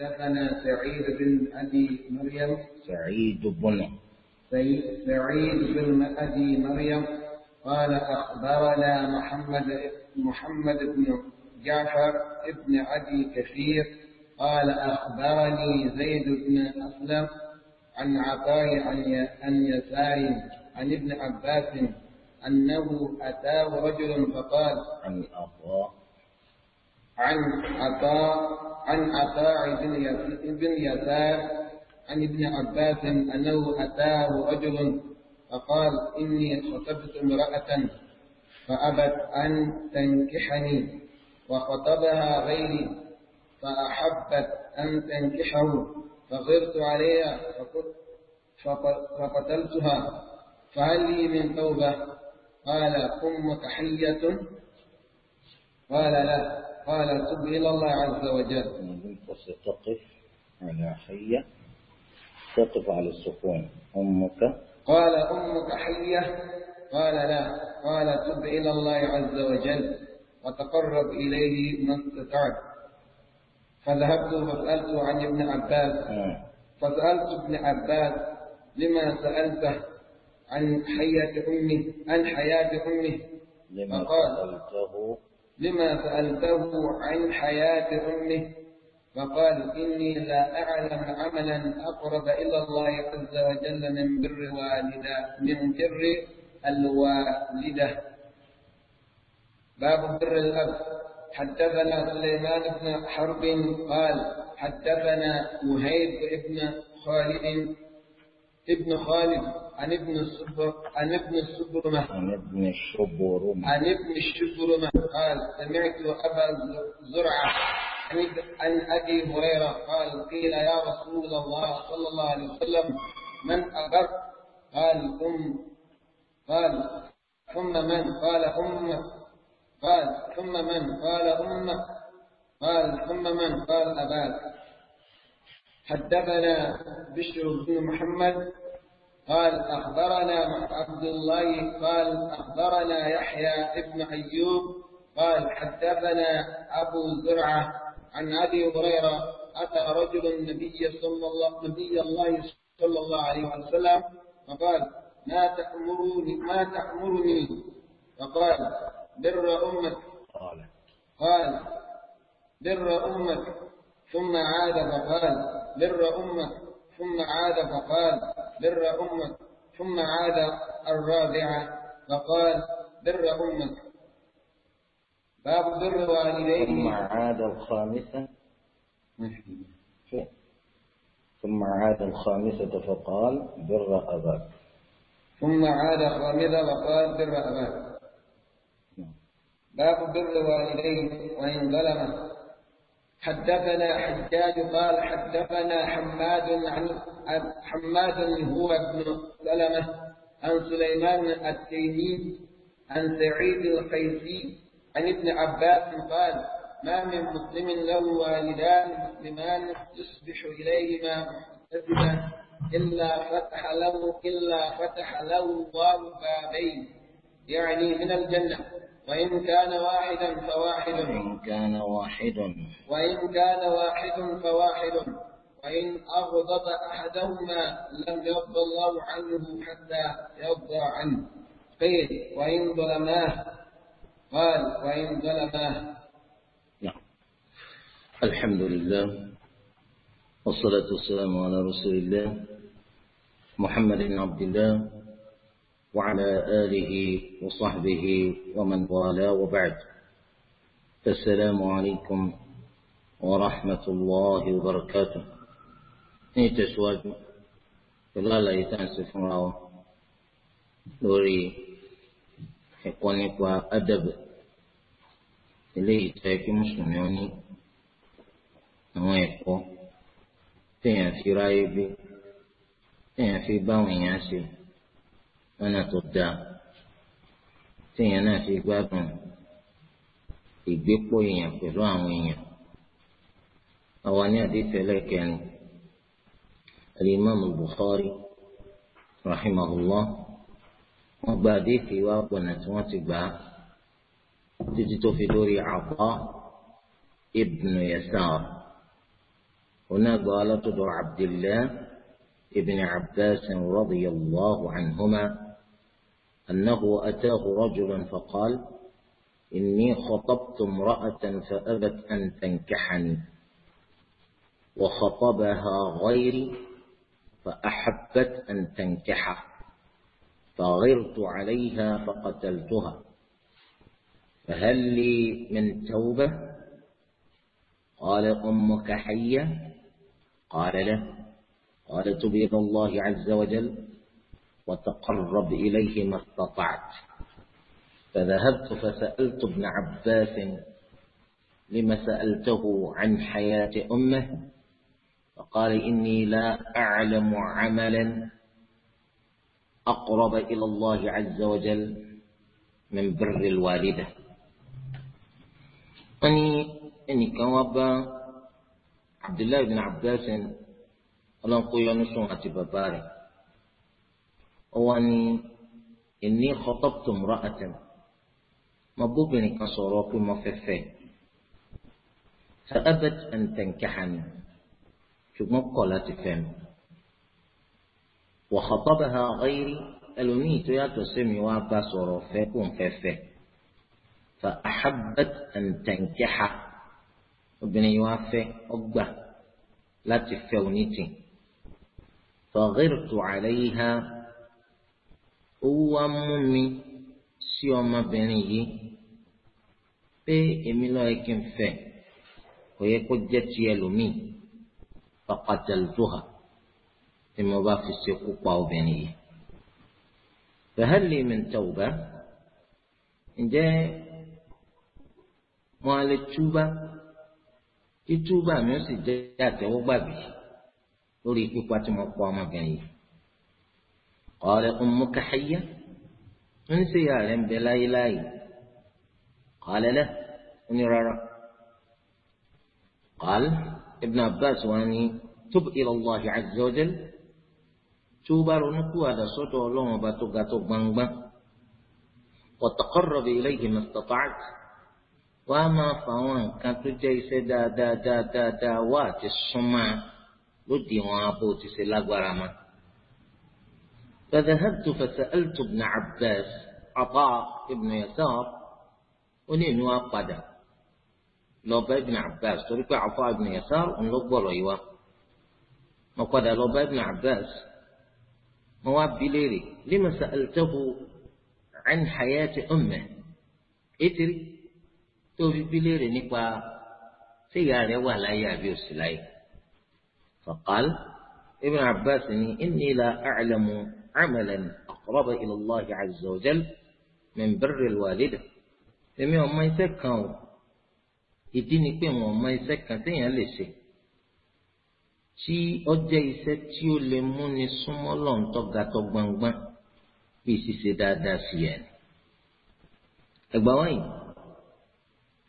حدثنا سعيد بن أبي مريم سعيد بن سعيد بن أبي مريم قال أخبرنا محمد محمد بن جعفر بن أبي كثير قال أخبرني زيد بن أسلم عن عطاء عن يسار عن ابن عباس أنه أتاه رجل فقال عن عطاء عن عطاء عن عطاء بن يسار عن ابن عباس أنه أتاه رجل فقال إني خطبت امرأة فأبت أن تنكحني وخطبها غيري فأحبت أن تنكحه فغرت عليها فقتلتها فهل لي من توبة قال أمك حية قال لا قال تب إلى الله عز وجل تقف على حية تقف على السكون أمك قال أمك حية قال لا قال تب إلى الله عز وجل وتقرب إليه ما استطعت فذهبت فسألت عن ابن عباس نعم. فسألت ابن عباس لما سألته عن حياة أمه عن حياة أمه لما فقال سألته لما سألته عن حياة أمه فقال إني لا أعلم عملا أقرب إلى الله عز وجل من بر والدة من بر الوالدة باب بر الأب حدثنا سليمان بن حرب قال حدثنا وهيب بن خالد ابن خالد عن ابن الصبر عن ابن الصبرمة عن ابن الشبرمة عن ابن الشبرمة قال سمعت أبا زرعة عن أبي هريرة قال قيل يا رسول الله صلى الله عليه وسلم من أبر قال أم قال ثم من قال أمك قال ثم من قال أمك قال ثم من قال أباك حدثنا بشر بن محمد قال أخبرنا عبد الله قال أخبرنا يحيى ابن أيوب قال حدثنا أبو زرعة عن أبي هريرة أتى رجل النبي صلى الله نبي الله صلى الله عليه وسلم فقال ما تأمرني ما تأمرني فقال بر أمك قال قال بر أمك ثم عاد فقال بر أمك ثم عاد فقال بر أمك ثم عاد الرابعة فقال بر أمك باب بر والديه ثم عاد الخامسة ثم عاد الخامسة فقال بر أباك ثم عاد الخامسة وقال بر أباك نعم. باب بر والديه وإن ظلمه حدثنا حجاج قال حدثنا حماد عن حماد هو ابن سلمة عن سليمان التيمي عن سعيد القيسي عن ابن عباس قال ما من مسلم له والدان مسلمان يصبح إليهما محتسبا إلا فتح له إلا فتح له الله بابين يعني من الجنة وإن كان واحدا فواحد وإن كان واحد وإن كان واحد فواحد وإن أغضب أحدهما لم يرضى الله عنه حتى يرضى عنه قيل وإن ظلماه قال وإن ظلماه نعم الحمد لله والصلاة والسلام على رسول الله محمد بن عبد الله وعلى آله وصحبه ومن والاه وبعد السلام عليكم ورحمة الله وبركاته إنت سواج فلا لا يتأسف راو لوري حقونك وأدب إليه تأكي مسلميوني نويقو تأكي رايبي تأكي باوين ياسي lọ́nà tó dáa téèyàn náà fi gbádùn ìgbépò èèyàn pẹ̀lú àwọn èèyàn àwa ní àdìsẹ́lẹ̀ kẹrin alimami Bukhari rahimahullah wọn gba àdìsí wa gbọ̀nà tí wọ́n ti gbà á títí tó fi lórí Ata ibn Yasar ona gba alátọ̀dọ̀ Abdillah ibn Abbas radiyallahu anhuma. أنه أتاه رجلا فقال إني خطبت امرأة فأبت أن تنكحني وخطبها غيري فأحبت أن تنكح فغرت عليها فقتلتها فهل لي من توبة قال أمك حية قال له قال تبيد الله عز وجل وتقرب إليه ما استطعت فذهبت فسألت ابن عباس لما سألته عن حياة أمه فقال إني لا أعلم عملا أقرب إلى الله عز وجل من بر الوالدة أني أني كواب عبد الله بن عباس أنا أقول يونس أتي ọwọ́ ni inni khatabtu imra'atan mo bóbìnrin kan sọ̀rọ̀ pé mo fẹ́ fẹ́ fa abat an tankahani ṣùgbọ́n kọ̀ láti fẹ́ mi wa khatabaha ghayri ẹlòmíì tó yàtọ̀ sí mi wá bá sọ̀rọ̀ fẹ́ kó n fẹ́ fẹ́ fa ahabbat an obìnrin yìí wá fẹ́ ọgbà láti fẹ́ onítìn fa ghirtu alayha owó wa mú mi sí ọmọbìnrin yìí pé èmi ló yẹ kí n fẹ́ kò yẹ kó jẹ́ ti ẹlòmíì faqataltuha tí mo bá fi ṣekú pa obìnrin yìí. fahal li min tawba ǹjẹ́ mo á lè túbá mi ó sì jẹ́ àtẹ́wọ́gbà bí lórí pípa tí mo pa ọmọbìnrin yìí. قال أمك حية انسي يا رم بلاي لاي قال له اني قال ابن عباس واني تب إلى الله عز وجل توبا رنكو هذا صوت الله باتوغا توغبانغبا وتقرب إليه ما استطعت وما فوان كانت تجي سدا دا دا دا دا واتي السماء لدي وابوتي سلاغ ورامات فذهبت فسألت ابن عباس عطاء ابن يسار ونين وقدا لو ابن عباس تركوا عطاء ابن يسار ونلقوا ريوا وقدا لو ابن عباس مواب بليري لما سألته عن حياة أمه إتري توفي بليري نقوى سيارة ولا يابي السلاي فقال ابن عباس إني لا أعلم عملا أقرب إلى الله عز وجل من بر الوالدة èmi ọmọ iṣẹ́ kan o ìdí ni pé wọn ọmọ iṣẹ́ kan téèyàn lè ṣe tí ó jẹ́ iṣẹ́ tí ó lè múni súnmọ́ lọ́ǹtọ́ gàtọ́ gbangban bí ṣíṣe dáadáa sí ẹ̀ ẹgbàá wáyé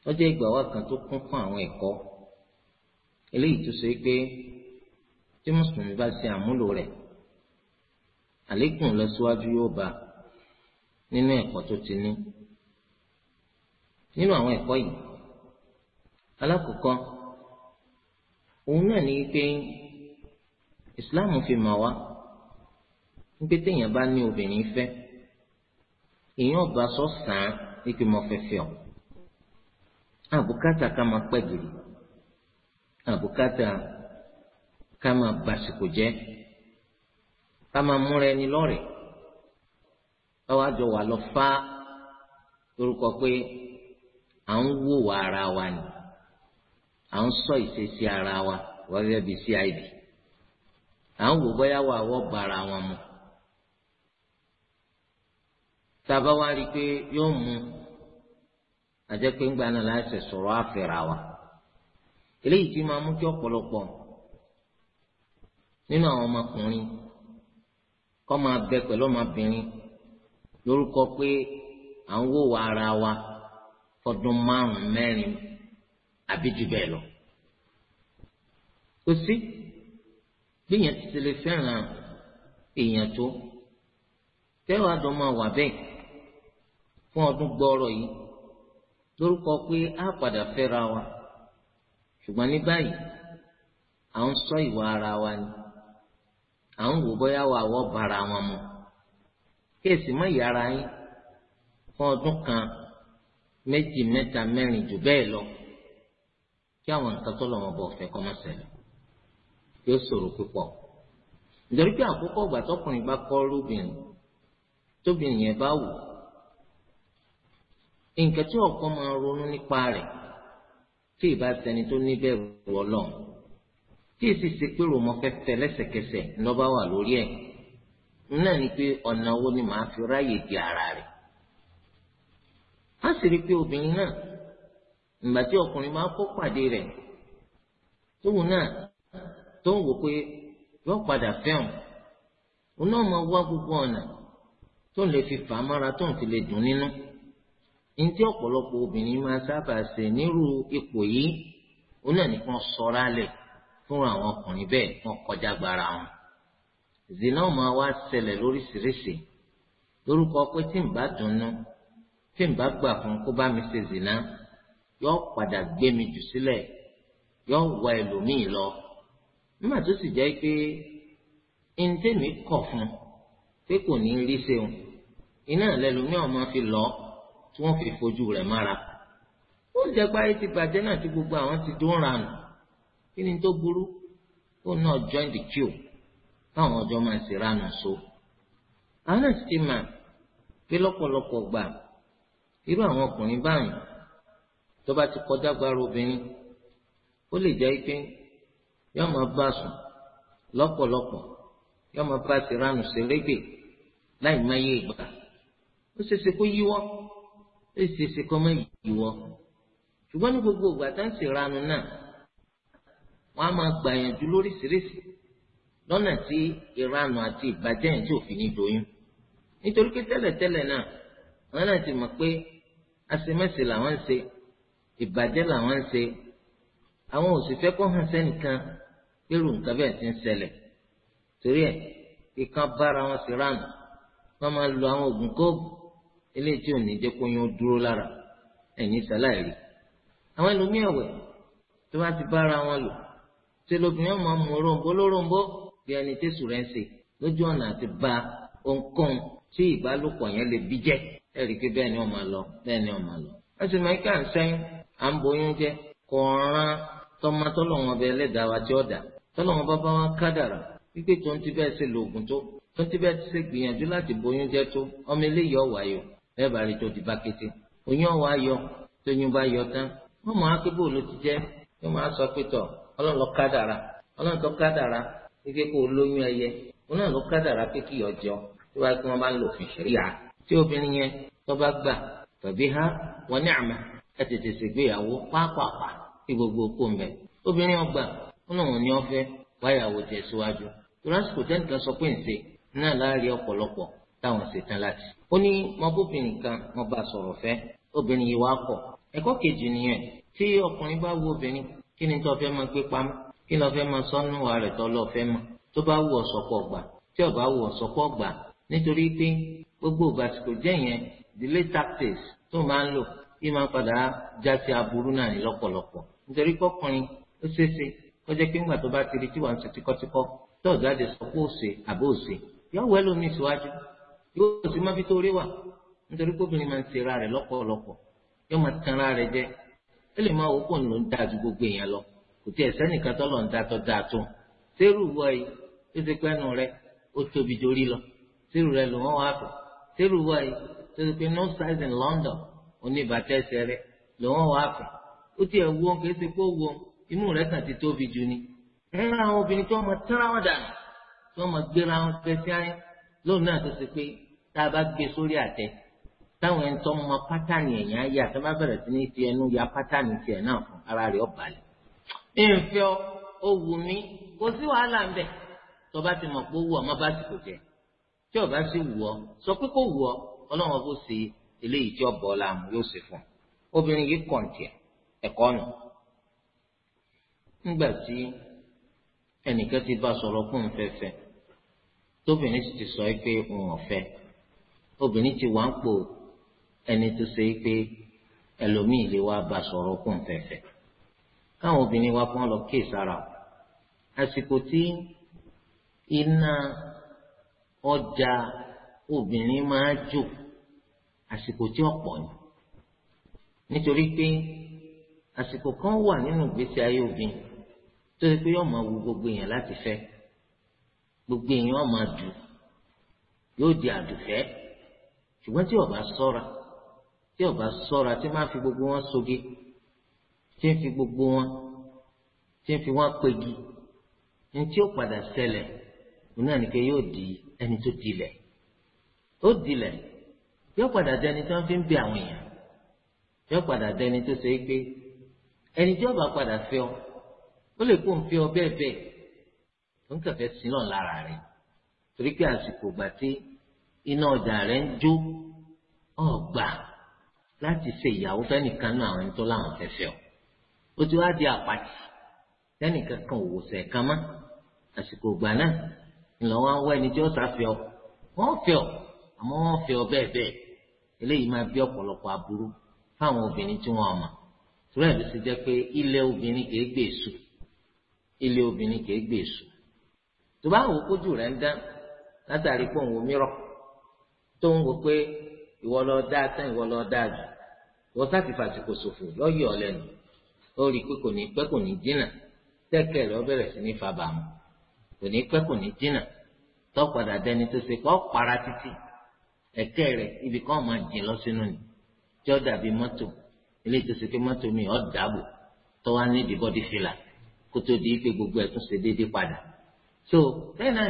ó jẹ́ ìgbàá wá kan tó kún fún àwọn ẹ̀kọ́ eléyìí tó ṣe pé tí mùsùlùmí bá ṣe àmúlò rẹ̀ àlékún ìlọsíwájú yóò bá nínú ẹ̀kọ́ tó ti ní nínú àwọn ẹ̀kọ́ yìí alákọ̀ọ́kọ́ òun náà ní pé ìsìláàmù fi mà wá wípé téèyàn bá ní obìnrin fẹ́ èèyàn ọba sọ sàn án wípé mo fẹ́ fẹ́ ọ àbùkátà ká máa pẹ́ gidi àbùkátà ká máa bàṣìkò kama máa múra ẹni lọ́rẹ̀ báwa jọ wà lọ fá lórúkọ pé à ń wò wá ara wa ni à ń sọ ìṣesí ara wa wọ́n bí cid à ń wò bóyá wà wọ́ bara wọn mu tàbá wa rí i pé yóò mú àjẹ́ pé ń gbaná láti sọ̀rọ̀ àfẹ́ra wa eléyìí tí máa mú kí ọ̀pọ̀lọpọ̀ nínú àwọn ọmọkùnrin kọ́ máa bẹ pẹ̀lú ọmọbìnrin lórúkọ pé à ń wò wá ara wa fọdún márùn-ún mẹ́rin àbí jù bẹ́ẹ̀ lọ. kò sí gbìyànjú ti lè fẹ́ràn èèyàn tó tẹ́wàá dán máa wà bẹ́ẹ̀ fún ọdún gbọ́ọ̀rọ̀ yìí lórúkọ pé á padà fẹ́ra wa ṣùgbọ́n ní báyìí à ń ṣọ́ ìwà ara wa ni à ń wò bóyá wà wọ́ bara wọn mu kéèsì mọ́ ìyára yín fún ọdún kan méjì mẹ́ta mẹ́rin jù bẹ́ẹ̀ lọ kí àwọn nǹkan tó lọ́wọ́ bọ̀ fẹ́ kọ́ mọ́ ṣẹlẹ̀ yóò ṣòro púpọ̀ nítorí pé àkókò ìgbà tọkùnrin bá kọ́ lóbìnrin tóbìnrin yẹn bá wù nǹkan tí ọkọ máa ronú nípa rẹ̀ tí ìbá ṣẹni tó níbẹ̀rù ọlọ́run tí èsì ṣe pé ròmọ lesekese lẹ́sẹ̀kẹsẹ̀ lọba wà lórí ẹ náà ni pé ọ̀nà wo ni màá fi ráàyè di ara re. á sì rí i pé obìnrin náà ìgbà tí ọkùnrin máa kó pàdé rẹ̀ tóun náà tó ń wò pé yóò padà fẹ́hùn òun náà máa wá gbogbo ọ̀nà tó ń lè fi fà á mára tó ń fi lè dùn nínú ní tí ọ̀pọ̀lọpọ̀ obìnrin máa fúnra àwọn ọkùnrin bẹ́ẹ̀ wọ́n kọjá gbára wọn. zina ó máa wá ṣẹlẹ̀ lóríṣiríṣi lórúkọ pé tí n bá dunnú tí n bá gbà fún kó bá mi ṣe zina yóò padà gbé mi jù sílẹ̀ yóò wá ẹlòmíì lọ nígbà tó sì jẹ́ pé ntẹ́mi kọ̀ fún pé kò ní rí ṣeun iná lẹ́lòmíì ọmọ fi lọ tí wọ́n fi fojú rẹ̀ mára ó jẹ́ pé ti bàjẹ́ náà tí gbogbo àwọn ti dún ranù kí ni tó burú tó náà join the queue táwọn ọjọ́ máa ṣe ránu so àwọn náà ti mà pé lọ́pọ̀lọpọ̀ gbà irú àwọn ọkùnrin báyìí tó bá ti kọjá gbára obìnrin ó lè jẹ́ pé yóò máa bá sùn lọ́pọ̀lọpọ̀ yóò máa bá ti ránu ṣerégbè láì má yé ìgbà ó ṣeéṣe kó yíwọ́ ó ṣeéṣe kó má yíwọ́ ṣùgbọ́n ní gbogbo ìgbà tá à ń ṣèranu náà wọ́n á máa gbàyànjú lóríṣiríṣi lọ́nà tí ìranù àti ìbàjẹ́ yẹn tí òfin ní doyún nítorí pé tẹ́lẹ̀tẹ́lẹ̀ náà wọ́n náà ti mọ̀ pé àṣemẹ́sẹ̀ làwọn ń ṣe ìbàjẹ́ làwọn ń ṣe àwọn òṣìṣẹ́ kọ́ hàn sẹ́nìkan irú nǹkan bẹ́ẹ̀ ti ń ṣẹlẹ̀ torí ẹ̀ kíkan bára wọn sí ránù wọ́n máa lo àwọn oògùn kóògùn eléyìí tí ò ní jẹ́ kó yún dúró lára ẹ̀yìn sáláì rí àwọn ẹlòmíì tó bá ti bára wọn lò ṣe lóbìnrin ọmọ mu rombo lórombo bí ẹni tí sùn rẹ̀ ń ṣe lójú ọ̀nà àti ba ohunkóhun tí ìbálòpọ̀ yẹn lè bí jẹ́ ẹ̀rí pé bẹ́ẹ̀ ni ọmọ lọ bẹ́ẹ̀ ni ọmọ lọ. wọ́n sì máa ń ká ǹsẹ́yìn à ń boyún jẹ́ kò rán tọ́mọ tọ́lọ́wọ́n bẹ ẹlẹ́dàá wa tí ó dà tọ́lọ́wọ́n bá bá wọn kádàrà wípé tó ń ti bẹ́ẹ̀ ṣe lòògùn tó tó ń ti bẹ́ẹ̀ ṣe gbìyànjú láti boyún jẹ́ tó ọmọ eléyìí ọ̀wà ayọ̀ bẹ́ẹ̀ bá rí tó di bá kété oyún ọ̀wà ayọ̀ tóyún bá yọ tán wọ́n mọ̀ á pé bóòlù ti jẹ́ wọ́n máa sọ pé tọ̀ ọlọ́run ló kádàrá ọlọ́run tó kádàrá wípé kó o lóyún ẹyẹ ọlọ́run ló kádàrá pé kí ọjọ́ tí wàá kí wọ́n bá ń lò fún ṣẹ̀ríà tí obìnrin yẹn tó bá gbà tàbí ha wa ni'ma ẹ tètè ṣègbéyàwó pápápá kí gbogbo kó ń bẹ obìnrin ọgbà ọlọ́run ni wọ́n fẹ́ wáyàwó tẹ̀ síwájú torásìkò tẹ́nìkan sọ pé ǹṣe náà láàrin ọ̀pọ̀lọpọ̀ táwọn ṣetán láti. ó ní mọ́bóbìnrin kan wọ́n bá sọ̀rọ̀ fẹ́ obìnrin yìí wá kọ̀ ẹ̀kọ́ kejì nìyẹn tí ọkùnrin bá wo obìnrin kí ni tó fẹ́ máa gbé pamọ́ kí ló fẹ́ máa sọ́nù wa rẹ̀ tó lọ́ọ́ fẹ́ mọ̀ tó bá wù ọ́ sọ́kọ̀ gbà tí ò bá wù ọ́ sọ́kọ̀ gbà nítorí pé gbogbo ìgbàsíkò jẹ́ yẹn delay tactics tó máa ń lò kí máa padà já sí aburú náà ní lọ́pọ̀lọpọ̀ nítorí pọ́kùnrin ó ṣeéṣe kó jẹ́ pé ńgbà tó bá ti rí tí wàá ń ṣe tíkọ́tíkọ́ tó sọ pé òṣè àbó òṣè yóò wẹ́ lómi síwájú yóò sì má fi tó rí wà nítorí pé máa ń ṣe ra rẹ̀ lọ́pọ̀lọpọ̀ yóò máa tan ra jẹ ó lè máa wò ó pò ń lò ń dáa ju gbogbo èèyàn lọ kò tí ẹ̀ sẹ́nìkan tọ́lọ̀ ń dáa tó dáa tó sẹ́rù wọ yìí tó ti pẹ́nu rẹ ó tóbi dorí lọ sẹ́rù rẹ ló wọ́n wá sẹ́rù wọ yìí tó ti pé no size in London oníbàtẹ́sẹ̀ rẹ ló wọ́n wá fọ̀ ó tiẹ̀ wo kì í ṣe pé ó wo inú rẹ kàn ti tóbi jù ni ẹ̀rọ àwọn obìnrin tí wọ́n máa tẹ́ra wọn dànù tí wọ́n máa gbéra wọn fẹ́ sí ayé lóun náà tó ṣe pé tá a bá gbé sórí àtẹ́ táwọn ẹni tó mọ pátánì èèyàn yà tó bẹ̀rẹ̀ sí ẹnu ya pátánì tiẹ̀ náà fún ara rẹ̀ ọ̀bàlẹ̀. ìfẹ́ ó wù mi kò sí wàhálà ń bẹ̀ tó bá ti mọ̀ pé bá kò jẹ́ tí ò sì wù ọ sọ pé kò wù ọ ọlọ́run ọkọ sí eléyìí tí ọ̀bọ̀ ọ̀la yóò ṣe fún un obìnrin yìí kàn ẹ̀kọ́ nù. nígbà tí ti bá sọ̀rọ̀ fún tóbìnrin sọ pé òun obìnrin ti wà ẹni tó ṣe é pé ẹlòmíì lè wá bá sọ̀rọ̀ kún fẹ̀fẹ̀ káwọn obìnrin wa pọ́n lọ kíì sára o àsìkò tí iná ọjà obìnrin máa jò àsìkò tí ọ̀pọ̀ ni nítorí pé àsìkò kan wà nínú ìgbésí ayé obìnrin tó ṣe pé yóò máa wu gbogbo èèyàn láti fẹ́ gbogbo èèyàn máa dù yóò di àdùfẹ́ ṣùgbọ́n tí ó bá So tí ọba ṣọ́ra tí máa fi gbogbo wọn soge tí ń fi gbogbo wọn tí ń fi wọn pegi ní tí ó padà ṣẹlẹ̀ òun náà nìkan yóò di ẹni tó dilẹ̀ ó dilẹ̀ yóò padà di ẹni tó ń fi ń bẹ àwọn èèyàn yóò padà di ẹni tó ṣe é gbé ẹni tí ọba padà fẹ́ ọ ó lè kó ń fẹ́ ọ bẹ́ẹ̀ bẹ́ẹ̀ ó ń kẹfẹ́ sílọ̀ lára rẹ̀ torí pé àsìkò gbà tí iná ọjà rẹ̀ ń jó ọ̀gbà. Oh, láti ṣe ìyàwó fẹ́nìkan náà àwọn tó láwọn fẹ́fẹ́ fẹ́ o ó ti wá di àpàtì fẹ́nìkan kan ò wòsàn ẹ̀ka mọ́ àsìkò ìgbà náà ńlọ wọn wọ ẹni tí ó sàfẹ́ ọ fẹ́ ọ àmọ́ fẹ́ ọ bẹ́ẹ̀ bẹ́ẹ̀ eléyìí máa bí ọ̀pọ̀lọpọ̀ ti jẹ́ pé ilé obìnrin kìí gbé èso ilé obìnrin kìí gbé èso tó bá wò kójú rẹ̀ ń dán látàrí pé òun tó ń wò pé ìwọ lọ wọ́n sáti fàtìkò ṣòfò lọ́yẹ̀ ọ lẹ́nu ó rí i pé kò ní pẹ́ kò ní dínà tẹ́kẹ̀ rẹ̀ ó bẹ̀rẹ̀ sí ní fàbàmù kò ní pẹ́ kò ní dínà tọ́padà dẹni tó ṣe kọ́ para títì ẹ̀kẹ́ rẹ̀ ibi kan máa jìn lọ sínú ni tí ó dàbí mọ́tò ilé tó ṣe pé mọ́tò mi ọ̀ dàbò tó wá nídìí bọ́dí fìlà kó tó di pé gbogbo ẹ̀ tún ṣe déédéé padà so bẹ́ẹ̀ náà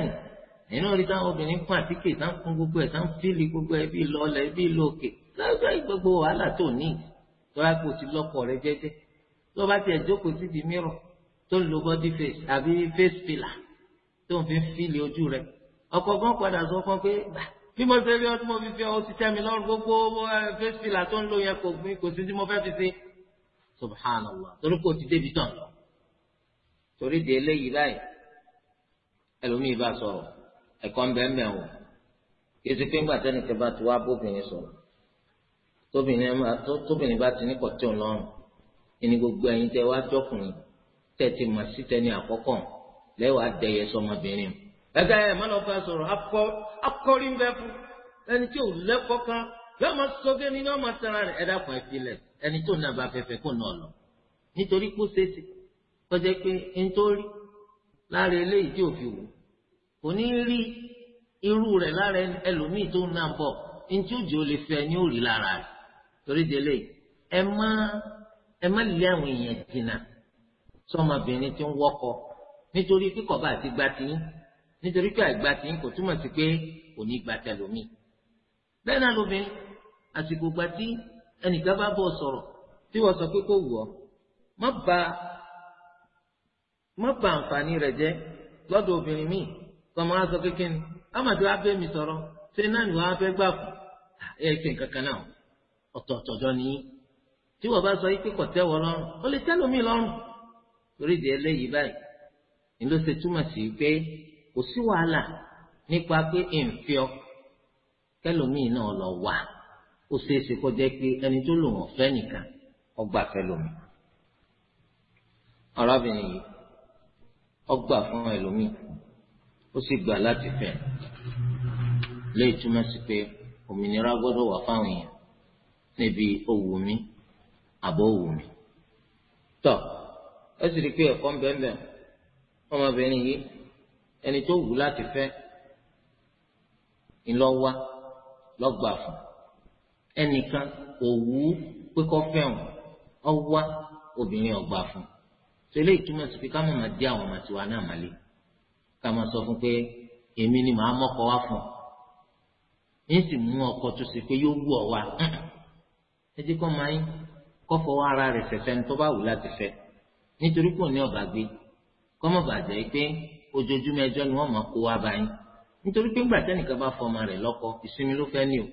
nínú orí táwọn obìnrin kún àtíkè táwọn kún gbogbo ẹ̀ táwọn fíìlì gbogbo ẹ̀ bí lọ́ọ̀lẹ̀ bí lóòkè lọ́jọ́ gbogbo wàhálà tó ní lọ́wọ́ kò ti lọ́kọ̀ rẹ jẹ́jẹ́ tó bá tiẹ̀ jókòó sí di mìíràn tó ń lo body face àbí face pillar tó ń fi fílì ojú rẹ ọkọ̀ gan padà sọ fún pé bí mo ṣe rí ọtí mo fi fi ọ ti tẹ́ mi lọ́rùn gbogbo eh, face pillar tó ń lo yẹn kò sí tí mo fẹ́ fi ṣe subhanallah torí kò ti débi tán lọ torí di eléyìí báyìí ẹlòmíì bá sọ̀rọ̀ ẹ̀kọ́ ń bẹ́ẹ̀ mẹ́wọ̀n kí esi pé ńgbà tẹ́nìkan bá ti wá bóbìnrin sọ̀rọ̀ tóbìnrin bá ti ní kọ̀tí òun lọ́rùn ẹni gbogbo ẹ̀yin tẹ́ wá jọkùnrin tẹ́ ti mà sí tẹni àkọ́kọ́ lẹ́wàá dẹyẹ sọmọbìnrin ẹ̀ka ẹ̀ mọ́nà ọba sọ̀rọ̀ akọ́rí ń bẹ fún ẹni tí ò lẹ́kọ́ kan yóò máa sọgé ni yóò máa tẹ̀ra rẹ̀ ẹ̀dá kan ìpìlẹ̀ ẹni tó nà bá fẹ́fẹ́ kó nà lọ nítorí kó ṣeéṣe kọjá pé ń tó rí lára eléyìí tí ò fi wù kò ní rí irú rẹ̀ lára ẹlòmíì tó ń nà bọ̀ ní tí ó jẹ́ ó lè fẹ́ ni ó rí lára rẹ̀ torí délé ẹ má ẹ má lé àwọn èèyàn jìnnà sọmọbìnrin tí ń wọkọ nítorí kíkọ bá ti gba tiyín nítorí pé àìgbà tiyín kò túmọ̀ sí pé kò ní gba tẹlómi bẹ́ẹ̀ náà lóbìnrin àsìkò gba tí ẹnìkan bá bọ̀ sọ̀rọ̀ tí wọ́n sọ pé kò wù ọ́ má ba má ba àǹfààní rẹ̀ jẹ́ lọ́dọ̀ obìnrin míì kọ́ máa sọ kékeré ni amadu mi sọ̀rọ̀ ṣé náà ni wọ́n á fẹ́ gbà fún ẹ̀ ẹ́ ṣe nǹkan kan náà ọ̀tọ̀ọ̀tọ̀jọ́ ni tí wọ́n bá sọ yìí pé kọ̀tẹ́ wọ lọ́rùn ó lè tẹ́ lómi lọ́rùn torí di eléyìí báyìí ni ló ṣe túmọ̀ sí pé kò sí wàhálà nípa pé ìǹfíọ́ kẹlòmíì náà lọ wà ó ṣeé ṣe kó jẹ́ pé ẹni tó lò wọ́n fẹ́ nìkan ọgbà fẹlòmí arábìnrin yìí ọgbà fún ẹlòmíì ó sì gbà láti fẹ́ léyìí túmọ̀ sí pé òmìnira gbọ́dọ̀ wà fáwọn èèyàn níbi owó mi àbọ̀ owó mi. tọ́ ẹ sì rí i pé ẹ̀kọ́ ń bẹ́ẹ̀ bẹ́ẹ̀ ọmọbìnrin yìí ẹni tó wù láti fẹ́ ńlọ́wá lọ́gbà fún ẹnìkan òwú pé kọ́ fẹ́ràn ọwá obìnrin ọgbà fún tẹ́lẹ̀ ìtumọ̀ sí pé ká má máa dé àwọn ọmọ tiwa náà má lé ká máa sọ fún pé èmi ni màá mọ́kọ wá fún ọ ní sì mú ọkọ tó ṣe pé yóò wù ọ wá ẹ jẹ́ kó máa yín kó fọwọ́ ara rẹ̀ fẹ̀fẹ́ ní tó bá wù láti fẹ́ nítorí kò ní ọ̀bà gbé kó má bàjẹ́ pé ojoojúmọ́ ẹjọ́ ni wọ́n máa kó wá báyìí nítorí pé ńgbà tẹ́nìkan bá fọmọ rẹ̀ lọ́kọ ìsinmi ló fẹ́ ní o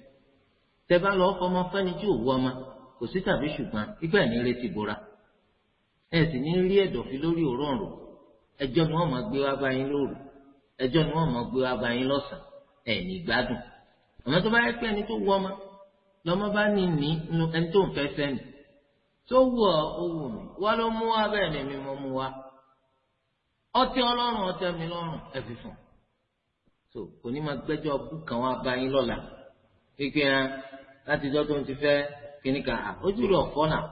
tẹ bá lọ fọmọ fẹ́ni tí ò wú ọmọ kò sí tàbí ṣùgbọ́n ìgbà ní retí bora ẹ sì ní rí ẹ̀dọ̀fi lórí òróǹro ẹjọ́ ni wọ́n máa gbé wá ni wọ́n máa lọ́mọ bá ní ní nu ẹni tó ń fẹ́ sẹ́ni tó wù ọ́ ó wù mí wá ló mú wá bẹ́ẹ̀ ni mi mo mú wa, ọtí ọlọ́run ọtẹ mi lọ́rùn ẹ fún so kò ní máa gbẹ́jọ́ bú kan wá bá yín lọ́la pípẹ́ ẹ ah, láti jọ́ tó ń ti fẹ́ kíní kan à ah, ojú rẹ̀ ọ̀fọ́ náà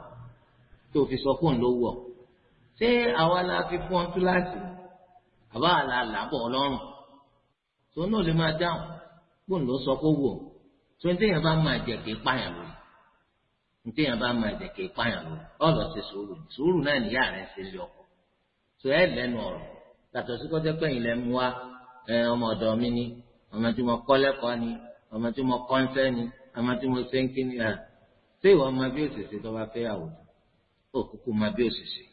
tó fi sọ fóun ló wù ọ́ ṣé àwa la fi fún ọ túláàsì àbá àlàlà bọ̀ ọlọ́run tó náà lè máa dáhùn fóun ló sọ kó wù ọ́ tó ní téèyàn bá máa jẹ kéé pààyàn lórí ní téèyàn bá máa jẹ kéé pààyàn lórí ọlọ ṣe sùúrù sùúrù náà nìyá rẹ ṣe lé ọkọ tó ẹ lẹ́nu ọ̀rọ̀ yàtọ̀ sí kọjá pẹ̀yìn lẹ mú wa ọmọ ọ̀dọ̀ mi ni ọmọ tí mo kọ́ lẹ́kọ̀ọ́ ni ọmọ tí mo kọ́ ń fẹ́ ni ọmọ tí mo ṣe ń kí ni à ṣé ìwọ ọmọ bí òṣìṣẹ́ tó bá fẹ́ àwòrán òkúkú máa bí òṣìṣẹ́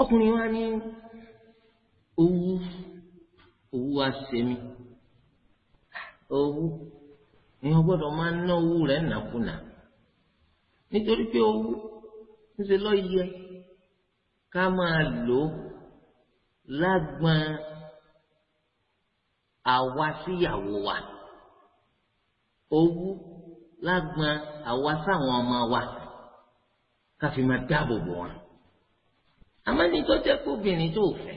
ọkùnrin wa ní owó owó wa ṣe mí Owu ìyẹn gbọdọ máa ń ná owó rẹ̀ nàkúnà nítorí pé owó ńṣe lọ yẹ ká máa lò ó lágbọn àwa síyàwó wa owó lágbọn àwa sáwọn ọmọ wa ká fi máa dáàbò bò wọn àmọ́ ní tó jẹ́ kó tó fẹ́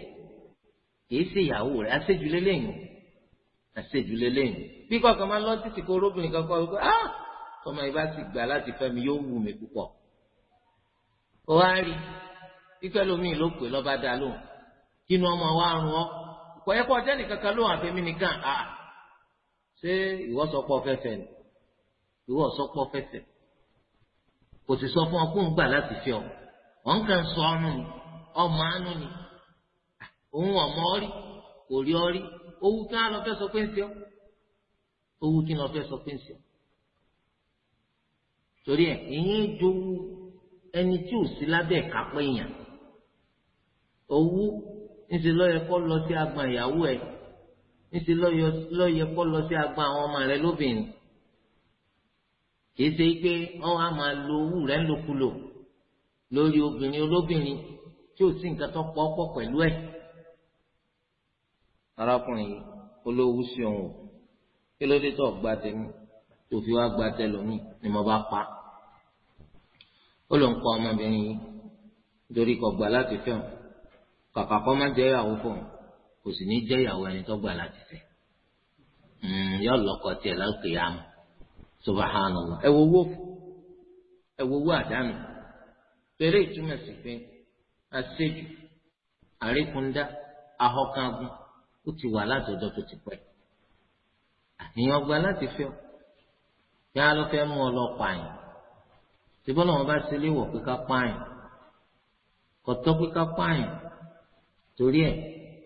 kì í ṣe ìyàwó rẹ̀ àṣejù lélẹ́yìn bí kọ̀ọ̀kan máa lọ títí kó róbìnrin kan kọ́ ọ pé ah tọmọ yìí bá ti gbà láti fẹ́ mi yóò wù mí púpọ̀ ó wá rí pípẹ́ lómi ló pè lọ́ba dá lóhùn kí ni ọmọ wa rún ọ kò yẹ kó ọjọ́ nìkan kan lóhùn àfẹ́mi nìkan à ṣé ìwọ sọ pé ọfẹ́fẹ́ ni ìwọ sọ pé ọfẹ́fẹ́ kò sì sọ fún ọ kó ń gbà láti fi ọ wọn kàn sọ ọrùn ọmọ àánú ni òun ọmọ ọ kò rí ọ owó kí wọn lọ fẹ́ sọ pé ń ṣe ọ owó kí wọn fẹ́ sọ pé ń ṣe ọ torí ẹ ìyẹn jowú ẹni tí ò sí lábẹ́ ìkápẹ́ èèyàn owó ńṣe lọ́yẹ kọ́ lọ sí agbọn ìyàwó ẹ ńṣe lọ́yẹ kọ́ lọ sí agbọn àwọn ọmọ rẹ lóbìnrin kìí ṣe pé wọn á máa owó rẹ ńlòkulò lórí obìnrin olóbìnrin tí ò sí nǹkan tó pọ̀ pọ̀ pẹ̀lú ẹ̀ arákùnrin yìí olówó sí òun o kí ló dé tó gba tèmi tó fi wá gba tẹlómi ni mo bá pa ó ló ń pa ọmọbìnrin yìí nítorí kò gbà láti fẹ́ òun kàkà kọ́ má jẹ́ ìyàwó fún òun kò sì ní jẹ́ ìyàwó ẹni tó gbà láti fẹ́ hmm, yọ lọ́kọ tiẹ̀ lọ́kọ̀ yá mu subhanallah ẹ owó ẹ owó àdánù péré ìtumọ̀ sí pé àṣejù àríkúndá ahọ́kangun ó ti wà látọjọ́ tó ti pẹ́ àníyàn gba láti fi ọ yá ló fẹ́ mú ọ lọ pààyàn síbí Ọlọ́run bá ti léwọ̀ pé ká pààyàn kọtọ pé ká pààyàn torí ẹ̀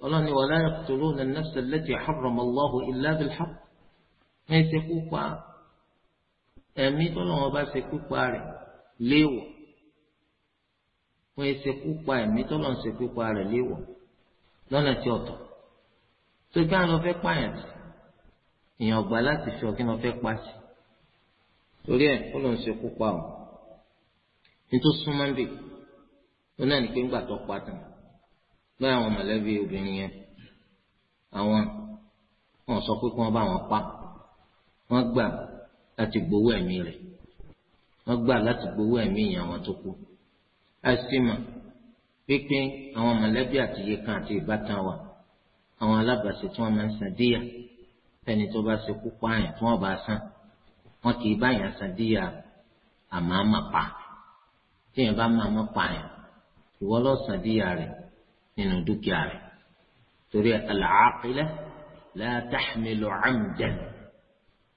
Ọlọ́run ní wala yaqtuluna an-nafsa allati harrama Allahu illa bil-haqq ẹ ṣe kú pa ẹ̀mí tọ́lọ́run bá ṣe kú pa rẹ̀ léwọ̀ wọn ṣe kú pa ẹ̀mí tọ́lọ́run ṣe kú pa rẹ̀ léwọ̀ lọ́nà tí ọ̀tọ̀ tó gbá lọ fẹ́ pààyàn sí èèyàn ọ̀gbà láti fi ọ̀kí lọ fẹ́ pa sí torí ẹ̀ ó lọ ń ṣe kópa o nítorí súnmọ́ ń bì ó náà ní pé ńgbà tó pa tán gbé àwọn mọ̀lẹ́bí obìnrin yẹn àwọn wọn sọ pé kí wọ́n bá wọn pa wọ́n gbà láti gbowó ẹ̀mí rẹ̀ wọ́n gbà láti gbowó ẹ̀mí ìyẹn àwọn tó kú àìsí mà pínpín àwọn mọ̀lẹ́bí àti iye kan àti ìbátan wa àwọn alábàáṣe tí wọ́n máa ń san díyà fẹ́ni tó bá ṣe kú pààyàn tí wọ́n bá san wọn kì í báyàn san díyà àmọ́ àmà pa tíyẹn bá máa mọ́ pààyàn ìwọ ló san díyà rẹ̀ nínú dúkìá rẹ̀ torí al-aaqila la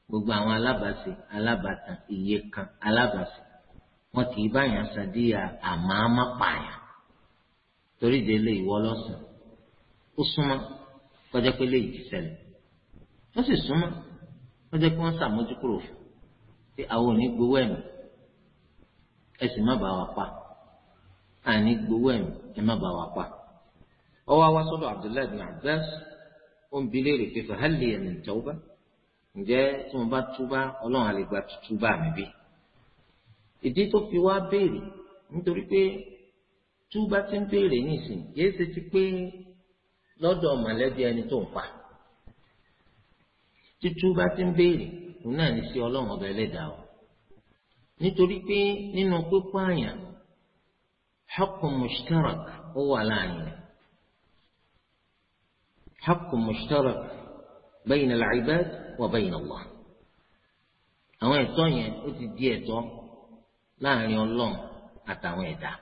gbogbo àwọn alábàáṣe alábàtàn iye kan alábàáṣe wọn kì í báyàn san díyà àmọ́ àmà pààyàn torí délé ìwọ ló san ó súnmọ́ kọjá pé lè jì ṣẹlẹ̀ wọ́n sì súnmọ́ wọ́n jẹ́ pé wọ́n ṣàmójúkúrò fún pé àwọn ò ní gbowó ẹ̀mí ẹ sì má bàa wà pa àní gbowó ẹ̀mí ẹ má bàa wà pa. ọwọ́ wa sọ́dọ̀ Abdullahi bin Abbas ó ń bi léèrè pé fàhálì ẹ̀mí ń tẹ́wọ́ ǹjẹ́ tí mo bá túbá ọlọ́run àlegbà túbá mi bí. ìdí tó fi wá béèrè nítorí pé túbá ti ń béèrè nísìnyí yéé ṣe ti pé lọ́dọ̀ mọ̀lẹ́bí ẹni tó ń pa títú bá ti ń béèrè òun náà ní sí ọlọ́run ọba ẹlẹ́dàá o nítorí pé nínú pípa àyàn haqqun mushtarak ó wà láàrin rẹ̀ mushtarak bayna àwọn ẹ̀tọ́ yẹn ó ti di ẹ̀tọ́ láàrin ọlọ́run àtàwọn ẹ̀dá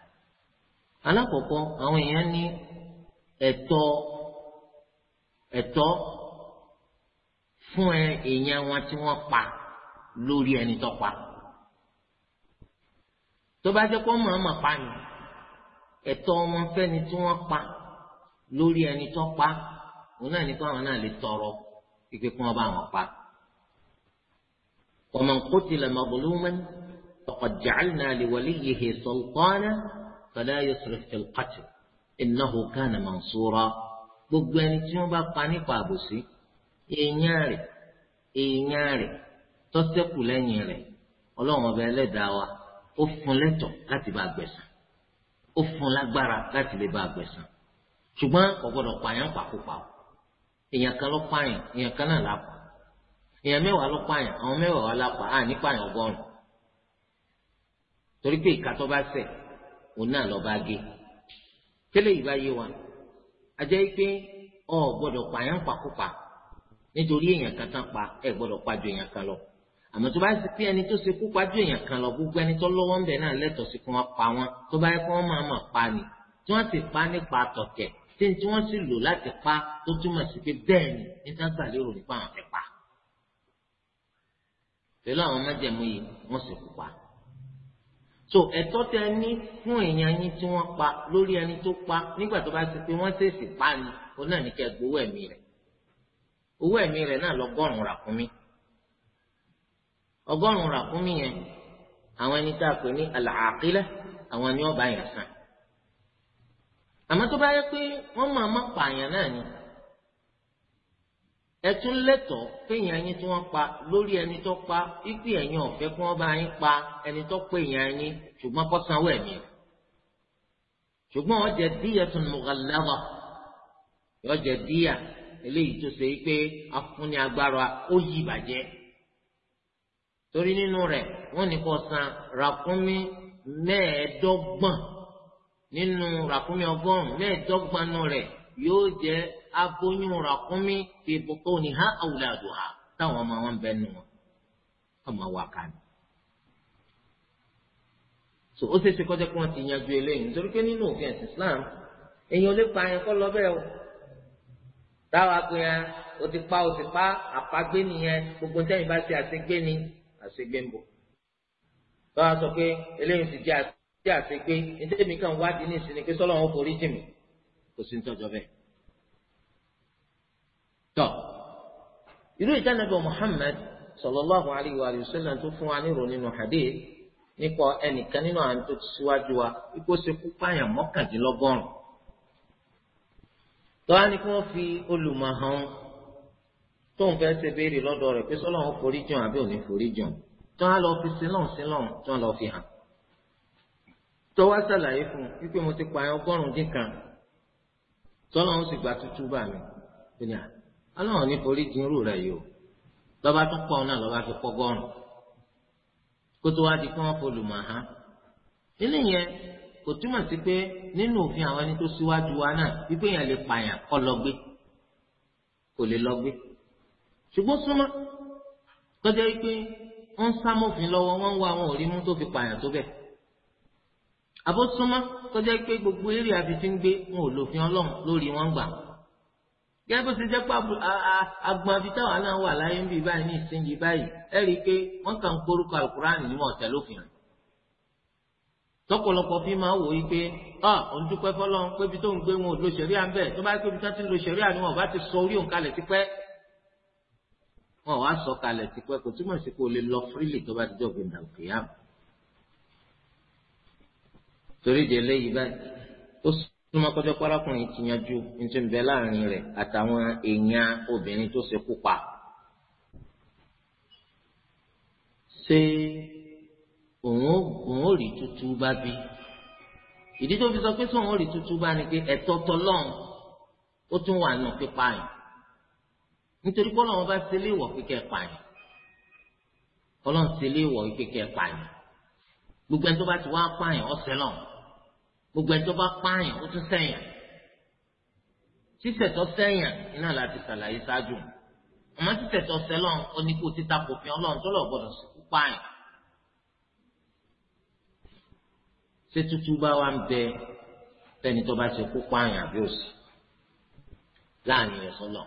ẹ̀tọ́ fún ẹ èèyàn wọn tí wọ́n pa lórí ẹni tó pa tó bá jẹ́ pé màmá pa ni ẹ̀tọ́ wọn fẹ́ni tí wọ́n pa lórí ẹni tó pa òun náà ní kó àwọn náà lè tọrọ kíkẹ́ kí wọ́n bá wọn pa. wa man qutila mazluman faqad ja'alna li waliyyihi sultanan fala yusrif fil qatl innahu kana mansura gbogbo ẹni tí wọ́n bá pa nípa àbòsí èèyàn rẹ̀ èèyàn rẹ̀ tọ́sẹ́kù lẹ́yìn rẹ̀ ọlọ́run ọba ẹlẹ́dàá wa ó fún lẹ́tọ̀ láti bá gbẹ̀san ó fún lágbára láti lè bá gbẹ̀san ṣùgbọ́n kò gbọ́dọ̀ pààyàn pàkópa o èèyàn kan ló pààyàn èèyàn kan náà lápá èèyàn mẹ́wàá ló pààyàn àwọn mẹ́wàá wà lápá à ní pààyàn ọgọ́rùn torí pé ìka tó bá ṣẹ̀ òun náà lọ́ọ́ bá gé tẹ́lẹ̀ yìí bá yé wa àjẹ́ pé ọ gbọ́dọ̀ pààyàn pàkópa nítorí èèyàn kan tán pa ẹ gbọ́dọ̀ pa ju èèyàn kan lọ àmọ́ tó bá ti pé ẹni tó ṣe kú pa ju èèyàn kan lọ gbogbo ẹni tó lọ́wọ́ ń bẹ̀ náà lẹ́tọ̀ọ́ sí kí wọ́n pa wọ́n tó bá yẹ kí wọ́n máa máa pa ni tí wọ́n sì pa nípa àtọ̀tẹ̀ tí tí wọ́n sì lò láti pa tó túmọ̀ sí pé bẹ́ẹ̀ ni níta gbàlérò nípa àwọn fẹ́ pa pẹ̀lú àwọn májẹ̀mú yìí wọ́n sì kú pa so ẹ̀tọ́ tẹ ní fún èèyàn yín tí wọ́n pa lórí ẹni tó pa nígbà tó bá ti pé wọ́n ṣèèṣì pa ni ó náà ní kẹ́ gbowó ẹ̀mí rẹ̀ owó ẹ̀mí rẹ̀ náà lọ́gọ́rùn-ún ràkúnmí ọgọ́rùn-ún ràkúnmí yẹn àwọn ẹni tá a pè ní àlàákílẹ̀ àwọn ni wọ́n bá yẹn sàn àmọ́ tó bá yẹ pé wọ́n máa má pààyàn náà ni ẹtún lẹ́tọ̀ọ́ péyàn ẹyin tí wọ́n pa lórí ẹni tó pa ipe ẹyin ọ̀fẹ́ kí wọ́n bá yín pa ẹni tó pé èèyàn ẹyin ṣùgbọ́n kó sanwó ẹ̀mí rẹ̀ ṣùgbọ́n wọ́n jẹ díyà tún mughalladha yọ jẹ díyà eléyìí tó ṣe pé afúnni agbára ó yí ìbàjẹ́ torí nínú rẹ̀ wọ́n ní kó san ràkúnmí mẹ́ẹ̀ẹ́dọ́gbọ̀n nínú ràkúnmí ọgọ́rùn-ún nù rẹ̀ yóò jẹ́ aboyún ràkúnmí fi butuniha awladuha táwọn ọmọ wọn bẹ nù wọn ọmọ wa kà ní. so ó ṣeéṣe kọjá pé wọn ti yanjú eléyìí nítorí pé nínú òfin ẹ̀sìn Islam èèyàn lè pa yẹn kọ́ lọ bẹ́ẹ̀ o táwa pé yẹn o ti pa o ti pa àpagbé nìyẹn gbogbo sẹ́yìn bá ti àṣegbé ni àṣegbé ń bọ̀ tọ́wọ́ sọ pé eléyìí ti jẹ́ àṣegbé ní tẹ́lẹ̀mí kan wádìí ní ìsinmi pé sọ́lọ́wọ́n forí jì kò sí ní tọ́jọ́ bẹ́ẹ̀ tọ irú ìtànàbẹ Muhammad sallallahu alayhi wa sallam tó fún wa nírò nínú hadith nípa ẹnìkan nínú àwọn tó ti síwájú wa ipò sekú pààyàn mọ́kàndínlọ́gọ́rùn tọ́wá ni kí wọ́n fi olùmọ̀ hàn tóun fẹ́ ṣe béèrè lọ́dọ̀ rẹ̀ pé sọ́lọ́n ó forí jùn àbí òní forí jùn tó á lọ fi sílọ̀n sílọ̀n tó á lọ fi hàn. tó wá ṣàlàyé fún un wípé mo ti pààyàn ọgọ́rùn-ún dín kan sọ́lọ́n ó sì gba tútú bá mi ọlọ́run ní forí jin irú rẹ̀ yìí o lọ́ba tún pọ̀ náà lọ́ba fi pọ́gọ́rùn kó tó wá di pé wọ́n folù mọ̀ hán nínú yẹn kò túmọ̀ sí pé nínú òfin àwọn ẹni tó síwájú wa náà wípé èèyàn lè pààyàn kọ́ lọ́gbé kò lè lọ́gbé ṣùgbọ́n súnmọ́ tọ́jà yìí pé wọ́n ń sámòfin lọ́wọ́ wọ́n ń wá àwọn òrí mú tó fi pààyàn tó bẹ̀. àbó súnmọ́ tọ́jà yìí pé gbogbo eré àfi ti ń gbé wọn ò lòfin ọlọ́run lórí wọn gbà gẹ́gẹ́ bó ṣe jẹ́ pé agbọ̀n àbí táwọn náà wà láyé ń bì báyìí ní ìsinyìí báyìí ẹ rí i pé wọ́n kàn ń korúkọ alukurani ní ọ̀tẹ̀ lófin rẹ̀. tọ́pọ̀lọpọ̀ fi máa wò yí pé ọ òun dúpẹ́ fọlọ́n pé ibi tó ń gbé wọn ò lo ṣẹ̀ríà ń bẹ̀ tó bá pé ibi tó ti ń lo ṣẹ̀ríà ni wọn ò bá ti sọ orí òǹkalẹ̀ tipẹ́. wọn ò wá sọ kalẹ̀ tipẹ́ kò túmọ̀ sí kó lè lọ fírílì tó bá ti jọ gbẹ̀ndà òkè torí de tó máa kọjọ parakùnrin ti yanjú ntí ń bẹ láàrin rẹ̀ àtàwọn èèyàn obìnrin tó ṣekú pa. ṣé òun ò rí tútú bá bí ìdí tó fi sọ pé sóun ò rí tútú bá ni pé ẹ̀tọ́ tọlọ́run ó tún wà nù pípa yìí nítorí pé Ọlọ́run bá ṣe léèwọ̀ pípẹ́ pààyàn Ọlọ́run ṣe léèwọ̀ pípẹ́ pààyàn gbogbo ẹni tó bá ti wá pààyàn ọ̀sẹ̀ náà gbogbo ẹjọ́ bá pààyàn ó tún sẹ́yàn títẹ̀tọ́ sẹ́yàn iná láti ṣàlàyé ṣáájú àmọ́ títẹ̀tọ́ sẹ́lọ̀n oníkó títa kò fi ọlọ́run tó lọ gbọ́dọ̀ sí kú pààyàn. ṣé tútú bá wá ń bẹ fẹ́ni tó bá ṣe kú pààyàn àbí òsì láàrin rẹ̀ sọ́lọ̀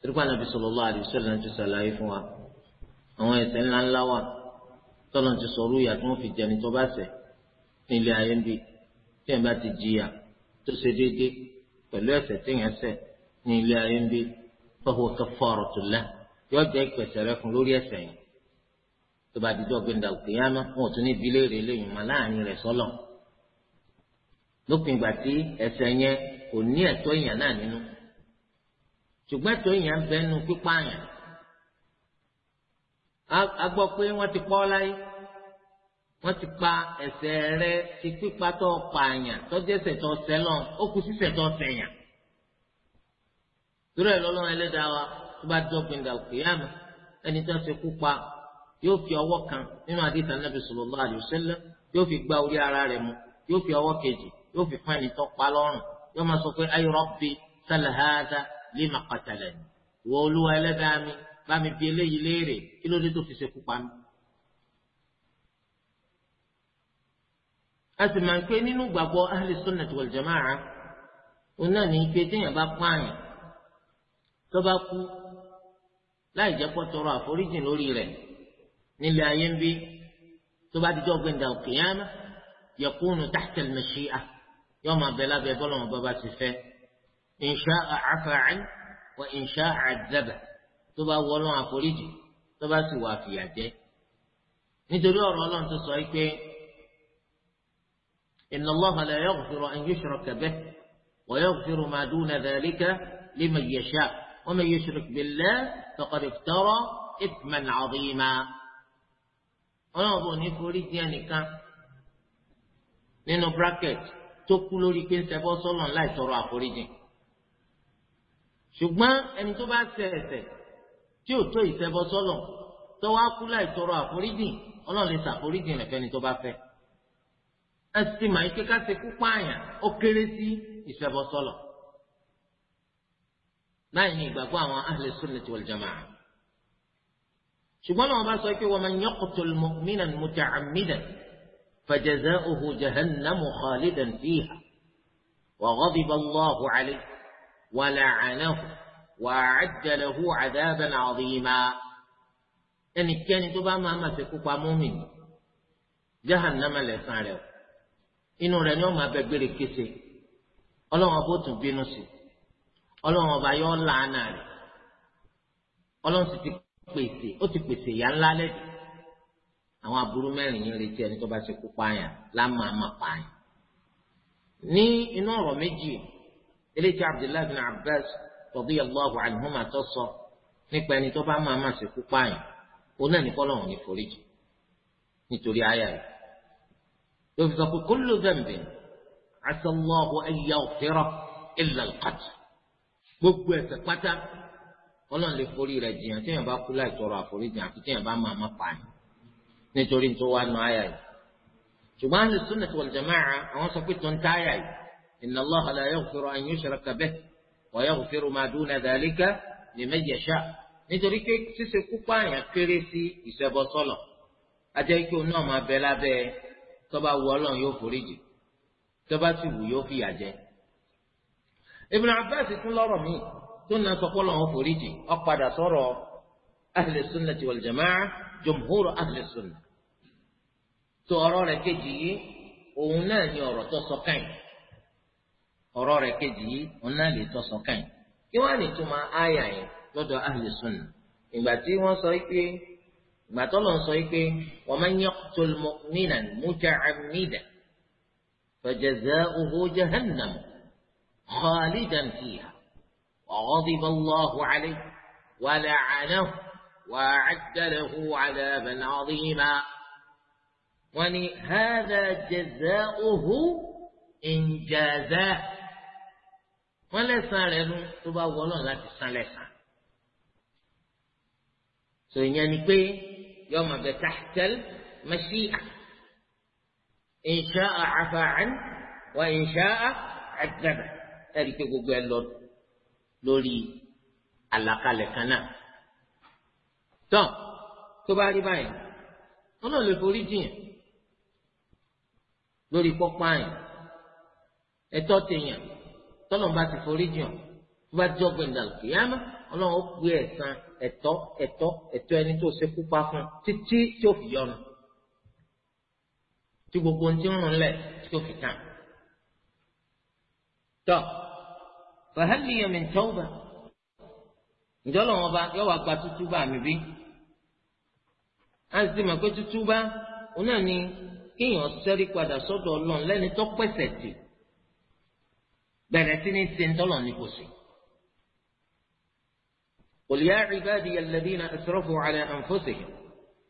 tìrìkọ́ ànábi sallallahu alaihi wasallam ti ṣàlàyé fún wa àwọn ẹ̀ṣẹ̀ ńláńlá wà tọ́lọ́ ti sọ orú tí wọ́n fi jẹni tó bá ṣẹ̀ nílé ayé ń bí tí ẹ̀ bá ti jìyà tó ṣe déédéé pẹ̀lú ẹ̀ṣẹ̀ tí yẹn ṣẹ̀ ní ilé ayé ń bí fọwọ́ kafaratul lah yóò jẹ́ ìpèsè rẹ fún lórí ẹ̀ṣẹ̀ yẹn tó bá dijọ́ gbẹ̀ndà òkè yá wọn ò tún ní ìbílẹ̀ rẹ lẹ́yìn mọ́ láàrin rẹ̀ sọ́lọ̀ lópin ìgbà tí yẹn kò ní ẹ̀tọ́ èèyàn náà nínú ṣùgbọ́n ẹ̀tọ́ wọ́n ti pa ẹ̀ṣẹ̀ rẹ ti pípa tó pààyàn tó jẹ́ṣẹ̀ tó sẹ́lọ̀n ó kù síṣẹ̀ tó sẹ̀yàn. torí ẹ̀ lọ́lọ́run ẹlẹ́dàá wa tó bá dọ́gbìn dà kíyámà ẹni tó ṣe kú pa yóò fi ọwọ́ kan nínú àdìsàn nàbì sallallahu alaihi wasallam yóò fi gba orí ara rẹ̀ mu yóò fi ọwọ́ kejì yóò fi pẹ́ẹ́nì tó pa lọ́rùn yóò máa sọ pé ay rabbi sal hada lima qatalani wọ olúwa ẹlẹ́dàá mi bá mi bi eléyìí léèrè kí ló tó fi ṣekú pa mi. a sì máa ń pé nínú gbàgbọ́ ahli sunnah wal jamaa'ah òun náà ní pé téèyàn bá pààyàn tó bá kú láì jẹ́ kó tọrọ àforíjì lórí rẹ̀ nílé ayé ń bí tó bá dijọ́ gbẹ̀ndà al-qiyamah yakunu tahta al-mashi'ah yóò máa bẹ lábẹ́ bọ́lá wọn bàbá ti fẹ́ in sha'a 'afa 'an wa tó bá wọ́ lọ́wọ́ àforíjì tó bá sì wà fìyà nítorí ọ̀rọ̀ ọlọ́run tó sọ yìí pé. إن الله لا يغفر أن يشرك به ويغفر ما دون ذلك لمن يشاء ومن يشرك بالله فقد افترى إثما عظيما ونظن يفوري ديانك لأنه براكت تقولوا لي كنت صلى الله عليه وسلم لا يترى فوري دين شكما أنتو تيو توي صلى الله عليه وسلم تواقل لا يترى فوري دين ونظن لسا فوري دينك أنتو بعد ẹsìn máa ike ká ṣe kúpa àyàn ó kéré sí ìṣẹbọsọlọ láì ní ìgbàgbọ́ àwọn ahli sunnati wal jamaa ṣùgbọ́n àwọn bá sọ pé wa man yaqtul mu'minan muta'ammidan fajaza'uhu jahannamu khalidan fiha wa ghadiba Allahu alayhi wa la'anahu wa a'adda lahu 'adhaban 'azima ẹnikẹ́ni tó bá máa ma ṣe kúpa mọ́mìn jahannama sàn rẹ̀ o. inú rẹ ni ọ máa bẹ gbére kése ọlọ́run ọba ó tún bínú sí ọlọ́run ọba yọ làánà rẹ̀ ọlọ́run sì ti pèsè ó ti pèsè ìyá ńlá lẹ́dí àwọn aburú mẹ́rin yìí retí ẹni tó bá ṣe kú pààyàn lámà má pààyàn. ní inú ọ̀rọ̀ méjì eléyìí tí abdullahi bin abbas tó sọ nípa ẹni tó bá máa ṣe kú pààyàn òun náà ní ní foríjì nítorí ló fi sọ pé kullu dhanbin asa Allahu an yaghfira illa al-qatl gbogbo ẹ̀ṣẹ̀ pátá Ọlọ́run lè forí rẹ̀ jiyàn téèyàn bá kú láì tọrọ àforíjì àfi téèyàn bá máa má pa ni nítorí tó wá nu àyà yìí ṣùgbọ́n ahlu sunnati wal jama'a àwọn sọ pé tó ń tá àyà yìí inna Allaha la yaghfiru an yushraka bihi wa yaghfiru ma duna dhalika liman yasha nítorí pé ṣíṣe kúpa àyàn kéré sí ìṣẹbọ sọlọ ajẹ́ ikú náà máa bẹ lábẹ́ tọ́ba wù ọlọ́run yóò foríjì tọ́ba sì wù yóò fìyà jẹ. Ibn Abbas tún lọ́rọ̀ mi tó náà sọ pọ́lọ́ ọ̀hún foríjì ó padà sọ̀rọ̀ ahli sunnati wal jamaa jumhur ahli sunna. tó ọ̀rọ̀ rẹ̀ kejì yìí òun náà ni ọ̀rọ̀ tó sọ kàn ọ̀rọ̀ rẹ̀ kejì yìí òun náà lè tó sọ kàn kí wọ́n á lè túmọ̀ áyà yẹn lọ́dọ̀ ahli sunna ìgbà tí wọ́n sọ pé gbàtọ́ lọ sọ yìí pé wa man yaqtul mu'minan muta'ammidan fajaza'uhu jahannam khalidan fiha wa ghadiba Allahu alayhi wa la'anahu wa a'adda lahu 'adaban 'azima wọ́n ní hàdà jẹzẹ owó ìjẹzẹ wọ́n lẹ́sàn rẹ̀ nu tó bá wọ́n ọlọ́run láti san lẹ́sàn. sọ ìyẹn ni pé. yóò máa bẹ tahtal mashi'a in sha'a afa an wa in sha'a adaba ẹ̀rí pé gbogbo ẹ lọ lórí àlàkalẹ̀ kan náà tán tó bá rí báyìí wọn náà lè forí jiyàn lórí pọ́pá yẹn ẹ̀tọ́ tèèyàn tọ́lọ́mùbá ti forí jiyàn tó bá jọ́ gbẹ̀ndàlù kìyàmá ọlọ́run ó pè ẹ̀san ẹ̀tọ́ ẹ̀tọ́ ẹ̀tọ́ ẹni tó ṣekú pa fún títí tí ó fi yọnu tí gbogbo ohun tí ń rún lẹ̀ tí ó fi tàn. fàhálì gba tútú bá mi bí. a sì mọ̀ pé tútú bá òun náà ni kéèyàn sẹ́rí padà sọ́dọ̀ ọlọ́run lẹ́ni tó pẹ̀sẹ̀ tì bẹ̀rẹ̀ sí ní ni قل يا عبادي الذين أسرفوا على أنفسهم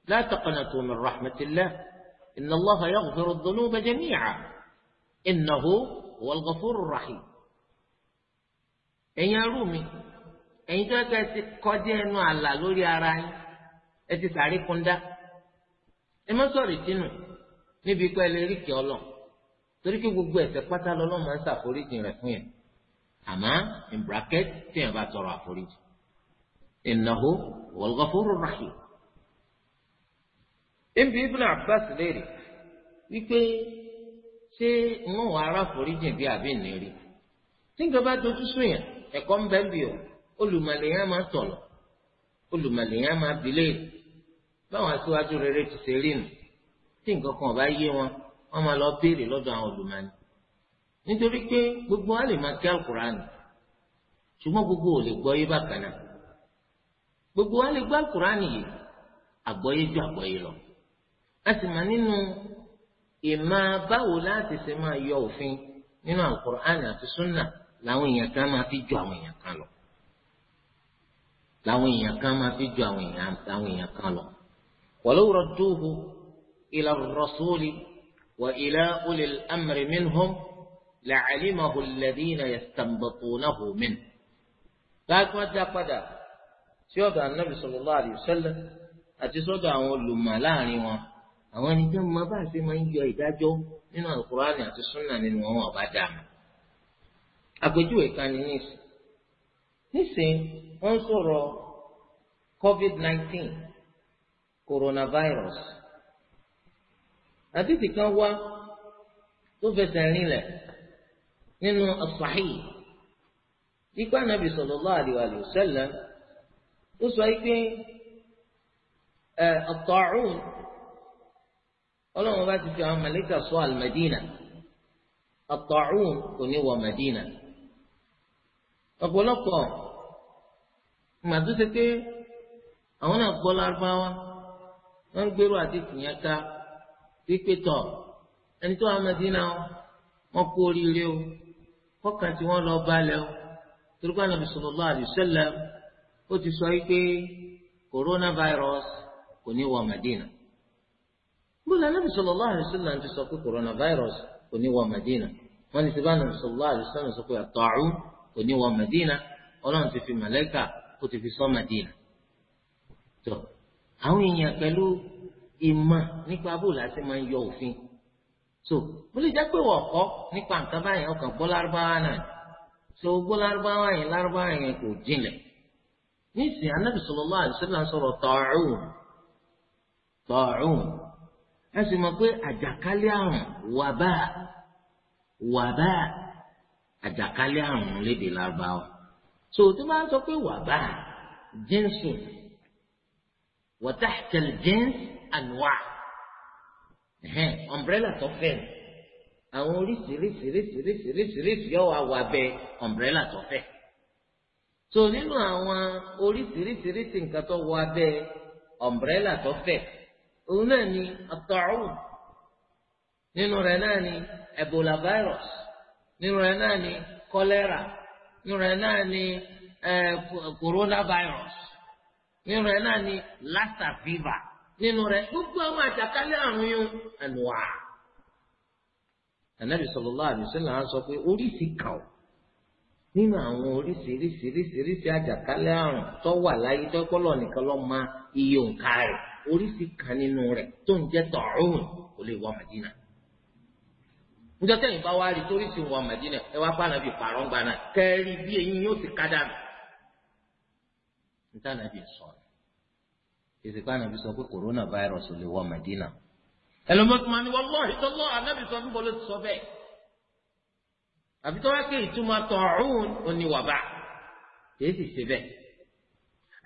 لا تقنطوا من رحمة الله إن الله يغفر الذنوب جميعا إنه هو الغفور الرحيم ẹ̀yin arú mi ẹ̀yin tó ẹ̀ka ti kọjá ẹnu àlà lórí ara yín ẹ ti sàrí kúndá ẹ má sọ̀rọ̀ ìtinú níbi pé ẹlẹ́rìkì ọlọ́ torí kí gbogbo ẹ̀ṣẹ̀ pátá lọ́lọ́ máa ń ṣàforíjì rẹ̀ fún yẹn àmọ́ in bracket tí yẹn bá tọrọ àforíjì إنه هو الغفور الرحيم ebi ibn abbas léèrè wípé ṣé ń wọ ara foríjìn bí àbí ìnírí tí nǹkan bá dojú sùn yẹn ẹ̀kọ́ ń bẹ́ ń bì ọ́ olùmọ̀lẹ́yìn máa tọ̀nà olùmọ̀lẹ́yìn máa bi báwọn aṣíwájú rere ti ṣe rí nù tí nǹkan kan bá yé wọn wọ́n máa lọ béèrè lọ́dọ̀ àwọn gbogbo wa lè máa kí àkùrá nù ṣùgbọ́n gbogbo ò lè gbọ́ yé gbogbo wa lè gbọ́ àkùránì yìí àgbọ́yé ju àgbọ́yé lọ a sì máa nínú ìmọ̀ báwo láti ṣe máa yọ òfin nínú àkùránì àti súnà làwọn èèyàn kan máa fi ju àwọn èèyàn kan lọ làwọn èèyàn kan máa fi ju àwọn èèyàn kan lọ walau dúhu ila ar wa ila ulil amri minhum la'alimahu alladhina yastanbitunahu minhu. láti wọ́n ti dá padà sí ọ̀dọ̀ anábì sallallahu alaihi wasallam àti sọ́dọ̀ àwọn olùmọ̀ láàrin wọn àwọn ẹni tí mo bá ṣe máa ń ìdájọ́ nínú àti sunna nínú wọn ọba dàmú. àpèjúwe kan ní nísìn nísìn covid nineteen coronavirus àdìsí kan wá tó fẹsẹ̀ rinlẹ̀ nínú tó sọ yìí pé ẹ eh, ọ̀tọ̀ọ̀rún ọlọ́run bá ti fi àwọn màlẹ́kà sọ àlùmẹ́dínà ọ̀tọ̀ọ̀rún kò ní wọ mẹ́dínà ọ̀pọ̀lọpọ̀ màtúnṣe pé àwọn náà gbọ́ lárúbáwá wọ́n ń gbèrò àti tìyàn ká wípé tọ̀ ẹni tó wà mẹ́dínà wọn kú oríire o kọ́kàn tí wọ́n lọ balẹ̀ o torí pé ànábì sallallahu alaihi wasallam ó ti sọ pé coronavirus kò ní wọ Madina bóla Nabi sallallahu alaihi wasallam ti sọ pé coronavirus kò ní wọ Madina wọn ní sibá Nabi sallallahu alaihi wasallam sọ pé àtọ̀ọ̀rù kò ní wọ Madina ọlọ́run ti fi màlẹ́kà kó ti fi sọ Madina tó àwọn èèyàn pẹ̀lú ìmọ̀ nípa bóla ṣe máa ń yọ òfin so ó lè pé wọ́n kọ́ nípa nǹkan báyìí ọkàn gbọ́ lárúbáwá náà so gbọ́ lárúbáwá yẹn lárúbáwá yẹn kò jinlẹ̀ nísìnyí anábì sallallahu alaihi wasallam sọ̀rọ̀ tààrùn tààrùn ẹ sì mọ̀ pé àjàkálẹ̀ àrùn wàbá wàbá àjàkálẹ̀ àrùn lédè lárúbáwá so tó máa ń sọ pé wàbá jíǹsù wa tahta al-jins anwa' ọmbrẹ́là tó fẹ́ àwọn oríṣiríṣiríṣiríṣiríṣiríṣi yọ wà wà bẹ ọmbrẹ́là tó fẹ́ so nínú àwọn oríṣiríṣiríṣi nǹkan tó wọ abẹ́ ọ̀mbrẹ́là tó fẹ̀ òun náà ni àtọ̀rù nínú rẹ̀ náà ni ebola virus nínú rẹ̀ náà ni cholera nínú rẹ̀ náà ni eh, coronavirus nínú rẹ̀ náà ni lassa fever nínú rẹ̀ gbogbo àwọn àjàkálẹ̀ àrùn yìí ànúwà. ànábì sallallahu alaihi wasallam sọ pé oríṣi kàn nínú àwọn oríṣiríṣiríṣiríṣi àjàkálẹ̀ àrùn tó wà láyé tọ́kọ́lọ̀ nìkan ló mọ iye òǹkà rẹ̀ oríṣi kan nínú rẹ̀ tó ń jẹ́ tọ̀ọ̀rùn kò lè wọ Màdínà. níjọ́ tẹ̀yìn bá wá rí toríṣi wọ Màdínà ẹ wá bá nàbì pààrọ̀ ń gbaná kẹ́rì bí eyín yóò ti ká dànù. níta nàbì sọ ọ́ ìsìnká nàbì sọ pé coronavirus lè wọ Màdínà. ẹlòmọ́tò máa ní wọ́n lọ́ọ̀ àfi tó wá pé ìtumọ̀ tọ̀ọ̀rún òní wàbà ṣe bẹ́ẹ̀.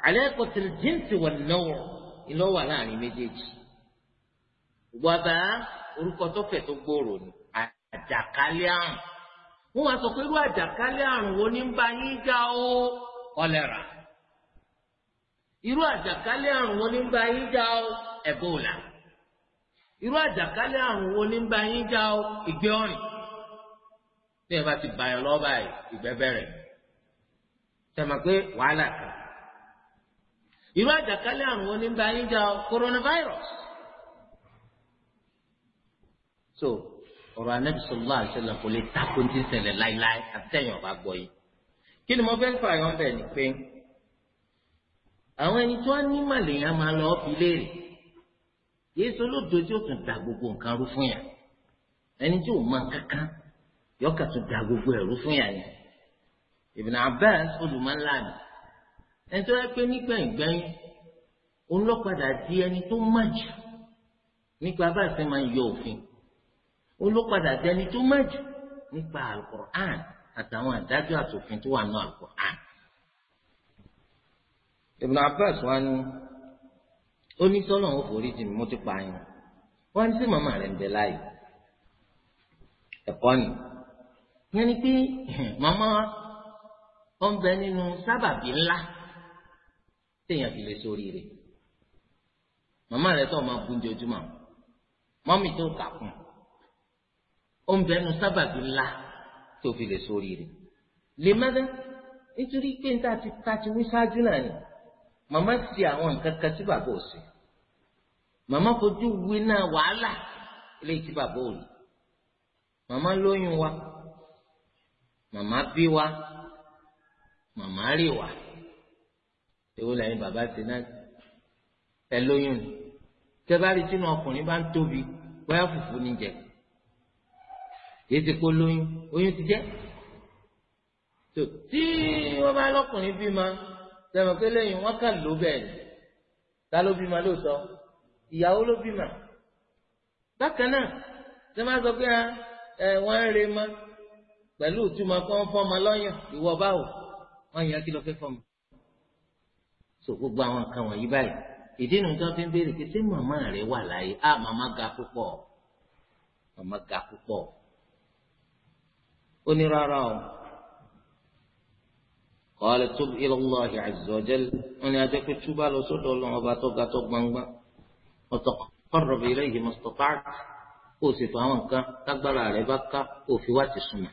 àlẹ́ kò tẹ̀lé jíǹsì wà náwọ̀ ìlọ wà láàrin méjèèjì. orúkọ tó gbòòrò ni àjàkálẹ̀ àrùn. wọ́n wá sọ pé irú àjàkálẹ̀ àrùn wo ni ń ba yín já tí ẹ bá ti bàyàn lọ́ba ìgbẹ́ bẹ̀rẹ̀ tẹ̀mọ̀ pé wàhálà kan irú àjàkálẹ̀ àrùn wo ní bá yín jà coronavirus so ọ̀rọ̀ anabi sọlá àṣẹlẹ̀ kò lè takò ní ṣẹlẹ̀ láíláí àtẹ̀yìn ọ̀bá gbọ́ yìí kí ni mo fẹ́ fà yọ̀ bẹ́ẹ̀ ni pé àwọn ẹni tí wọ́n ní màlẹ́yìn á máa lọ ọ́bí léèrè yéésù olódò tí ó tún da gbogbo nǹkan rú fún yà ẹni tí ò mọ kankan yọkà tó da gbogbo ẹ̀rú fún yàrá Ibn Abbas olùmọ̀lá ni ẹni tó yẹ pé nígbẹ̀yìngbẹ̀yìn òun ló padà di ẹni tó má jù nípa bá a ṣe máa yọ òfin òun ló padà di ẹni tó má jù nípa Al-Qur'an àtàwọn àdájọ́ àtòfin tó wà náà Al-Qur'an. Ibn Abbas wa ni ó ní sọ́nà ó forí jì mo ti pààyàn wọ́n á ní sí rẹ̀ ń bẹ láàyè ẹ̀kọ́ ni yẹn ni pé màmá wa ó ń bẹ nínú sábàbí ńlá téèyàn fi lè sórí rẹ̀ màmá rẹ̀ tó máa bú ojoojúmọ́ mọ́mì tó kà kún ó ń bẹ nínú sábàbí ńlá tó fi lè sórí rẹ̀ lè mẹ́tẹ́ nítorí pé níta ti ta ti wí ṣáájú náà ni màmá ti àwọn nǹkan kan tí bàbá ò sí màmá fojú wí náà wàhálà lè ti bàbá ò rí lóyún wa màmá bí wa màmá rè wa èwo lẹ́yìn bàbá ti náà ẹ lóyún ni tẹ́bárí tínú ọkùnrin bá ń tóbi bóyá fùfú ni jẹ yìí ti kó lóyún oyún ti jẹ tó tí wọ́n bá lọ́kùnrin bímọ tẹ̀wọ̀n pé lẹ́yìn wọ́n kà ló bẹ́ẹ̀ ni ta ló bímọ lóòótọ́ ìyàwó ló bímọ bákan náà tẹ́wọ́n sọ pé ah, wọ́n ń re mọ́ pẹ̀lú ìtumọ̀ kí wọ́n fọ́mọ lọ́yàn ìwọ báwo wọ́n yàn kí lọ fẹ́ fọ́mọ. so gbogbo àwọn nǹkan wọ̀nyí báyìí ìdí nu tó fi ń béèrè pé ṣé màmá rẹ wà láàyè á ah, màmá ga púpọ̀ màmá ga púpọ̀ ó o kọ́lẹ̀ tó ila Allah azza wa jal wọn ni ajẹ́ pé túbà lọ sọ́dọ̀ ọlọ́run ọba tó ga tó gbangba ọ̀tọ̀ qarrab ilayhi mastata'ta kó o sì fọ àwọn nǹkan tágbára rẹ bá ká kó o fi wá ti súnmọ́.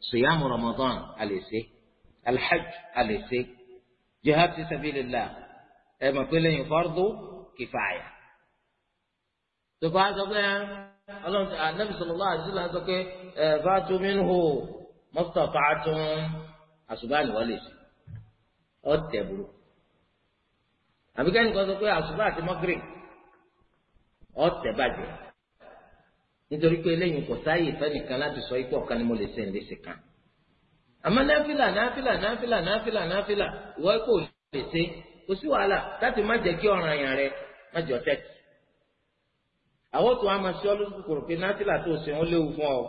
sùyàmù ramadan a lè ṣe alhaj a lè ṣe jihad fi sabilillah ẹ mọ̀ pé lẹ́yìn fardu kìfàyà tó bá sọ pé ọlọ́run anabi sallallahu alaihi wasallam sọ pé ẹ fatu minhu mastata'tum àṣùbáàlì wọlé sí ọ tẹ̀ burú àbíkẹ́ni kan sọ pé àṣùbáà àti mọ́gírì ọ tẹ̀ bàjẹ́ nítorí pé eléyìí kò sáàyè fẹ́nìkan láti sọ ipò ọ̀kan ni mo lè ṣe ń léṣe kan àmọ́ náfìlà náfìlà náfìlà náfìlà náfìlà ìwọ kò lè ṣe kò sí wàhálà láti má jẹ́ kí ọ̀ràn àyàn rẹ má jọ tẹ́tì àwọn tó wàá máa ṣe ọlọ́sùn kòrò pé náfìlà tó ṣe wọn léwu fún ọ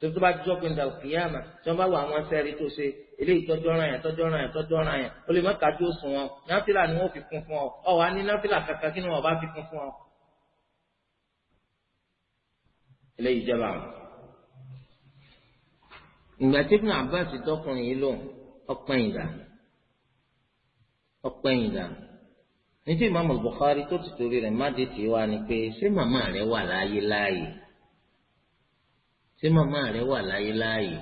tó tó bá jọ pé ndàlù kìyàmà tí wọn bá wà àwọn sẹ́ẹ̀rì tó ṣe eléyìí tọ́jú ọ̀ràn yẹn tọ́jú ọ̀ràn yẹn tọ́jú ọ̀ràn yẹn ó lè má kájú òṣùwọ̀n náfìlà ni wọ́n fi kún fún ọ ọ̀ wá ní náfìlà kankan kí ni wọ́n bá fi kún fún ọ eléyìí jẹba àwọn. ìgbà tí Ibn Abbas tọkùnrin yìí lò ọpẹ́yìn ìdààmú ọpẹ́yìn ìdààmú nítorí Imam Bukhari tó ti torí rẹ̀ má dé tì wá ni pé ṣé màmá rẹ̀ wà láyé láàyè ṣé màmá rẹ̀ wà láyé láàyè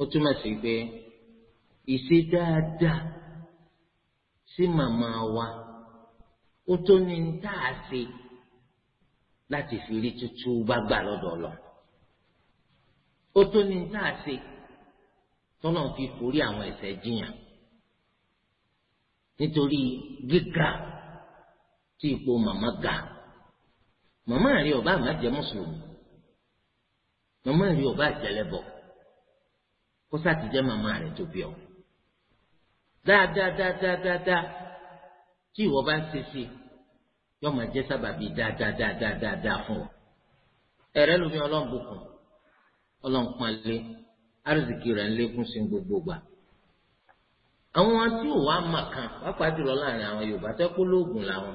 ó túmọ̀ sí pé ìṣe dáadáa sí màmá wa ó tó ní tá a ṣe láti fi rí tútú bá gbà lọ́dọ̀ lọ. ó tó ní náà ṣe tọ́lọ́ fi forí àwọn ẹ̀ṣẹ̀ jiyàn nítorí gíga tí ipò màmá ga màmá rí ọba àmàjẹ mùsùlùmí màmá rí ọba àjẹlẹbọ kó sàtìjẹ màmá rẹ tó bí ọ dáadáa dáadáa dáadáa tí ìwọ bá ń ṣe sí i yóò máa jẹ́ sábàbí dáadáadáadáa fún wa ẹ̀rẹ́ lómi ọlọ́run bùkún ọlọ́run pọ́nlé àrísìkí rẹ̀ ń lékún sí gbogbo gbà àwọn tí ò wá mà kan pàápàá jùlọ láàrin àwọn Yorùbá tẹ́ kó lóògùn làwọn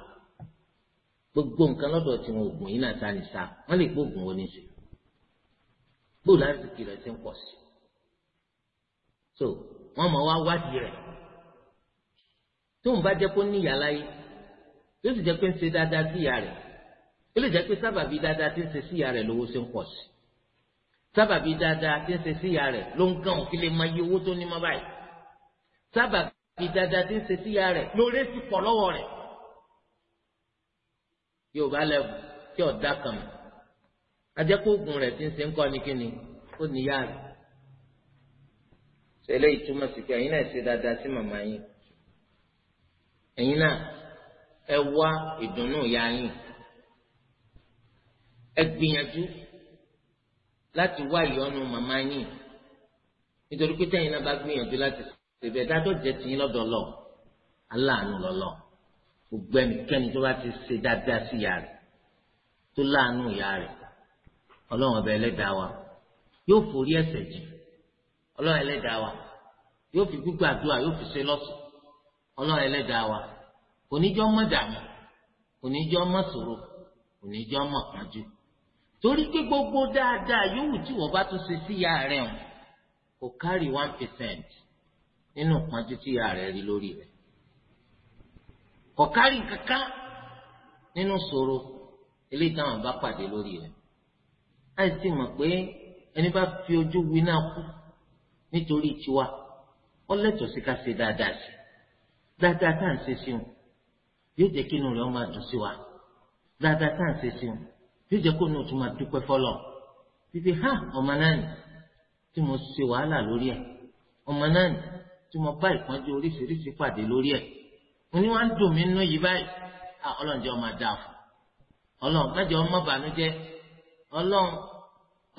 gbogbo nǹkan lọ́dọ̀ tí wọn oògùn yìí náà ta ni sa lè gbóògùn oníṣe gbóòlù àrísìkí rẹ̀ ti ń pọ̀ sí so wọ́n mọ̀ wá wádìí rẹ̀ tóun bá jẹ́ kó níyàá láyé yóò sì jẹ́ pé ń ṣe dáadáa sí ìyá rẹ̀ ó lè jẹ́ pé sábàbí dáadáa ti ń ṣe sí ìyá rẹ̀ lówó ṣe ń pọ̀ sí sábàbí dáadáa ti ń ṣe sí ìyá rẹ̀ ló ń gàn òfin lè máa yí owó tó ní mọ́ báyìí sábàbí dáadáa ti ń ṣe sí ìyá rẹ̀ lórí èsì pọ̀ lọ́wọ́ rẹ̀ yóò bá lẹ́bù tí ọ̀dà kan ajẹ́kọ̀ọ́gùn rẹ̀ ti ń ṣe ń kọ́ ni kíni ó ní ìyá rẹ̀ ṣẹlẹ̀ ìtumọ̀ sí pé ẹ̀yin náà ṣe dáadáa sí màmá yín ẹ̀yin náà ẹ wá ìdùnnú ìyá yín ẹ gbìyànjú láti wá ìyọnu màmá yín nítorí pé tẹ́yìn náà bá gbìyànjú láti ṣèbẹ̀ dájọ́ jẹ́ tiyín lọ́dọ̀ lọ aláàánú lọ́lọ́ gbogbo ẹnikẹ́ni tó bá ti ṣe dáadáa sí ìyá rẹ̀ tó láàánú ìyá rẹ̀ ọlọ́run ọba ẹlẹ́dàá wa yóò forí ẹ̀ṣẹ̀ jì ọlọ́run ẹlẹ́dàá wa yóò fi gbígbàdúrà yóò fi ṣe lọ́sùn ọlọ́run ẹlẹ́dàá wa. onijo ní jọ́ onijo sòrò kò torí pé gbogbo dáadáa yòówù tí wọ́n bá tún ṣe sí ìyá rẹ̀ hàn kò kárì one percent nínú pàjù tí ìyá rẹ̀ rí lórí rẹ̀ kò kárì kankan nínú sòrò eléyìí táwọn bá pàdé lórí bá fi ojú wi náà kú nítorí tiwa ọ lẹ́tọ̀ọ́ sí ká ṣe dáadáa sí dáadáa tá à ń ṣe yóò jẹ́ kí inú rẹ̀ máa dùn sí wa dáadáa tá à ń ṣe sí wọn yóò jẹ́ kó inú tún máa dúpẹ́ fọlọ́ fífi ha ọmọ náà nì tí mo ṣe wàhálà lórí ẹ̀ ọmọ náà nì tí mo bá ìpọ́njú oríṣiríṣi pàdé lórí ẹ̀ mo ní wá ń dùn mí nú yìí báyìí à ọlọ́run jẹ́ ọmọ dáa fún ọlọ́run mẹ́jọ ọmọ bànújẹ́ ọlọ́run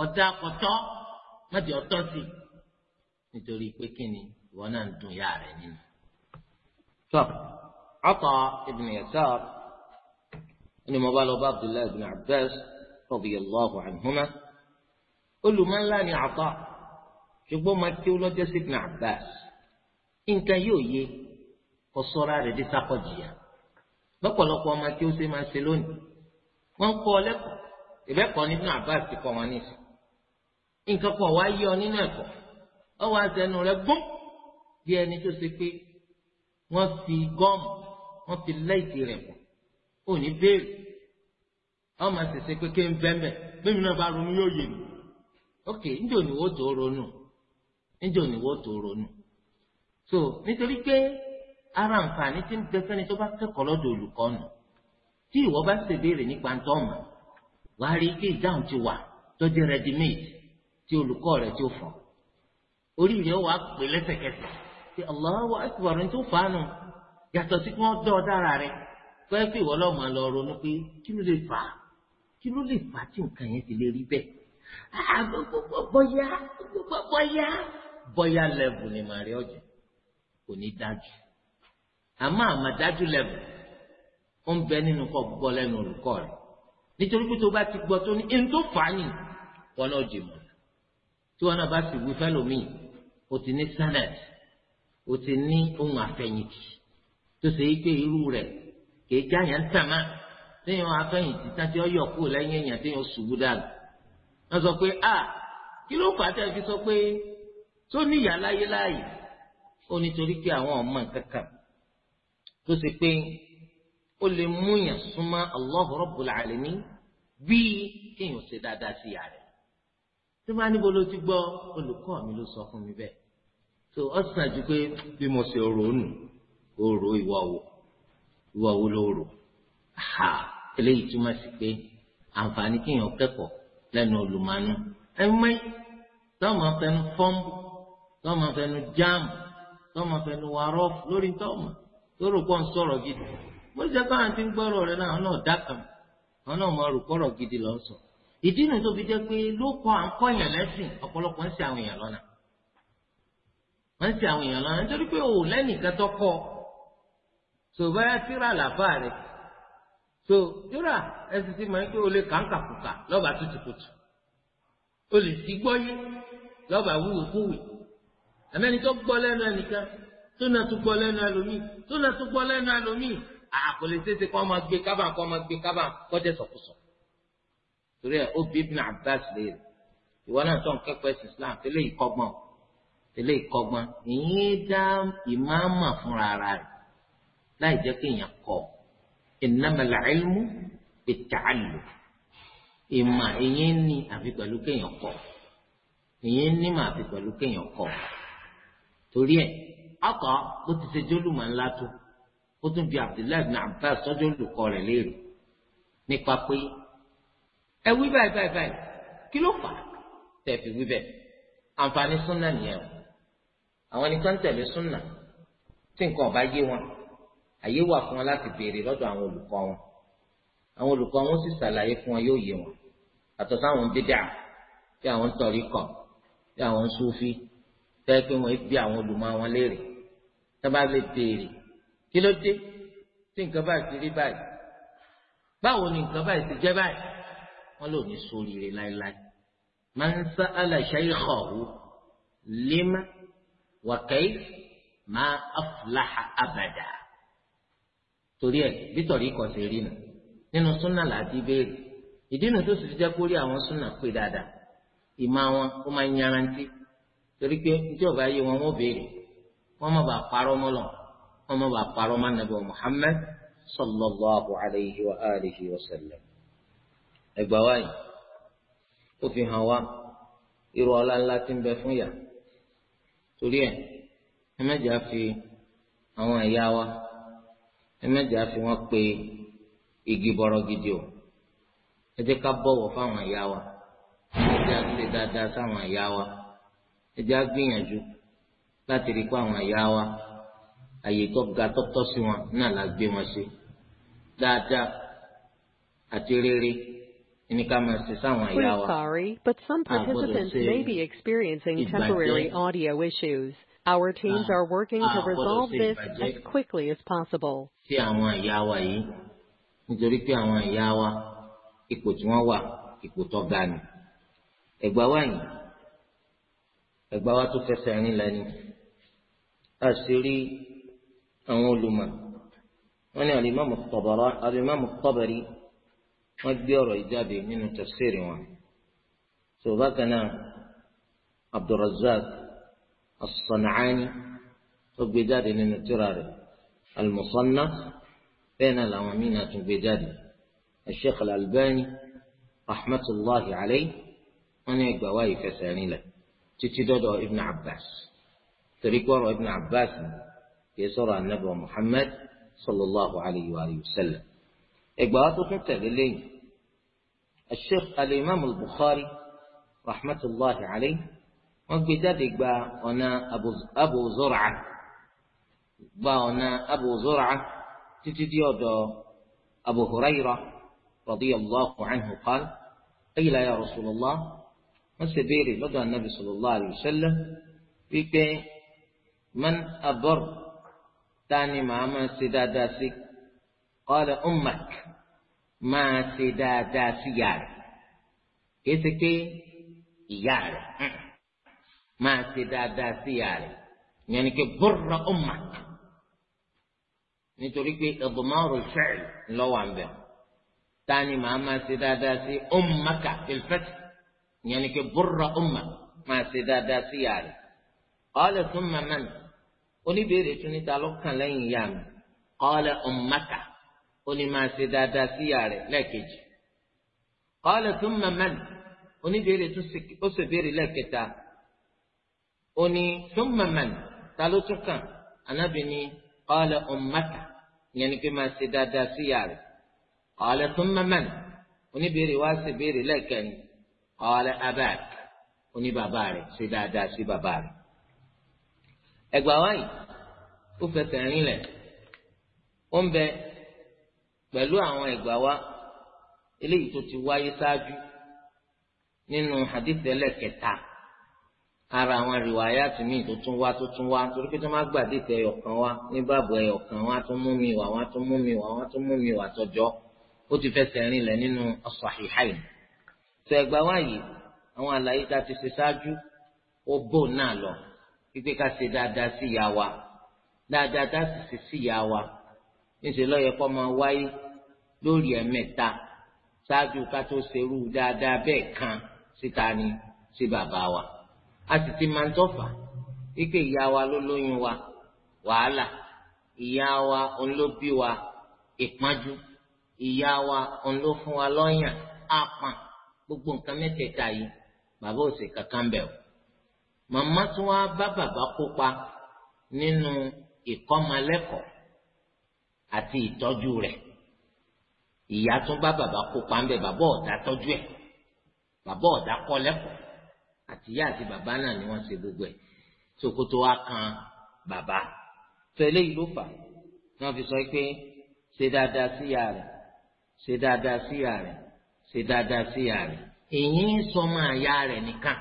ọ̀dà kọ̀tọ́ mẹ́jọ ọ̀tọ́ sí nítorí pé kíni ìwọ náà ń dùn yá rẹ̀ nínú. Ata ibn Yasar ni mo bá lọ bá Abdullahi ibn Abbas radiyallahu anhuma olùmọ̀nlá ni Ata ṣùgbọ́n máa kí ó lọ́jọ́ sí ibn Abbas nǹkan yóò yé kó sọ́ra rẹ̀ dé sákọ̀jìyà lọ́pọ̀lọpọ̀ ọmọ kí ó ṣe máa ṣe lónìí wọ́n ń kọ́ ọ lẹ́kọ̀ọ́ ìbẹ́kọ̀ ní ibn Abbas ti kọ́ wọn nísìn nǹkan kan wá yé ọ nínú ẹ̀kọ́ ọ wá sẹ́nu rẹ̀ gbọ́n bí ẹni tó ṣe pé wọ́n fi gọ́ọ̀mù wọ́n fi láìsí rẹ̀ pọ̀ ò ní béèrè wọ́n máa ṣẹ̀ṣẹ̀ kékeré ń bẹ́ẹ̀ bẹ́ẹ̀ náà bá ronú yóò yé mi ok níjẹ́ tó ronú tó ronú so nítorí pé ara nǹkan tí ń bẹ fẹ́ni tó bá nù tí ìwọ bá ṣèbéèrè nípa ń wàá rí ìdáhùn ti yàtọ̀ sí kí wọ́n dọ́ ọ dára rẹ pé pé ìwọ lọ́mọ lọ ronú pé kí ló lè fà á kí ló lè fà á tí nǹkan yẹn ti lè rí bẹ́ẹ̀ bọ́yá bọ́yá bọ́yá lẹ́bù ni màrí ọ̀jẹ̀ kò ní dájú àmọ́ àmọ́ dájú lẹ́bù ó ń bẹ nínú kọ́ gbọ́ lẹ́nu olùkọ́ rẹ̀ nítorí pé tó bá ti gbọ́ tó ní ẹni tó fà á nì wọn náà jì tí wọn náà bá sì wí fẹ́lòmíì o ti ní senate o ti ní ohun àfẹ̀yìntì tó ṣe é gbé irú rẹ̀ kì í já yẹn tàmá téèyàn afẹ́yìntì tán tí ó yọ kúrò lẹ́yìn èèyàn téèyàn ṣubú dànù wọ́n sọ pé a kí ló fà á tẹ́ fi sọ pé tó ní láyé láàyè ó nítorí pé àwọn ọmọ kankan tó ṣe pé ó lè múyàn súnmọ́ Allah Rabbul Alamin bíi kéèyàn ṣe dáadáa sí ìyá rẹ̀ tí wọ́n á níbo ló ti gbọ́ olùkọ́ mi ló sọ fún mi bẹ́ẹ̀ tó ọ̀sán ju pé bí mo ṣe rò ó nù. oòrò ìwà wò ìwà wò lóòrò ha eléyìí túmọ̀ sí pé àǹfààní kéèyàn kẹ́kọ̀ọ́ lẹ́nu olùmọ̀nù ẹ̀mí tọ́mọ fẹnu fọ́ǹbù tọ́mọ fẹnu jáàmù tọ́mọ wàrọ́ lórí tọ́mọ lórí pọ́n sọ̀rọ̀ gidi bó ṣe bá àǹtí ń gbọ́rọ̀ rẹ náà náà dákàn gidi lọ́ sọ ìdí nu tó fi jẹ́ pé ló kọ́ à ń kọ́ èèyàn lẹ́sìn ọ̀pọ̀lọpọ̀ ń àwọn èèyàn lọ́nà wọ́n ń so báyà tíra làbá rẹ̀ so tíra ẹsì ti máa ń pé o lè kàńkà kùkà lọ́ba tutukutu o lè ti gbọ́ yé lọ́ba wúwo kúwì àmẹ́ni tó gbọ́ lẹ́nu ẹnìkan tó náà tó gbọ́ lẹ́nu ẹlòmíì tó náà tó gbọ́ lẹ́nu ẹlòmíì àkọlé tètè kọ́ máa gbé kábà kọ́ máa gbé kábà kọ́ jẹ́ torí ẹ ó bí Ibn Abbas léèrè ìwọ náà tó ń kẹ́kọ̀ọ́ ẹ̀sìn Islam tẹ́lẹ̀ ìkọ́gbọ́n tẹ́lẹ̀ ìkọ́gbọ́n ìyẹn dá ìmáàmà fúnra rẹ̀ láì jẹ́ kéèyàn kọ́ innamal ilmu bitta'allum ìmọ̀ èyàn ní àfi pẹ̀lú kéèyàn kọ́ èyàn ní mà àfi pẹ̀lú kéèyàn kọ́ torí ẹ̀ ọkọ̀ bó ti ṣe jólùmọ̀ ńlá tó ó tún bi Abdullahi bin Abbas sọ́jọ́ olùkọ́ rẹ̀ léèrè nípa pé ẹ wí báyìí báyìí báyìí kí ló fà á wí bẹ́ẹ̀ àǹfààní súnà nìyẹn o àwọn nìkan tẹ̀lé súnà tí nǹkan ọ̀bá yé wọn àyè wà fún wọn láti béèrè lọ́dọ̀ àwọn olùkọ́ wọn àwọn olùkọ́ wọn sì ṣàlàyé fún wọn yóò yé wọn àtọ̀ sáwọn bídà bí àwọn tọ̀rí kọ̀ bí àwọn súfí tẹ́ pé wọ́n bí àwọn olùmọ̀ wọn léèrè tá bá lè béèrè kí ló dé tí nǹkan báyìí ti rí báyìí báwo ni nǹkan báyìí ti jẹ́ báyìí wọ́n lò ní sóríire láéláé man sa'ala shaykhahu lima wa kayf ma aflaha abada torí ẹ bítọ̀rí kọ̀ sí rí nù nínú súnà láti béèrè ìdí nu tó sì fi jẹ́ kó rí àwọn súnà pé dáadáa ìmọ̀ àwọn ó máa ń yarantí torí pé ní tí ọba yé wọn wọ́n béèrè wọ́n má bàa parọ́ mọ́ lọ wọ́n má bàa parọ́ mọ́ nàbẹ̀ Muhammad sallallahu alayhi wa alihi wa sallam ẹgbà wáyé ó fi hàn wá irú ọlá ńlá tí ń bẹ fún yà torí ẹ ẹ mẹjọ fi àwọn ẹ̀yà wa. fi wọ́n pe igi bọ̀rọ̀ gidi o ẹ jẹ́ ká bọ̀wọ̀ wa ẹ jẹ́ dáadáa sáwọn wa ẹ jẹ́ láti rí àwọn wa àyè tó ga tọ́tọ́ sí wọn náà la gbé wọn dáadáa àti rere We're sorry, but some participants may be experiencing temporary audio issues. Our teams are working to resolve this as quickly as possible. sí àwọn ìyá wa yìí nítorí pé àwọn ìyá wa ipò tí wọ́n wà ipò tó ga ni ẹ̀gbá wa yìí ẹ̀gbá wa tó fẹsẹ̀ rìn lẹ́nu àṣírí àwọn olùmọ̀ wọ́n ní alimami Tabari wọ́n gbé ọ̀rọ̀ ìjáde nínú tafsiri wọn tó bákan náà Abdulrazak tó gbé jáde nínú tírà rẹ̀. المصنف بين الأمينة بجد الشيخ الألباني رحمة الله عليه من يقواي كساني له تتدودو ابن عباس تريكور ابن عباس يسر النبي محمد صلى الله عليه وآله وسلم إقباطو كنت للي الشيخ الإمام البخاري رحمة الله عليه وقدر إقبا أنا أبو زرعة gba ọ̀nà abu zura títí dí ọ̀dọ̀ abu huraira radiyallahu anhu qal ayila ya rasulallah wọ́n ṣe béèrè lọ́dọ̀ anabi sallallahu alayhi wa sallam wípé man abor tani màá máa ṣe dáadáa sí qala ummak máa ṣe dáadáa sí yàrá kìí ké pé ìyá máa ṣe dáadáa sí yàrá yẹn ni pé nítorí pé ẹ̀dùnmọ́rù fẹ́ẹ̀l ńlọ́wọ́ àǹbẹ̀ ta ni màá máa ṣe dáadáa sí ummaka ilfẹ́tì ìyẹn ni pé burra umma máa ṣe dáadáa sí ìyá rẹ̀ qala thumma man oníbèrè tún níta ló kàn lẹ́yìn ìyá mi qala ummaka ó ní máa ṣe dáadáa sí ìyá rẹ̀ lẹ́ẹ̀kejì qala thumma man oníbèrè tún ó sì béèrè lẹ́ẹ̀kẹta ó ní thumma man ta ló tún kàn anábìíní qala ummaka ìyẹn ni pé máa ṣe dáadáa sí ìyá rẹ̀ qala thumma man oníbèrè wá sí ìbéèrè lẹ́ẹ̀kẹ́ni qala abak oní bàbá rẹ̀ ṣe dáadáa sí bàbá rẹ̀ ẹgbà wáyé ó fẹsẹ̀ rinlẹ̀ ó ń bẹ pẹ̀lú àwọn ẹgbà wá eléyìí tó ti wáyé ṣáájú nínú hadith ẹlẹ́kẹta ara àwọn rìwáyà tìmí tó tún wá tó tún wá torí pé tó má gbàdé tẹ ẹyọkan wá ní bàbá ẹyọkan wá tó mú mi wá wá tó mú mi wá wá tó mú mi wá tọjọ ó ti fẹsẹ̀ rìn lẹ̀ nínú as-sahihayn tó wáyé àwọn àlàyé tá ti ṣe ṣáájú ó bò náà lọ pípé ká ṣe dáadáa sí ìyá wa dáadáa tá sì ṣe sí ìyá wa níṣẹ́ lọ́yẹ kọ́ máa wáyé lórí ẹ̀mẹ́ta ṣáájú ká tó ṣerú dáadáa bẹ́ẹ̀ kan síta ni sí bàbá wa a sì ti máa ń tọ́fà wípé ìyá wa ló lóyún wa wàhálà ìyá wa òun ló bí wa ìpọ́njú ìyá wa òun ló fún wa lọ́yàn àpà gbogbo nǹkan mẹ́tẹ̀ẹ̀ta yìí bàbá ò kankan bẹ̀ o màmá tí wọ́n bá bàbá kópa nínú ìkọ́mọlẹ́kọ̀ọ́ àti ìtọ́jú rẹ̀ ìyá tún bá bàbá kópa ńbẹ̀ bàbá ọ̀dà tọ́jú ẹ̀ bàbá ọ̀dà kọ́ àtìyá àti bàbá náà ni wọ́n ṣe gbogbo ẹ̀ sokoto wa kan bàbá tó eléyìí ló fà náà fi sọ pé ṣe dáadáa síyà rẹ̀ ṣe dáadáa síyà rẹ̀ ṣe dáadáa síyà rẹ̀ èyí ń sọmọ àyà rẹ̀ nìkan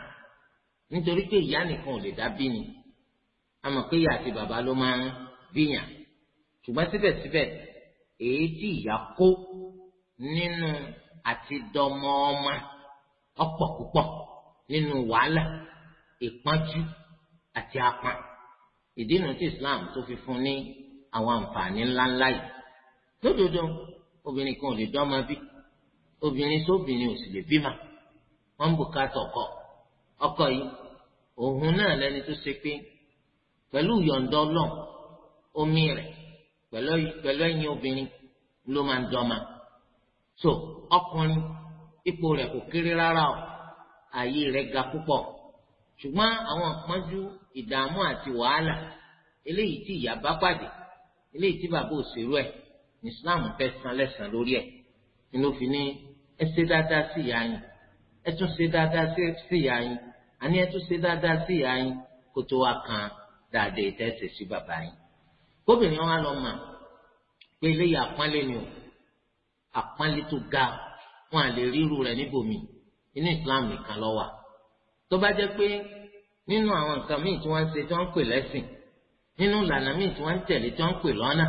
nítorí pé ìyá nìkan ò lè dá bí ni a mọ̀ pé ìyá àti bàbá ló máa ń bíyàn ṣùgbọ́n síbẹ̀síbẹ̀ èyí tí ìyá kó nínú àti dọmọ ọmọ ọ̀pọ̀ púpọ̀ nínú wàhálà ìpọ́njú àti apá ìdínú tí Islam tó fi fún ní àwọn àǹfààní ńláńlá yìí lódodo obìnrin kan ò lè dọ́mọ bí obìnrin sóbìnrin ò sì lè bímọ wọn ń bùkátà ọkọ ọkọ yìí òun náà lẹni tó ṣe pé pẹ̀lú yọ̀ǹda ọlọ́run omi rẹ̀ pẹ̀lú ẹ̀yìn obìnrin ló máa ń dọ́mọ so ọkùnrin ipò rẹ̀ kò kéré rárá o ààyè rẹ̀ ga púpọ̀ ṣùgbọ́n àwọn àpọ́njú ìdààmú àti wàhálà eléyìí tí ìyá bá pàdé eléyìí tí bàbá òṣèrú ẹ̀ ní Islam fẹ́ san lẹ́sàn lórí ẹ̀ ni ló fi ní ẹ ṣe dáadáa sí ìyá yín ẹ tún ṣe dáadáa sí ìyá yín àní ẹ tún ṣe dáadáa sí ìyá yín kó tó wá kan dáadáa ìtẹ́sẹ̀ sí bàbá yín gómìnà wa lọ mà pé eléyìí àpọ́nlé ni o àpọ́nlé tó ga wọn à lè ríru rẹ̀ níbòmíì inú islam nìkan ló wà tó bá jẹ́ pé nínú àwọn nǹkan míì tí wọ́n ń ṣe tí wọ́n ń pè lẹ́sìn nínú ìlànà míì tí wọ́n ń tẹ̀lé tí wọ́n ń pè lọ́nà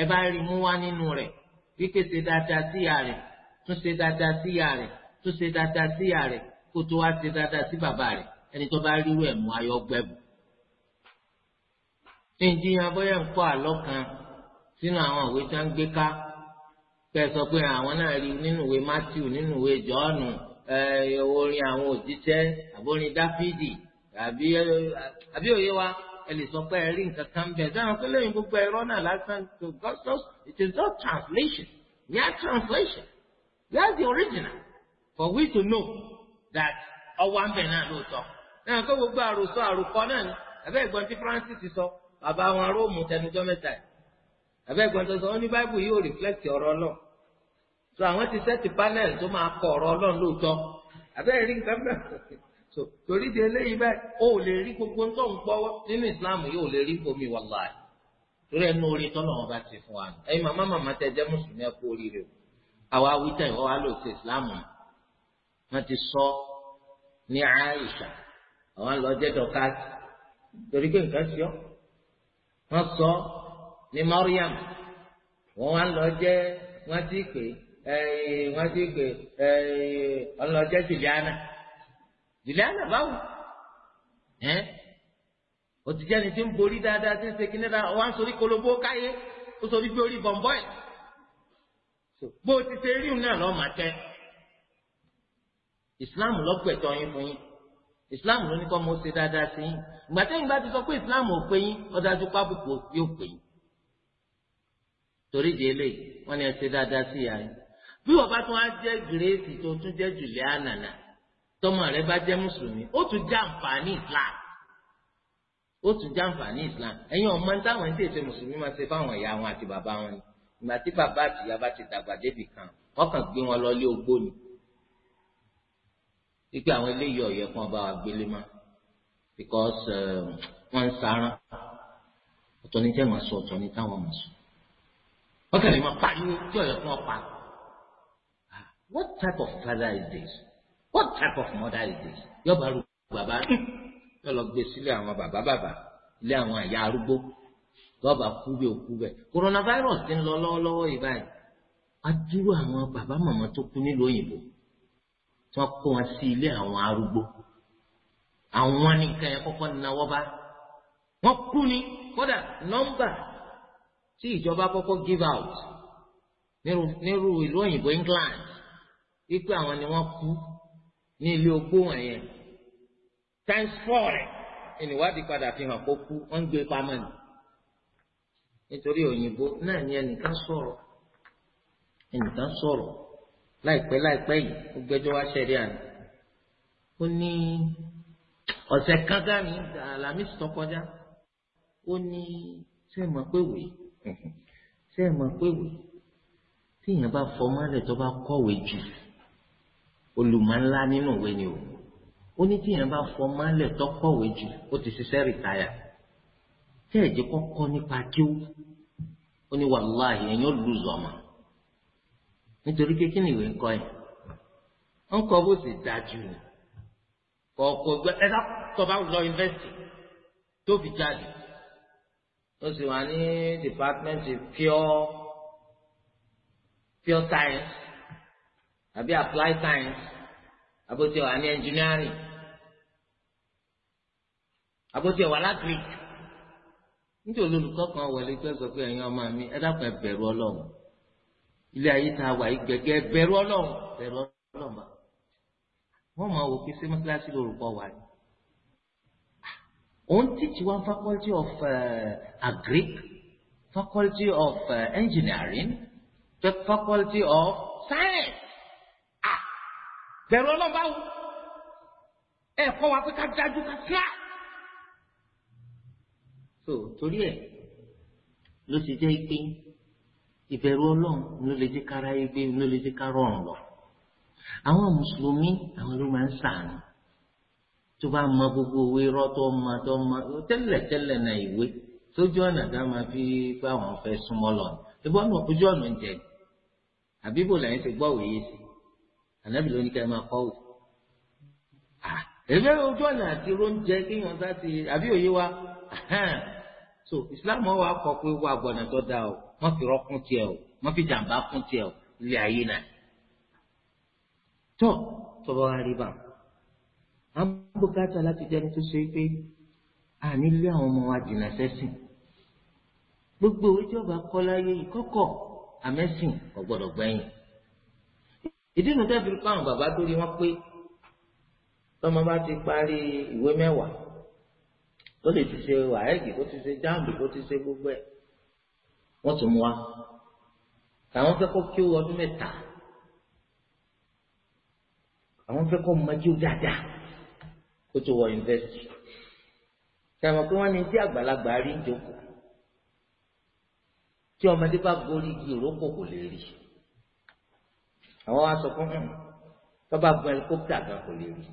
ẹ bá rí mú wá nínú rẹ̀ wípé ṣe dáadáa sí ìyá rẹ̀ tún ṣe dáadáa sí ìyá rẹ̀ tún ṣe dáadáa sí ìyá rẹ̀ kó tó wá ṣe dáadáa sí bàbá rẹ̀ ẹni tó bá rírú ẹ̀ mú ayọ́ gbẹ̀bù. ìjìyàn bóyá ń kọ́ àlọ́ kan sínú àwọn ìwé tí wọ́n ń gbé ká pẹ́ sọ pé àwọn náà rí nínú ìwé Matthew nínú ìwé Jọ́ọ̀nù orin àwọn òjíṣẹ́ àbórin dáfídì àbí àbí òye wa ẹ lè sọ pé ẹ rí nǹkan kan bẹ́ẹ̀ dáhùn pé lóyìn gbogbo ẹ̀rọ náà lásán to God just it is not translation mere translation where the original for we to know that ọwọ́ àmbẹ̀ náà lóòótọ́ náà kó gbogbo àròsọ àròkọ náà ni àbẹ́ ìgbọ́n tí Francis sọ bàbá wọn róòmù tẹnudọ́ mẹ́ta yìí àbẹ́ ìgbọ́n tó sọ ó ní báìbù yóò reflect ọ̀rọ̀ náà so àwọn ti sẹ́ẹ̀tì panel tó máa kọ ọ̀rọ̀ ọlọ́run lóòótọ́ àbẹ́rẹ́ rí nǹkan bẹ́ẹ̀ so torí di eléyìí bẹ́ẹ̀ o ò lè rí gbogbo tó nínú Islam yìí ò lè rí omi wàláì torí ẹnu tọ́lọ̀ wọn bá ti fún wa ẹ̀yin màmá màmá tẹ jẹ́ mùsùlùmí ẹ kú oríire o àwa sí Islam ti sọ ní Aisha àwọn lọ jẹ́ torí sọ ní Mariam wọ́n wá wọ́n ti gbé ọlọ́jẹ́ jìlíánà jìlíánà báwo òtijọ́ ni ti ń borí dáadáa ti ń ṣe kíní dáadáa wọ́n á sori kolobó káyé ó sori bí orí bọ̀m̀bọ́ ẹ̀ bó o ti ṣe ríun náà lọ́ọ́ máa tẹ́ ìsìláàmù lọ́gbẹ̀tọ́ yín fún yín ìsìláàmù ló ní kọ́ mọ́ ṣe dáadáa sí yín ìgbà tẹ́yìn bá ti sọ pé ìsìláàmù ò pé yín ọ̀dájú pábùkù yóò pé yín torí di eléyìí wọ́n ní ẹ ṣe dáadáa sí ìyá yín bí wọ́n bá tún á jẹ́ gírèsì tó tún jẹ́ Juliana nà tọmọ rẹ bá jẹ́ mùsùlùmí ó tún já àǹfààní Islam ó tún já àǹfààní Islam ẹ̀yin ọmọ ní táwọn ẹni tí èsè mùsùlùmí máa ṣe fáwọn ìyá wọn àti bàbá wọn ni ìgbà tí bàbá àti ìyá bá ti dàgbà débì kan wọ́n kàn gbé wọn lọ lé ogbó ni wípé àwọn eléyìí ọ̀yẹ́ kan bá wa gbélé mọ́ because um, wọ́n ń sarán ọ̀tọ̀ ní tẹ́ wọn sọ ọ̀tọ̀ ní táwọn mọ̀ sùn wọ́n kẹ́lẹ́ máa pariwo tí ọ̀yẹ́ kan pa what type of father is this what type of mother is this yóò bá arúgbó bàbá yóò lọ gbé sílé àwọn bàbá bàbá ilé àwọn àyà arúgbó yóò bá kú bí òkú bẹ coronavirus ti ń lọ lọ́wọ́lọ́wọ́ yìí báyìí adúrú àwọn bàbá màmá tó kú nílùú òyìnbó tí wọ́n kó wọn sí ilé àwọn arúgbó àwọn nìkan yẹn kọ́kọ́ náwó bá wọ́n kú ni kódà nọ́mbà tí ìjọba kọ́kọ́ give out nírú ìlú òyìnbó England wípé àwọn ni wọ́n kú ní ilé ogbó wọ̀nyẹn times four rẹ̀ ìníwádìí padà fi hàn kó kú wọ́n ń gbé pamọ́ ni nítorí òyìnbó náà ni ẹnìkan sọ̀rọ̀ ẹnìkan sọ̀rọ̀ láìpẹ́ láìpẹ́ yìí ó gbẹ́jọ́ wá ṣẹlẹ̀ àná ó ní ọ̀sẹ̀ kágá mi Àlàmísì tó kọjá ó ní ṣé ẹ mọ̀ pé wè ṣé ẹ mọ̀ pé wè tíyẹn bá fọmọ rẹ̀ tó bá kọ̀wé jù olùmọ̀ńlá nínú ìwé ni o ó ní tíyẹn bá fọ mọ́lẹ̀ tọkọ̀wé jù ó ti ṣiṣẹ́ rìtáyà tẹ́ ẹ̀jẹ̀ kọ́kọ́ nípa kíó ó ní wàláhì ẹ̀yìn ó lùzọ̀ ọmọ nítorí pé kí ni ìwé ń kọ́ ẹ̀ ń kọ́ bó sì dájú kọ̀ọ̀kọ̀ gbẹ ẹ sá tọ́ bá lọ yunifásitì tó fi jáde ó sì wà ní department pure pure science àbí apply science àbótí wà ní engineering àbótí wà lágric nítorí olùkọ́ kan wọlé tó sọ pé ẹ̀yin ọmọ mi ẹ dákun ẹ bẹ̀rù ọlọ́run ilé ayé tá a wà yìí gẹ́gẹ́ bẹ̀rù ọlọ́run bẹ̀rù ọlọ́run wọ́n máa wò pé ṣé mọ́sálásí lórúkọ wà ní. òun teach one faculty of uh, agric faculty of uh, engineering faculty of science bẹ̀rù ọlọ́run báwo ẹ kọ́ wa pé ká dájú ká kíá. so torí ẹ ló ti jẹ́ pé ìbẹ̀rù ọlọ́run ló lè jẹ́ kára igbe ló lè jẹ́ kára ọ̀run lọ. àwọn mùsùlùmí àwọn ló máa ń sàánù tó bá mọ gbogbo owó irọ́ tó mọ tó mọ tẹ́lẹ̀ tẹ́lẹ̀ náà ìwé sójú ọ̀nà dá máa fi bá àwọn fẹ́ súnmọ́ lọ. ìbọn ojú ọ̀nà ń jẹ àbíbò lẹ́yìn ti gbọ́ òye sí ànábì ló ní kẹ́ ẹ máa kọ́ òwe. ẹgbẹ́ ojú ọ̀nà àti oúnjẹ kéèyàn bá ti àbí òye wa so islam wa kọ pé wà gbọ̀nà tó dáa o wọ́n fi rọ́kún tiẹ̀ o wọ́n fi jàǹbá kún tiẹ̀ o ilé ayé náà. tó tọ́ba wa rí bá a ń bùkátà láti jẹ́ni tó ṣe pé a nílé àwọn ọmọ wa jìnnà sẹ́sìn gbogbo ìjọba kọ́ láyé ìkọ́kọ̀ àmẹ́sìn kò gbọ́dọ̀ ìdí nu tẹ́ fi kọ́ àwọn bàbá dórí wọn pé tọ́mọ bá ti parí ìwé mẹ́wàá ó lè ti ṣe wàhẹ́gì kó ti ṣe jáàmù kó ti ṣe gbogbo ẹ̀ wọ́n tún mú wa àwọn fẹ́ kó kí ó ọdún mẹ́ta àwọn fẹ́ kó mọ́jú dáadáa kó tó wọ yunifásitì sàmọ̀ pé wọ́n ní tí àgbàlagbà rí ń tí ọmọdé bá gorí igi ìrókò kò lè rí i àwọn wa sọ fún un tọ́ba gun ẹlikópítà gan kò lè rí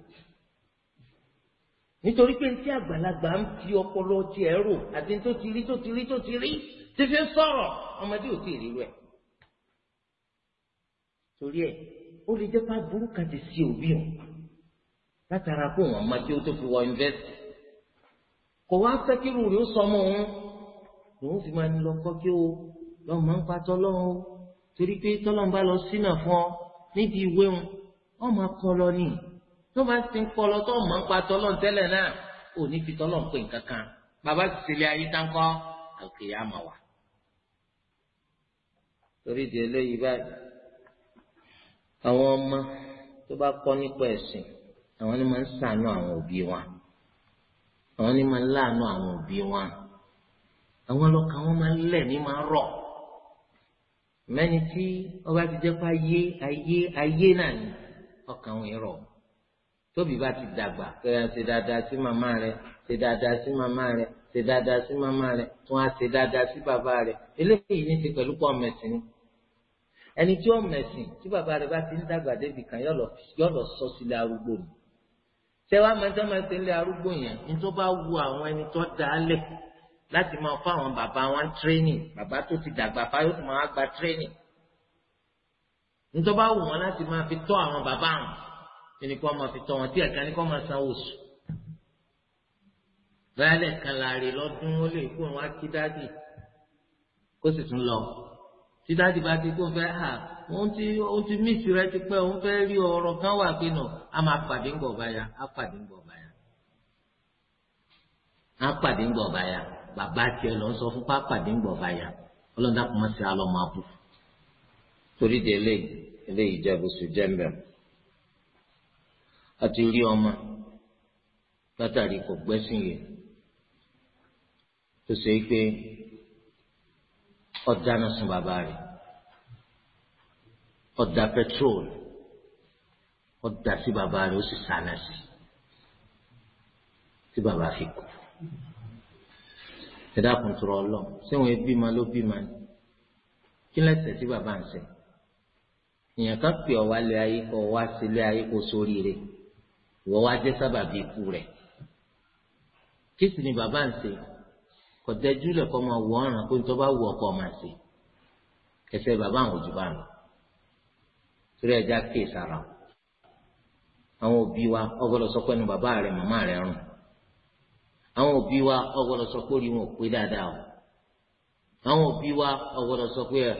nítorí pé tí àgbàlagbà ń fi ọpọlọ ti ẹrù àti tó ti rí tó ti rí tó ti rí ti fi ń ọmọdé ò tí ì rírú ẹ̀ torí ẹ̀ ó lè jẹ́ pé aburú ti sí òbí o látara kó wọn máa kí ó tó fi wọ yunifásitì kò wá fẹ́ kí rúurú sọmọ òun lòun fi máa ń lọ kọ́ kí ó lọ́ọ́ máa ń patọ́ lọ́wọ́ torí pé tọ́lọ́mbà lọ sínà fún ọ níbi ìwé wọn ọ máa kọ́ lọ ni tó bá ti ń kọ́ lọ tó máa ń pa tọ́lọ́n tẹ́lẹ̀ náà ò ní fi tọ́lọ́n pè nǹkan kan bàbá ti ṣẹlẹ̀ ayé táǹkọ́ àkè á máa wà. torí di eléyìí báyìí àwọn ọmọ tó bá kọ́ nípa ẹ̀sìn àwọn ni máa ń ṣàánú àwọn òbí wọn àwọn ni máa ń láàánú àwọn òbí wọn àwọn ọlọ́kà wọn máa ń lẹ̀ ní máa rọ̀ mẹ́ni tí ọba ti jẹ́ pé ayé ayé ayé náà ni ọkàn òun rọ̀ tóbi bá ti dàgbà kẹ́yà ṣe dáadáa sí màmá rẹ̀ ṣe dáadáa sí màmá rẹ̀ ṣe dáadáa sí màmá rẹ̀ tún á ṣe dáadáa sí bàbá rẹ̀ eléyìí ní ti pẹ̀lú pọ̀ mẹ̀sìn ni ẹni tí ó mẹ̀sìn tí bàbá rẹ̀ bá ti ń dàgbà débi kan yọ̀ lọ sọ sílé arúgbó mi tẹ́wàá mẹ́tọ́ máa ń ṣe arúgbó yẹn ní tó bá wu àwọn ẹni tó dáa lẹ̀ láti máa fún àwọn bàbá wọn tírénì bàbá tó ti dàgbà bá yóò tún máa gba tírénì nítorí wù wọn láti máa fi tọ́ àwọn bàbá wọn ẹni kó máa fi tọ́ wọn tí ẹ̀ka ni kó máa san oṣù báyálẹ̀ kan láàrin lọ́dún ó lè kó wọn á kí dáàdì kó sì tún lọ tí dáàdì bá ti kó fẹ́ hà òun ti òun ti mí ìsirẹ́ ti pẹ́ òun fẹ́ rí ọ̀rọ̀ kan wà pé nà á máa pàdé ńgbọ̀ báyà á pàdé ńgbọ̀ báyà á pàdé ńgbọ̀ báyà bàbá tiẹ̀ lọ ń sọ fún pápádé ńgbọ̀ báyà ọlọ́dà kò má sí alọ́ máa bù. torí de eléyìí eléyìí jẹ́ bùsùn jẹ́ńbẹ̀ a ti rí ọmọ látàrí kò gbẹ́sìn yìí tó ṣe pé ọ̀dáná sun bàbá rẹ̀ ọ̀dà petrol ọ̀dà sí bàbá rẹ̀ ó sì sáná sí tí bàbá fi kú ẹ dákun tó rọ lọ ṣé wọn bímọ ló bímọ ni kí lẹsẹ tí bàbá ń ṣe èèyàn kan pè ọ wálé ayé kọ wá sílé ayé kó sórí rẹ̀ ìwọ wá jẹ sábàbí ikú rẹ̀ kí sì ni bàbá ń ṣe kò dẹjú lẹkọ máa wọ ọràn pé nítorí bá wù ọkọ máa ṣe ẹsẹ bàbá àwọn òjò bá lọ torí ẹja kéè sára àwọn òbí wa ọgbọdọ sọ pé ẹnu bàbá rẹ̀ màmá rẹ̀ rùn àwọn òbí wa ọgbọ́dọ̀ sọ pé orí wọn ò pé dáadáa o àwọn òbí wa ọgbọ́dọ̀ sọ pé ẹ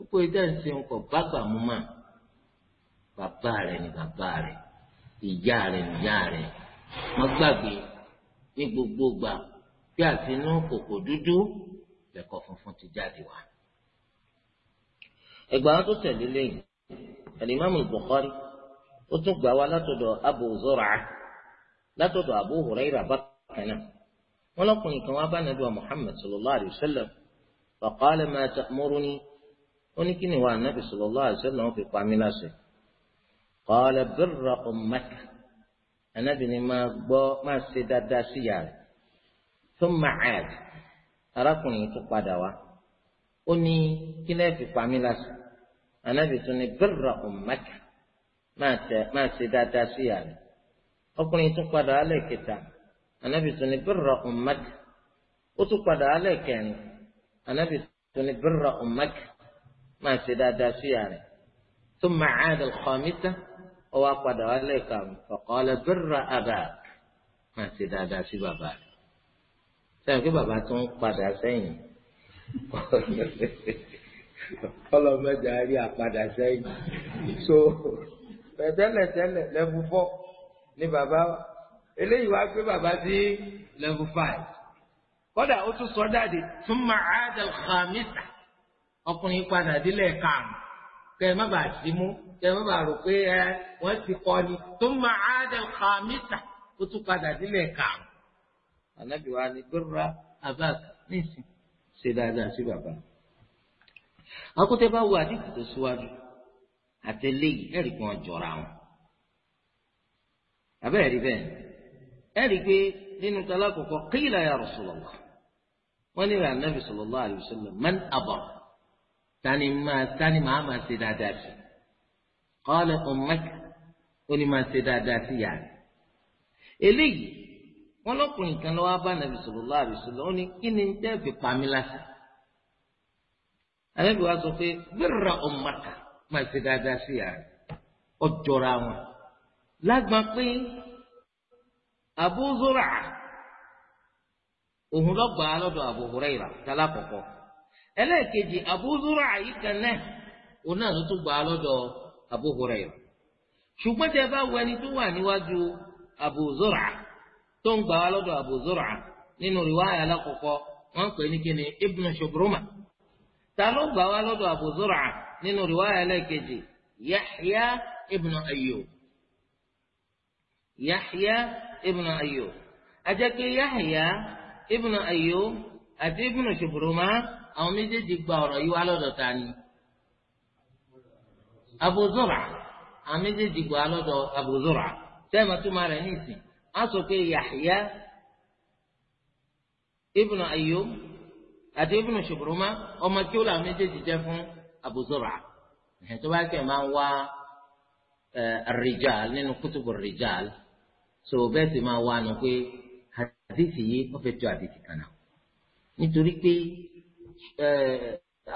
ó pé dáǹsì ń kọ bàbà mú mà bàbá rẹ ni bàbá rẹ ìyá rẹ ni ìyá rẹ má gbàgbé ní gbogbo gbà bí àti inú kòkò dúdú lẹ́kọ̀ọ́ funfun ti jáde wá. ẹgbàá tó tẹ̀lé lẹ́yìn alimami Bukhari ó tún gbà wá látọ̀dọ̀ Abu Zur'ah látọ̀dọ̀ Abu Hurairah bákan kànáà wọn lọkùnrin kan wá bá nàbí wa muhammed sallallahu alayhi wa sallam faqala ma ta'muruni ó ní kí ni wà nàbí sallallahu alayhi wa sallam ó fi pa mí láṣẹ qala birra ummaka ànábì ni máa gbọ́ máa ṣe dáadáa sí ìyá rẹ̀ thumma aad arákùnrin tó padà wá ó ní kí lẹ́ẹ̀ fi pa mí láṣẹ ànábì tún ní birra ummaka máa ṣe dáadáa sí ìyá rẹ̀ ọkùnrin tó padà á lẹ́ẹ̀kẹta anabi tún ní birra ummak ó tún padà alẹ́ kẹrin anabi tún ní birra ummak máa ṣe dáadáa sí yàrá thumma aada al-khamisa ó wá padà alẹ́ kàrún faqala birra abak máa ṣe dáadáa sí bàbá rẹ̀ sẹ́yìn pé tún padà sẹ́yìn ọlọmọdé àárí àpadà sẹ́yìn so tẹ́lẹ̀ tẹ́lẹ̀ lẹ́bùbọ́ ni bàbá eléyìí wá gbé bàbá sí level five kódà ó tún sọ jáde fún ma'ada khamisa ọkùnrin padà dílé kàmù kẹ má bàa sí mú kẹ má bàa rò pé ẹ wọn ti kọ ni fún ma'ada khamisa ó tún padà dílé kàmù. anabi wa ni gbẹrura abak nísìn ṣe dáadáa sí bàbá. akutẹ bá wo àdìgbò tó síwájú àtẹlẹyìn ẹ̀rí kan jọra wọn abẹ́rẹ́ bẹ́ẹ̀ ni ẹ rí i pé nínú tọ́lá kọ̀ọ̀kọ́ qila ya Rasulullah wọ́n ní ìrìn ànábì sallallahu alaihi wasallam man abara tani máa tani máa máa ṣe dáadáa sí qala ummaka ó ní máa ṣe dáadáa sí yàrá eléyìí wọn lọkùnrin kan lọ wá bá nàbì sallallahu alaihi wasallam ó ní kí ni tẹ́ fi pa mí lásán ànábì wa sọ pé birra ummaka máa ṣe dáadáa sí yàrá ọjọ́ra wọn lágbàá abu zura òhun lọ gbà á lọ́dọ̀ abu huraira tala kọkọ ẹlẹ́ẹ̀kejì abu zura yìí kan náà òun náà ló tún gbà á abu huraira ṣùgbọ́n tẹ́ bá wẹni tó wà níwájú abu zura tó ń gbà abu zura nínú pè ní kíni shubruma ta ló wá abu zura ibn Ayyub ajẹ́kẹ́ Yahya ibn Ayyub àti ibn Shubruma àwọn méjèèjì gba ọ̀rọ̀ yìí wá lọ́dọ̀ ta ni Abu Zur'a àwọn méjèèjì gba lọ́dọ̀ Abu Zur'a sẹ́yìn àtúmọ̀ rẹ̀ ní ìsìn á sọ pé Yahya ibn Ayyub àti ibn Shubruma ọmọ kí ó làwọn méjèèjì jẹ́ fún Abu Zur'a tó bá kẹ́ máa ń wá ar-rijal nínú kutubu ar so bẹ́ẹ̀ sì máa wá nu pé àdìsí yìí wọ́n fẹ́ jọ àdìsí kan náà nítorí pé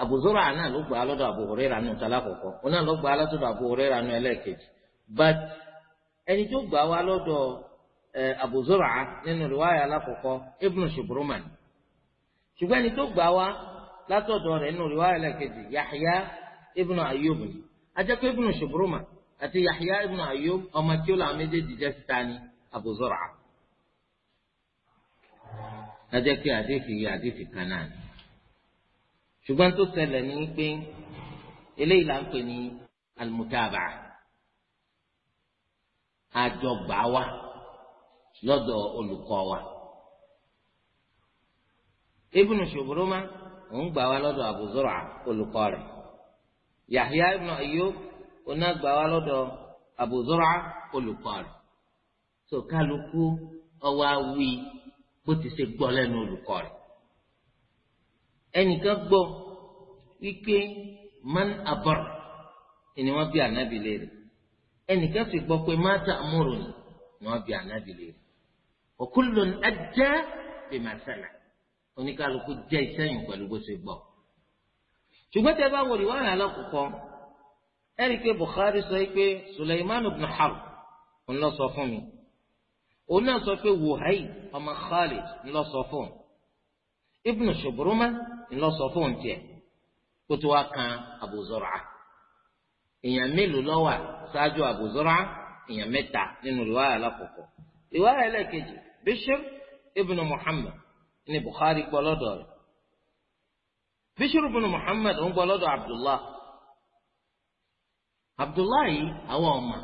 àbùzọ́rà náà ló gbà á lọ́dọ̀ Abu Hurairah nù tálá kọ̀ọ̀kọ́ náà ló but ẹni tó gbà wá lọ́dọ̀ àbùzọ́rà nínú riwaya alákọ̀ọ́kọ́ ṣùgbọ́n ẹni tó gbà wá látọ̀dọ̀ rẹ̀ nínú ẹlẹ́ẹ̀kejì yahya ni ajẹ́pẹ́ àti yahya Abu Zur'a a jẹ́ pé àdéhìí yìí àdéhìí kan náà ni ṣùgbọ́n tó ṣẹlẹ̀ ní pé eléyìí là ń pè ní almutaba lọ́dọ̀ olùkọ́ wa gbà Yahya gbà wá tó kálukú ọwọ́ awí bó ti ṣe gbọ́ lẹ́nu olùkọ́ rẹ̀ ẹnìkan gbọ́ wípé man abọ́r ni wọ́n bí ànábì léèrè ẹnìkan sì gbọ́ pé má ta àmúrò ni wọ́n bí ànábì léèrè òkúlùn ajá bèèmà sẹ́là oníkálukú jẹ́ ìsẹ́yìn pẹ̀lú bó ṣe gbọ́ ṣùgbọ́n tẹ́ bá wọ ìwádìí alákọ̀ọ́kọ́ ẹ̀rí pé sọ pé Sulaiman ibn Harb ń lọ sọ fún mi. òun náà sọ pé wùháì ọmọ Khalid ńlọ sọ fún ibnu Shubruma ńlọ sọ fún tiẹ̀ kó kan èèyàn mélòó ṣáájú èèyàn mẹ́ta nínú riwaya riwaya ibnu Muhammad ní Bukhari gbọ́ lọ́dọ̀ rẹ̀ ibnu Muhammad ń gbọ́ lọ́dọ̀ Abdullah abdullahi àwọn ọmọ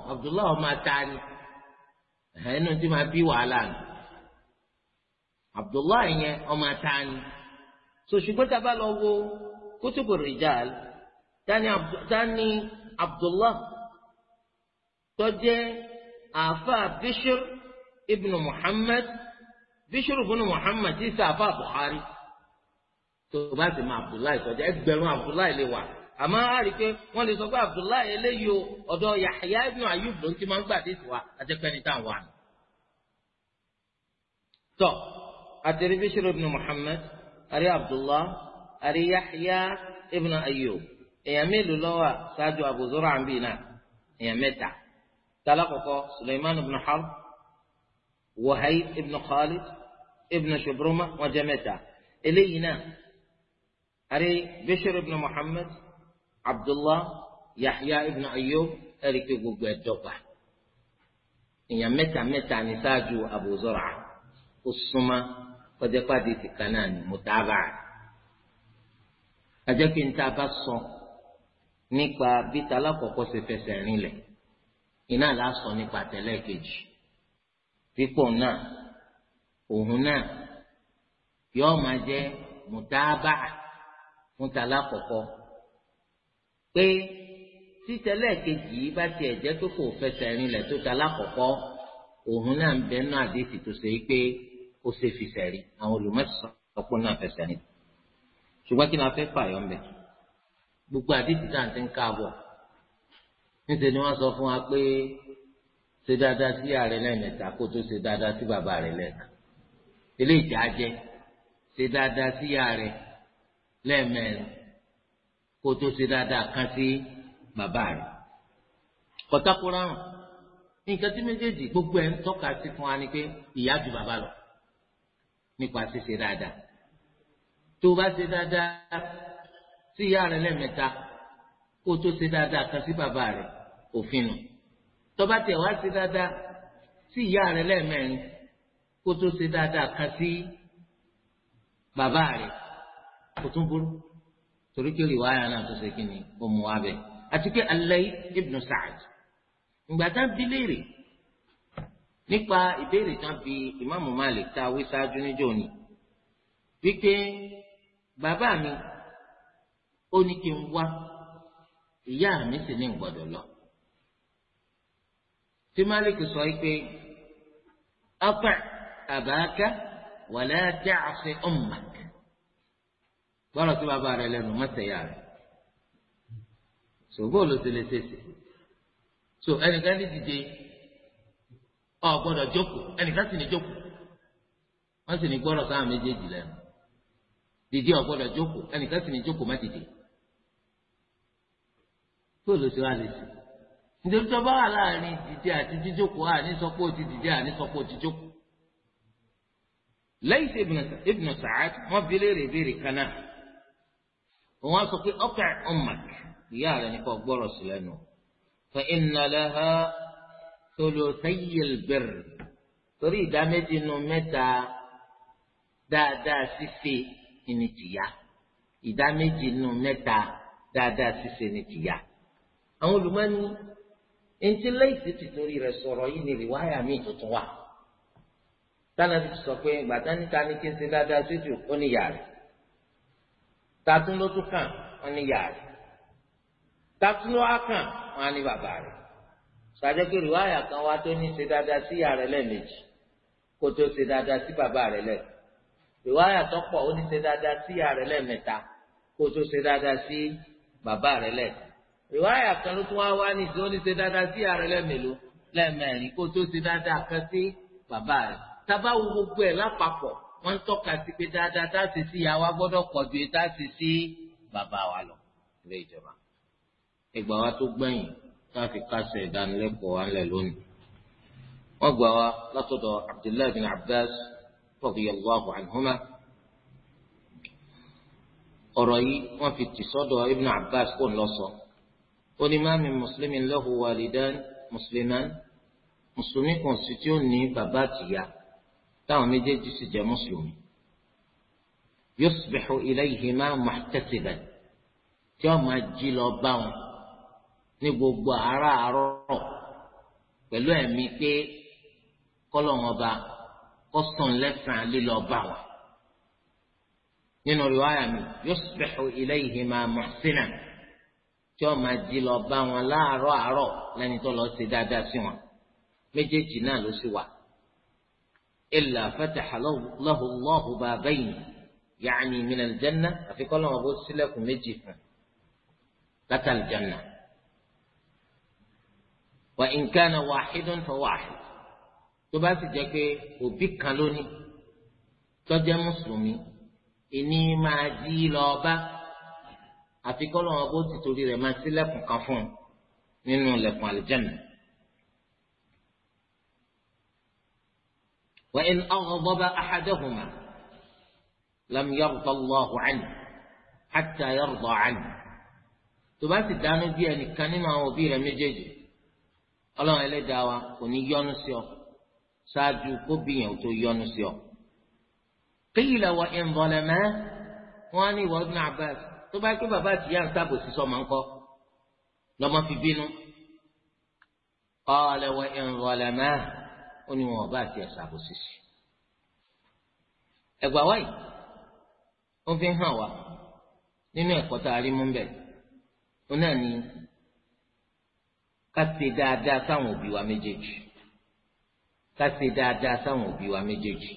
ẹnu tí máa bí wàhálà nù abdullahi yẹn ọmọ àtàní so ṣùgbọ́n tá a bá lọ wo kútùbù rìjàl tani abdullahi tó jẹ́ àáfàá bishir ibn muhammad bishir ibn muhammad ti sàáfàá buhari tó bá sì mọ abdullahi tó jẹ́ ẹgbẹ̀rún abdullahi lè wà àmọ́ a rí i pé wọ́n lè sọ pé abdullahi eléyìí o ọ̀dọ̀ yahya ibn ayub ló ń ti máa ń gbàdé tiwa ajẹ́pẹ́ni tá à ń wà ní. tọ́ àtẹ̀rí bíṣírò ibn muhammad àrí abdullah àrí yahya ibn ayub èèyàn mélòó lọ́wọ́ ṣáájú abu zura àmì náà èèyàn mẹ́ta tala suleiman ibn harb wahayb ibn khalid ibn shubruma wọ́n jẹ́ mẹ́ta eléyìí ibn muhammad. Abdullah Yahya ibn Ayyub ẹ̀rí gbogbo ẹjọba dọ́gba èèyàn mẹta mẹ́ta ní ṣáájú Abu Zur'a ó súnmọ́ kọjá pàdé ti kan náà ní mutaba ajẹ́ níta bá sọ nípa bí talákọ̀ọ́kọ́ ṣe fẹsẹ̀ rinlẹ̀ iná là sọ nípa tẹ́lẹ̀ kejì pípọ̀ náà òun náà yọ́ọ́ máa jẹ́ mutaba pé títẹ̀lẹ̀ kejì yìí bá tiẹ̀ jẹ́ pé kò fẹsẹ̀ rinlẹ̀ tó ta lákọ̀ọ́kọ́ òun náà ń bẹ́ẹ̀ náà àdé ti tó ṣe é pé ó ṣe fìṣẹ̀ rí àwọn olùmọ̀sán ọ̀pọ̀ náà fẹsẹ̀ rin ṣùgbọ́n kí ni a fẹ́ fààyàn bẹ̀ gbogbo àdé ti tà ń ti ń káàbọ̀ níṣẹ́ ni wọ́n sọ fún wa pé ṣe dáadáa sí ààrẹ lẹ́ẹ̀mẹ́ta kó tó ṣe dáadáa sí bàbá rẹ̀ lẹ́ẹ̀ka eléyìí jẹ́ ajẹ́ ṣe dáadáa sí ààrẹ lẹ́ẹ̀mẹ́rin kó tó ṣe dáadáa kan sí bàbá rẹ̀ kọ́tàkùrọ̀ àrùn nǹkan tí méjèèjì gbogbo ẹ̀ ń tọ́ka sí fún wa ni pé ìyá ju bàbá lọ nípa ṣíṣe dáadáa tó o bá ṣe dáadáa sí ìyá rẹ lẹ́ẹ̀mẹ́ta kó o tó ṣe dáadáa kan sí bàbá rẹ òfin nù tó bá tẹ̀ wá ṣe dáadáa sí ìyá rẹ lẹ́ẹ̀mẹ́rin kó o tó ṣe dáadáa kan sí bàbá rẹ kò tún burú torí pé rìwáyà náà tó ṣe kíni ó mú wa bẹ̀ àti pé alẹ́ ibn Sa'd ìgbàdá bí léèrè nípa ìbéèrè tán bí ìmáàmù Malik tá a wí ṣáájú níjọ́ ni wípé bàbá mi ó ní kí n wá ìyá mi sì ní gbọ́dọ̀ lọ tí Malik sọ pé ọpẹ àbáká wàlẹ́ àti àṣẹ ọmọkà gbọ́dọ̀ sí bàbá rẹ lẹ́nu mọ́tẹ̀yà rẹ̀ ṣògbó ló ti lè ṣèṣe so ẹnìkan ní dìde ọ gbọ́dọ̀ jókòó ẹnìkan sì ní jókòó wọ́n sì ní gbọ́dọ̀ sáà méjèèjì lẹ́nu dìde ọ gbọ́dọ̀ jókòó ẹnìkan sì ní jókòó má dìde tó ló ti wá lè ṣe nítorí tó bá wà láàrin dìde àti jíjókòó àní sọ pé ti dìde àní sọ pé ti jókòó lẹ́yìn tí Ibn Sa'ad wọ́n fi léèrè béèrè kan náà wọn sọ pé ọkẹ ummak ìyá rẹ nípa ọgbọrọ sí lẹ́nu fa inna laha thuluthayil birr torí ìdá méjì nu mẹ́ta dáadáa ṣíṣe ni tìyá ìdá méjì nu mẹ́ta dáadáa ṣíṣe ni tìyá àwọn olùmọ́ni eŋti lẹ́yìn ti torí rẹ̀ sọ̀rọ̀ yìí ni rìwáyà mi tuntun wa tánà ti sọ pé gbàtánìta kí n ṣe dáadáa sí ju ó tatún ló tún kàn wọn ní yàrá rẹ̀ tatún ló wá kàn wọn ní bàbá rẹ̀ sàdékè rìwáyà kan wá tó ní ṣe dáadáa sí yàrá rẹ̀ lẹ́ẹ̀mejì kó tó ṣe dáadáa sí bàbá rẹ̀ lẹ́ẹ̀kan rìwáyà tó pọ̀ ó ní ṣe dáadáa sí yàrá rẹ̀ lẹ́ẹ̀mẹ́ta kó tó ṣe dáadáa sí bàbá rẹ̀ lẹ́ẹ̀kan rìwáyà kan ló tún wá wá ní ìṣó ní ṣe dáadáa sí yàrá rẹ̀ lẹ́ẹ̀mélòó lẹ́ẹ̀mẹ́rin kó tó ṣe dáadáa kan sí bàbá rẹ̀ tábà wo gbogbo ẹ̀ lápapọ̀ wọ́n ń tọ́ka sí pé dáadáa tá a ṣe sí ìyá wa gbọ́dọ̀ pọ̀ ju tá a ṣe sí bàbá wa lọ ilé ìjọba. ìgbà wa tó gbẹ̀yìn tá a fi kásẹ̀ ìdánilẹ́kọ̀ọ́ wa ńlẹ̀ lónìí. wọ́n gbà wá látọ̀dọ̀ abdullahi bin abbas radiyallahu anhuma. ọ̀rọ̀ yìí wọ́n fi tì sọ́dọ̀ ibn abbas kò ń lọ sọ. ó ní má min muslimin lahu walidan mùsùlùmí kan sì tí ó ní bàbá àtìyá táwọn méjèèjì sì jẹ́ mùsùlùmí yusbihu ilayhima muhtasiban tí wọ́n máa jí lọ bá wọn ní gbogbo àárọ̀ pẹ̀lú ẹ̀mí pé kọ́lọ́wọ́n ọba kọ́sàn lẹ́sàn-án lílọ bá wọn. nínú riwaya mi yusbihu ilayhima muhsinan tí wọ́n máa jí lọ bá wọn láàárọ̀ àárọ̀ lẹ́ni tó lọ ṣe dáadáa sí wọn méjèèjì náà ló sì wà. إلا فتح له الله بابين يعني من الجنة في كل ما بقول سلك مجفا لك الجنة وإن كان واحد فواحد تباس جاكي وبيك كالوني تجا مسلمي إني ما جي لابا أفي كل ما بقول سلك كفون منو لكم الجنة وإن أغضب أحدهما لم يرضى الله عنه حتى يرضى عنه تبات الدانو دي يعني كان ما هو بيه مجيجي الله إلي دعوة كوني يونسيو ساجو كوبين وتو يونسيو قيل وإن ظلما واني وابن عباس تبات كيف بابات يان سابو سيسو منكو لما في بينو قال وإن ظلماه ó ní wọn ọba àti ẹ̀sà kò sísì. ẹ̀gbà wáyé ó fi hàn wá nínú ẹ̀kọ́ tá a rí mú bẹ́ẹ̀ ó náà ní ká ṣe dáadáa sáwọn òbí wa méjèèjì ká ṣe dáadáa sáwọn òbí wa méjèèjì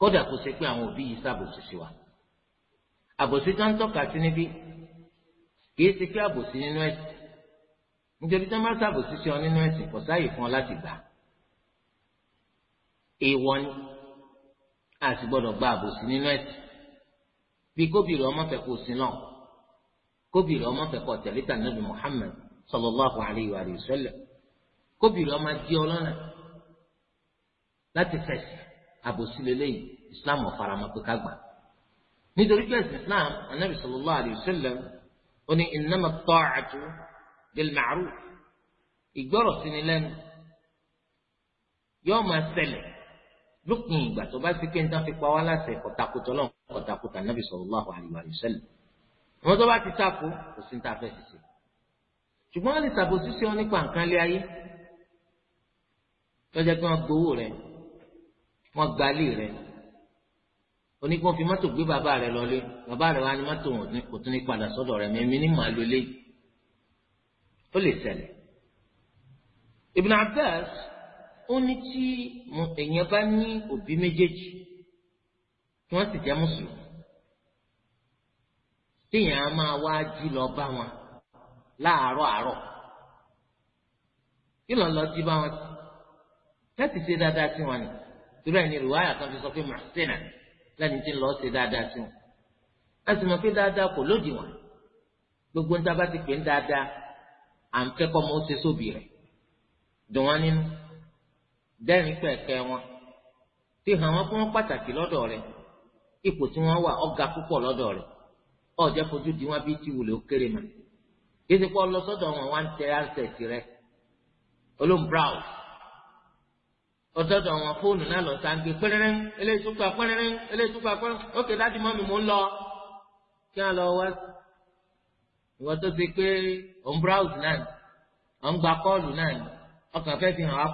kódà kó ṣe pé àwọn òbí yìí ṣàbòsí sí wa àbòsí tó ń tọ́ka sí níbí kì í ṣe pé àbòsí nínú ẹ̀sìn nítorí tó máa ṣàbòsí sí ọ nínú ẹ̀sìn kò sáàyè fún ọ láti gbà á èèwọ̀ ni a sì gbọ́dọ̀ gba àbòsí nínú ẹ̀sìn bí kóbìrì ọmọ fẹ́ kó sin náà kóbìrì ọmọ fẹ́ kó tẹ̀lé tà nàbì Muhammad sallallahu alayhi wa sallam kóbìrì ọmọ di ọlọ́nà láti fẹ̀sì àbòsí lélẹ́yìn Islam ọ̀faramọ́ pé ká gbà nítorí pé ẹ̀sìn Islam anabi sallallahu alayhi wa sallam ó ní innama at-ta'atu bil ma'ruf ìgbọ́rọ̀ sí ni máa ṣẹlẹ̀ lópin ìgbà tó bá ti pé níta fi pa wá láti kọ̀tàkùtà náà kọ̀tàkùtà nàbì sallallahu alaihi wa sallam wọn tó bá ti tako kò sí níta fẹ́ ṣiṣẹ́ ṣùgbọ́n wọn lè ṣàbòsí sí wọn nípa nǹkan lé ayé lọ́jà pé wọ́n gbowó rẹ̀ wọ́n gbalé rẹ̀ oníkan fi mọ́tò gbé bàbá rẹ̀ lọlé bàbá rẹ̀ wá ní mọ́tò kò tún ní padà sọ́dọ̀ rẹ̀ mẹ́mí ní màá lólé ó lè ṣẹlẹ̀ Ibn Abbas ó ní tí èèyàn bá ní òbí méjèèjì tí wọ́n sì jẹ́ mùsùlùmí téèyàn á máa wá jí lọ bá wọn láàárọ̀ àárọ̀ kí lọ́n lọ jí bá wọn sí láti ṣe dáadáa sí wọn ni torí ẹni rìwáyà kan fi sọ pé màsínà lẹ́ni tí ń lọ ṣe dáadáa sí wọn a sì mọ̀ pé dáadáa kò lòdì wọn gbogbo ń tá bá ti pè ń dáadáa à ń fẹ́ kọ́ mọ́ ó ṣe sóbì rẹ̀ dùn wọn nínú. dẹ́rìn pẹ̀kẹ́ wọn fi hàn wọ́n pé pàtàkì lọ́dọ̀ rẹ̀ ipò tí wọ́n wà ọ̀gá púpọ̀ lọ́dọ̀ rẹ̀ ọ̀jẹ́ fojú di wọn bíi ti wùlẹ̀ ó kéré mà kéde wọn wá ń rẹ olóhùn brown wọn fóònù náà lọ sáńgbé pẹ́rẹ́rẹ́ pẹ́rẹ́rẹ́ pẹ́rẹ́rẹ́ ókè mọ́ mi mò ń lọ kí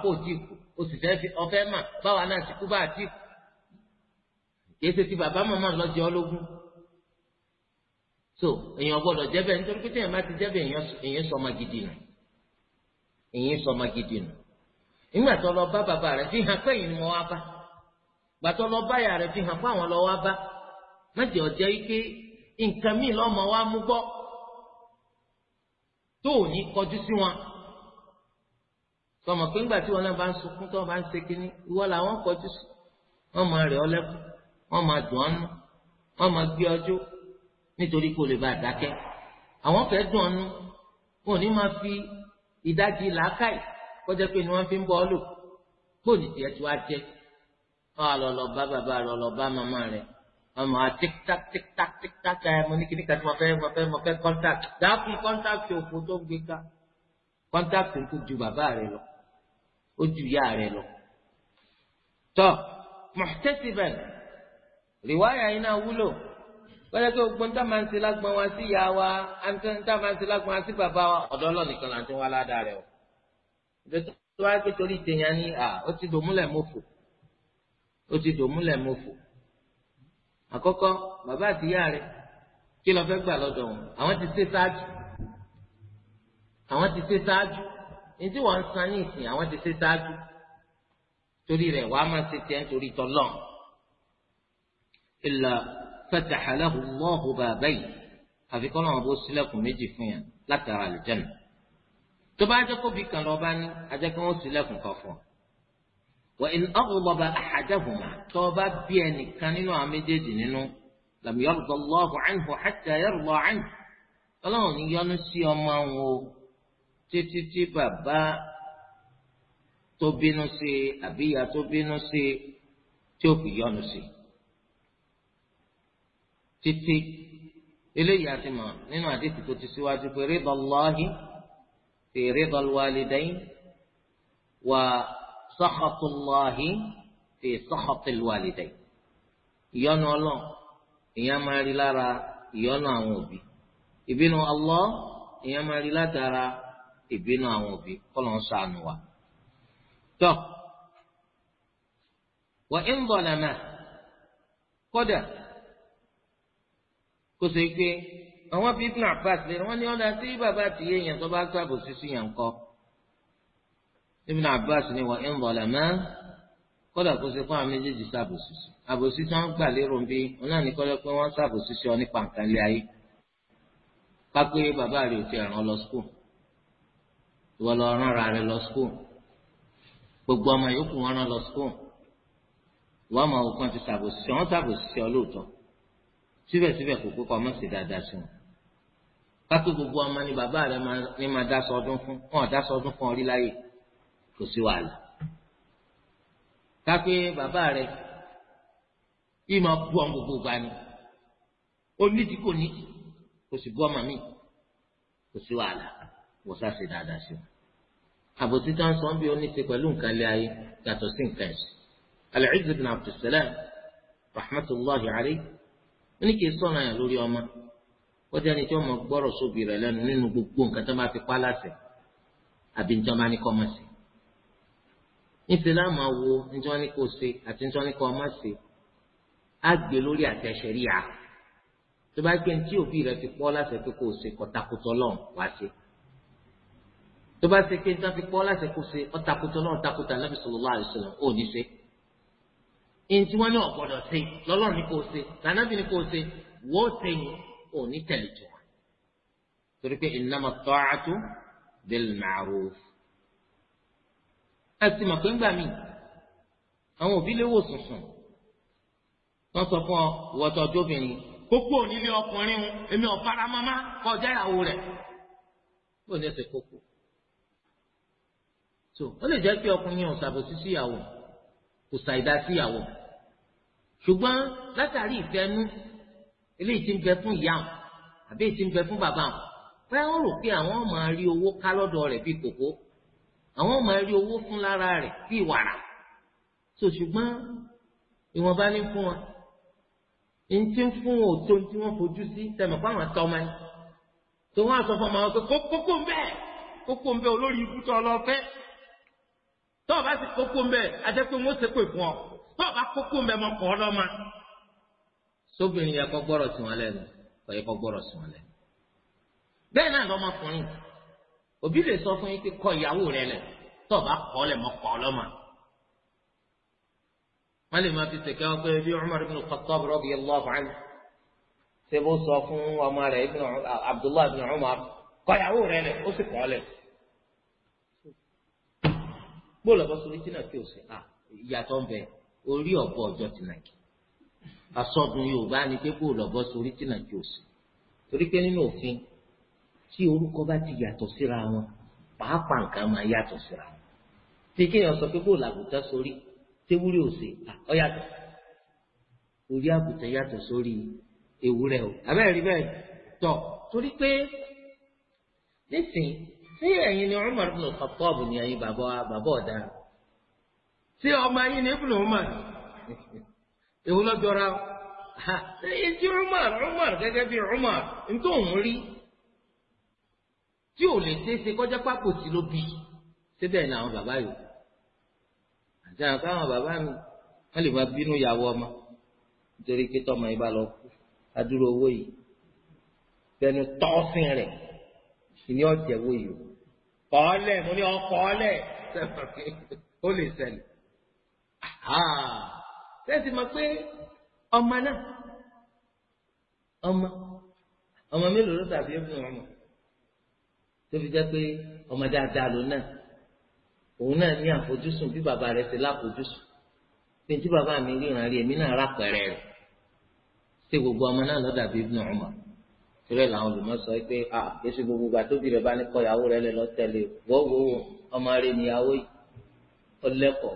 wọ́n o sì fẹ́ fi ọfẹ́ mà báwa náà ti kú bá àti kéésì lọ bàbá màmá ológun so èèyàn gbọ́dọ̀ jẹ́bẹ̀ nítorí pé ti jẹ́bẹ̀ èèyàn ọmọ gidi nù èèyàn gidi nù nígbà tó lọ bá bàbá fi hàn pé ìyìn mọ́ wá bá gbà tó lọ bá fi hàn pé àwọn ọ̀jẹ́ ike nǹkan míì lọ́mọ wa mú gbọ́ tó ò sọmọ pé ńgbà tí wọn náà bá ń sunkún tí wọn bá ń ṣe kínní ìwọ làwọn kọjú sí wọn máa rẹ̀ ọ́ lẹ́kùn wọn máa dùn ọ́nú wọn máa gbé ọjọ́ nítorí kò lè bá a dákẹ́ àwọn fẹ́ẹ́ dùn ọ́nú wọn ò ní máa fi ìdajì làákàyè kọjá pé ni wọn fi ń bọ ọ lò gbòòdì tiẹ̀ tí wàá jẹ wọn à lọ bá bàbá rẹ̀ lọ bá màmá rẹ̀ ọmọ tik tak tik tak tak ẹ mo ní kíní kan tí mo fẹ́ mo fẹ́ mo fẹ́ kọńtàkì dáàbì kọńtàkì òfò tó gbé ká kọńtàkì ń ju bàbá rẹ̀ lọ ó ju ìyá rẹ̀ lọ. tọ́ muhtasiban rìwáyà yìí náà wúlò wọ́n yẹ kí gbogbo ń tá máa ń ṣe lágbọ́n wá sí ìyá wa ń máa ń ṣe lágbọ́n wá sí bàbá wa ọ̀dọ́ ọlọ́nìkan là ń tún wá ládàá rẹ̀ o. tó wáyé pé torí ìtẹ̀yàn ni à ó ti dòmúlẹ̀ mọ́fò ó ti dòmúlẹ̀ mọ́fò. àkọ́kọ́ bàbá àti ìyá rẹ̀ kí lọ fẹ́ gbà lọ́dọ̀ wọn àwọn ti ṣe ṣáájú àwọn ti ṣe ṣáájú ní tí wọ́n ń san ní ìsìn àwọn ti ṣe ṣáájú torí rẹ̀ wàá máa ṣe tiẹ̀ nítorí tọ́lọ́ ìlà fataha lahu Allahu babayn àfi kọ́ náà bó sílẹ̀kùn méjì fún yàn látara àlùjẹ́nà tó bá jẹ́ kóbi kan lọ́ọ́ bá ní ajẹ́ kí wọ́n sílẹ̀kùn kan fún ọ. wà in aghdaba ahadahuma tó bá bí ẹnìkan nínú àwọn méjèèjì nínú lam yarda Allahu anhu hatta yarda anhu ọlọ́run ní sí ọmọ wọn o títí tí bàbá tó bínú sí i àbí ìyá tó bínú sí i tí ó fi yọnu sí i títí eléyìí àti mọ nínú àdéhùn tó ti síwájú pé rídà Allahi fi rídà al-walidayn wa sakhatu ìyọnu Ọlọ́run ìyẹn máa rí lára ìyọnu àwọn òbí ìbínú Allah ìyẹn máa rí látara ìbínú àwọn òbí kọ́lọ́ ń sànù wa. tọ́ wà ń bọ̀ nàmà kódà kó ṣe pé àwọn bíi ibùnà abbas lè wọ́n ní ọ̀nà tí bàbá àti iye yẹn tó bá sábò sísú yẹn kọ́ ibùnà abbas ni wà ń bọ̀ nàmà kódà kó ṣe fún àwọn méjèèjì sábò sísú àbòsí tí wọ́n gbà lérò ń bí wọn náà ní kọ́lẹ́ pé wọ́n sábò sísú ọ nípa nǹkan lé ayé kápé bàbá rẹ̀ ò ti ràn ọ lọ sùkúù ìwọ lọ rán ara rẹ lọ skul gbogbo ọmọ yòókù wọn rán lọ skul ìwọ ọmọ òkan ti ṣàbòsí wọn ṣàbòsí ọlóòótọ́ síbẹ̀síbẹ̀ kò kókọ ọmọ sì dáadáa sí wọn kápé gbogbo ọmọ ni bàbá rẹ ní máa dáṣọ ọdún fún wọn dáṣọ ọdún fún orí láyè kò sí wàhálà kápé bàbá rẹ yìí máa bú ọmọ gbogbo gba ni ó nídìí kò nídìí kò sì bú ọmọ mi kò sí wàhálà wọ́n sá ṣe dáadáa sí wọn àbòsí tá à ń sọ ń bí oníṣe pẹ̀lú nǹkan lé ayé yàtọ̀ sí nǹkan ẹ̀sìn. Al-Izz ibn Abdussalam rahmatulahi alayhi ní kì í sọ̀rọ̀ yàn lórí ọmọ ó jẹ́ ẹni tí ọmọ gbọ́rọ̀ sóbì rẹ̀ lẹ́nu nínú gbogbo nǹkan tó bá ti pa láṣẹ àbí ní tí wọ́n bá ní kọ́ ọmọ sí. níṣẹ́ láàmú awo ní tí ní kó ṣe àti ní ní kọ́ ọmọ sí á gbé lórí àti ẹ̀ṣẹ̀ rí a tó bá gbé ní tí òbí rẹ̀ ti pọ́ láṣẹ pé kó ṣe kọ́takùtọ̀ lọ́hùn wá sí i tó bá ṣe pé nítorí pọ́ láti kó ṣe ọ̀tàkùtà náà ọ̀tàkùtà Nabi sallallahu alaihi wasallam ò ní ṣe. èyí tí wọ́n ní ọ̀gbọ́dọ̀ ṣe lọ́lọ́run ní kò ṣe lànàbì ní kò ṣe wọ́n ṣe yín ò ní tẹ̀lé tó wọn. torí pé innama ta'atu bil ma'ruf. a ti mọ̀ pé ńgbà míì àwọn òbí lè sùnsùn wọ́n sọ fún ọ wọ́tọ̀ jóbìnrin kókó onílé ní ẹsẹ̀ kókó so ó lè jẹ́ pé ọkùnrin yẹn ò ṣàbòsí síyàwó kò ṣàìdá síyàwó ṣùgbọ́n látàrí ìfẹ́nu eléyìí ti ń bẹ fún ìyá àwọn àbí èyí ti ń bẹ fún bàbá àwọn báyà wọ́n rò pé àwọn máa rí owó ká lọ́dọ̀ rẹ̀ bíi kòkó àwọn máa rí owó fún lára rẹ̀ bíi wàrà so ṣùgbọ́n ìwọ̀nba ní fún wọn ní ti ń fún òótọ́ tí wọ́n fojú sí tẹ̀mọ̀ fáwọn àtọ́ ọmọ yẹn tó wọ́n àsọ fún ọmọ wọn pé kókó ń bẹ́ẹ̀ kókó ń bẹ́ẹ̀ olórí ikú tó ọ lọ fẹ́ẹ́ tọ́ọ̀ bá sì kókó mbẹ́ ajẹ́ pé wọ́n sẹ́kọ̀ ìfún ọ tọ́ọ̀ bá kókó mbẹ́ mọ kọ́ lọ́mọ. sóbìnrin yẹ kọ́ gbọ́rọ̀ sí wọn lẹ́nu kọ́ yẹ kọ́ gbọ́rọ̀ sí wọn lẹ́nu. bẹ́ẹ̀ náà lọ́mọkùnrin òbí lè sọ fún yín pé kọ ìyàwó rẹ lẹ̀ tọ́ọ̀ bá kọ́ lẹ̀ mọ kọ́ lọ́mọ. wọ́n lè máa fi sèké wọn pé bí gbọ́ lọ́bọ́ sórí tí náà kí o sì à ìyàtọ̀ ń bẹ orí ọ̀bọ ọjọ́ ti nà kí asọ́gun yorùbá ni pé gbọ́ lọ́bọ́ sórí tí náà kí o sì torí pé nínú òfin tí orúkọ bá ti yàtọ̀ síra wọn pàápàá nǹkan máa yàtọ̀ síra wọn tí kéèyàn sọ pé gbọ́ làgùtàn sórí tewúrẹ òsè ọ yàtọ̀ orí àgùtàn yàtọ̀ sórí ewúrẹ́ o àbẹ́rẹ́ rí bẹ́ẹ̀ tọ̀ torí pé nísìnyí sí ẹ̀yin ni Umar ibn Khattab ni ẹ̀yin bàbá ọ̀daràn sí ọmọ ẹ̀yin ni Ibn Umar èwo lọ jọra ẹ̀yin gẹ́gẹ́ bí Umar ntòhún rí tí ò lè ṣeéṣe kọjá pákó sí ló bí síbẹ̀ ni àwọn bàbá àti àwọn káwọn bàbá mi wọ́n lè máa bínú ọmọ nítorí pé tọmọ yìí bá lọ kú adúrò owó yìí bẹnu rẹ̀ ìní ọ̀jẹ̀ yìí kọ́ọ́lẹ̀ mo ní ọkọ́ọ́lẹ̀ ó lè ṣẹlẹ̀ sẹ́ẹ̀sì mọ̀ pé ọmọ náà ọmọ ọmọ mélòó ló tàbí ẹ̀fún ọmọ tó fi jẹ́ pé ọmọ dáadáa ló náà òun náà ní àfojúsùn bí bàbá rẹ̀ ṣe láfojúsùn pé tí bàbá mi ríran rí èmi náà rà pẹ̀rẹ̀ rẹ̀ ṣé gbogbo ọmọ náà ló dàbí Ibn Umar ìrẹ làwọn olùmọ̀sọ pé a èsì gbogbo ìgbà tóbi rẹ bá ní kọ ìyàwó rẹ lẹ lọ tẹ̀lé wọ́wọ́ ọmọ rẹ níyàwó yìí ó lẹ́kọ̀ọ́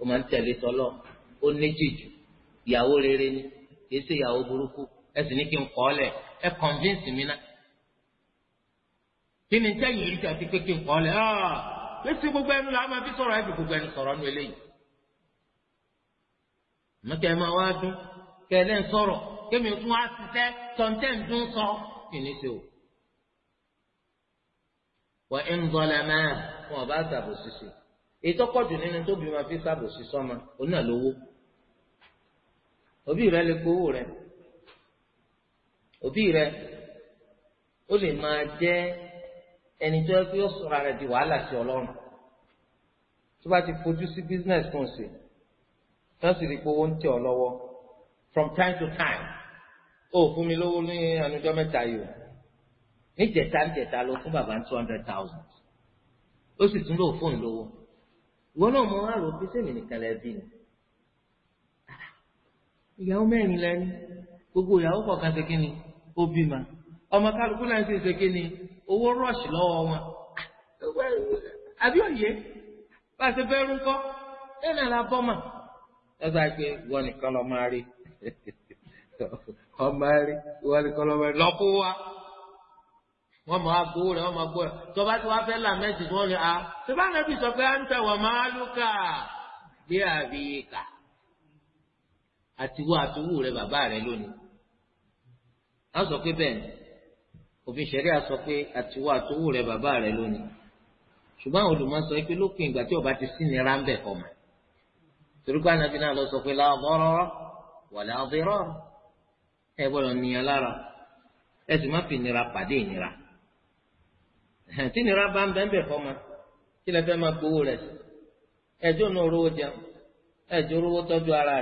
ó máa ń tẹ̀lé tọ́lọ̀ ó ní ìyàwó rere ni kìí ìyàwó burúkú ẹ sì ní kí n kọ́ ọ lẹ̀ ẹ convince mi náà kí ni tẹ́yìn rí tàbí pé kí n kọ́ ọ lẹ̀ ọ́ ah, èsì gbogbo ẹnu làwọn máa fi sọ̀rọ̀ ẹ̀ gbogbo ẹnu sọ̀rọ̀ nù eléyìí mọ̀kẹ́ kémi tún á ṣiṣẹ́ tọ̀ǹtẹ̀ ń dún sọ kìíní ṣe o. wà á ń gbọ́lẹ̀ máa wọn bá ṣàbò ṣiṣe ètò pọ̀jù nínú tóbi máa fi ṣàbò ṣiṣọ́ ọmọ oní àlówó òbí rẹ lè gbowó rẹ òbí rẹ ó lè máa jẹ ẹni tó yẹ kí ó sọra rẹ di wàhálà sí ọlọ́run tó bá ti fojú sí business tó ń ṣe tó sì rí pé owó ń tẹ̀ ọ́ lọ́wọ́ from time to time ó fún mi lówó ní ànújọ́ mẹ́ta yìí o níjẹta níjẹta ló fún bàbá ní two hundred thousand ó sì tún lò fóun lówó ìwọ náà mo wá rò ó pé nìkan lẹ ni ìyàwó mẹ́rin lẹ́ni gbogbo ìyàwó kọ̀ọ̀kan ṣe kí ó bí ma ọmọ kálukú náà sì ṣe kí ni owó rọ̀ṣì lọ́wọ́ wọn àbí òye bá a ṣe fẹ́ la bọ́ mà ẹ sọ pé ìwọ nìkan lọ máa rí ọmọ ẹrí wọn ni kọlọmọ ẹrí lọkọ wa wọn máa gbowó rẹ wọn máa gbowó rẹ tọba tí wọn fẹ́ là mẹsì tí wọn lè a tọba nàbì sọ pé à ń tẹwọn máa lùkà bí àbí kà àtiwọ àtiwọ rẹ bàbá rẹ lónìí wọn sọ pé bẹ́ẹ̀ òfin ṣẹlẹ àsọ pé àtiwọ àtiwọ rẹ bàbá rẹ lónìí ṣùgbọ́n àwọn olùmọ̀sọ pé lópin ìgbà tí ọba ti sí ni ráńbẹ̀ kọ̀ mọ́ torí pé ànàbì náà lọ sọ pé làwọn bọ́rọ̀ wà láwọn bẹ́rọ̀ ẹ gbọ́dọ̀ níyàn lára ẹ sì má fi ìnira pàdé ìnira tí ìnira bá ń bẹ́ẹ̀ bẹ́ẹ̀ fọ́ ma kí lẹ fẹ́ máa gbowó rẹ̀ sí ẹjọ́ náà rówó rówó ara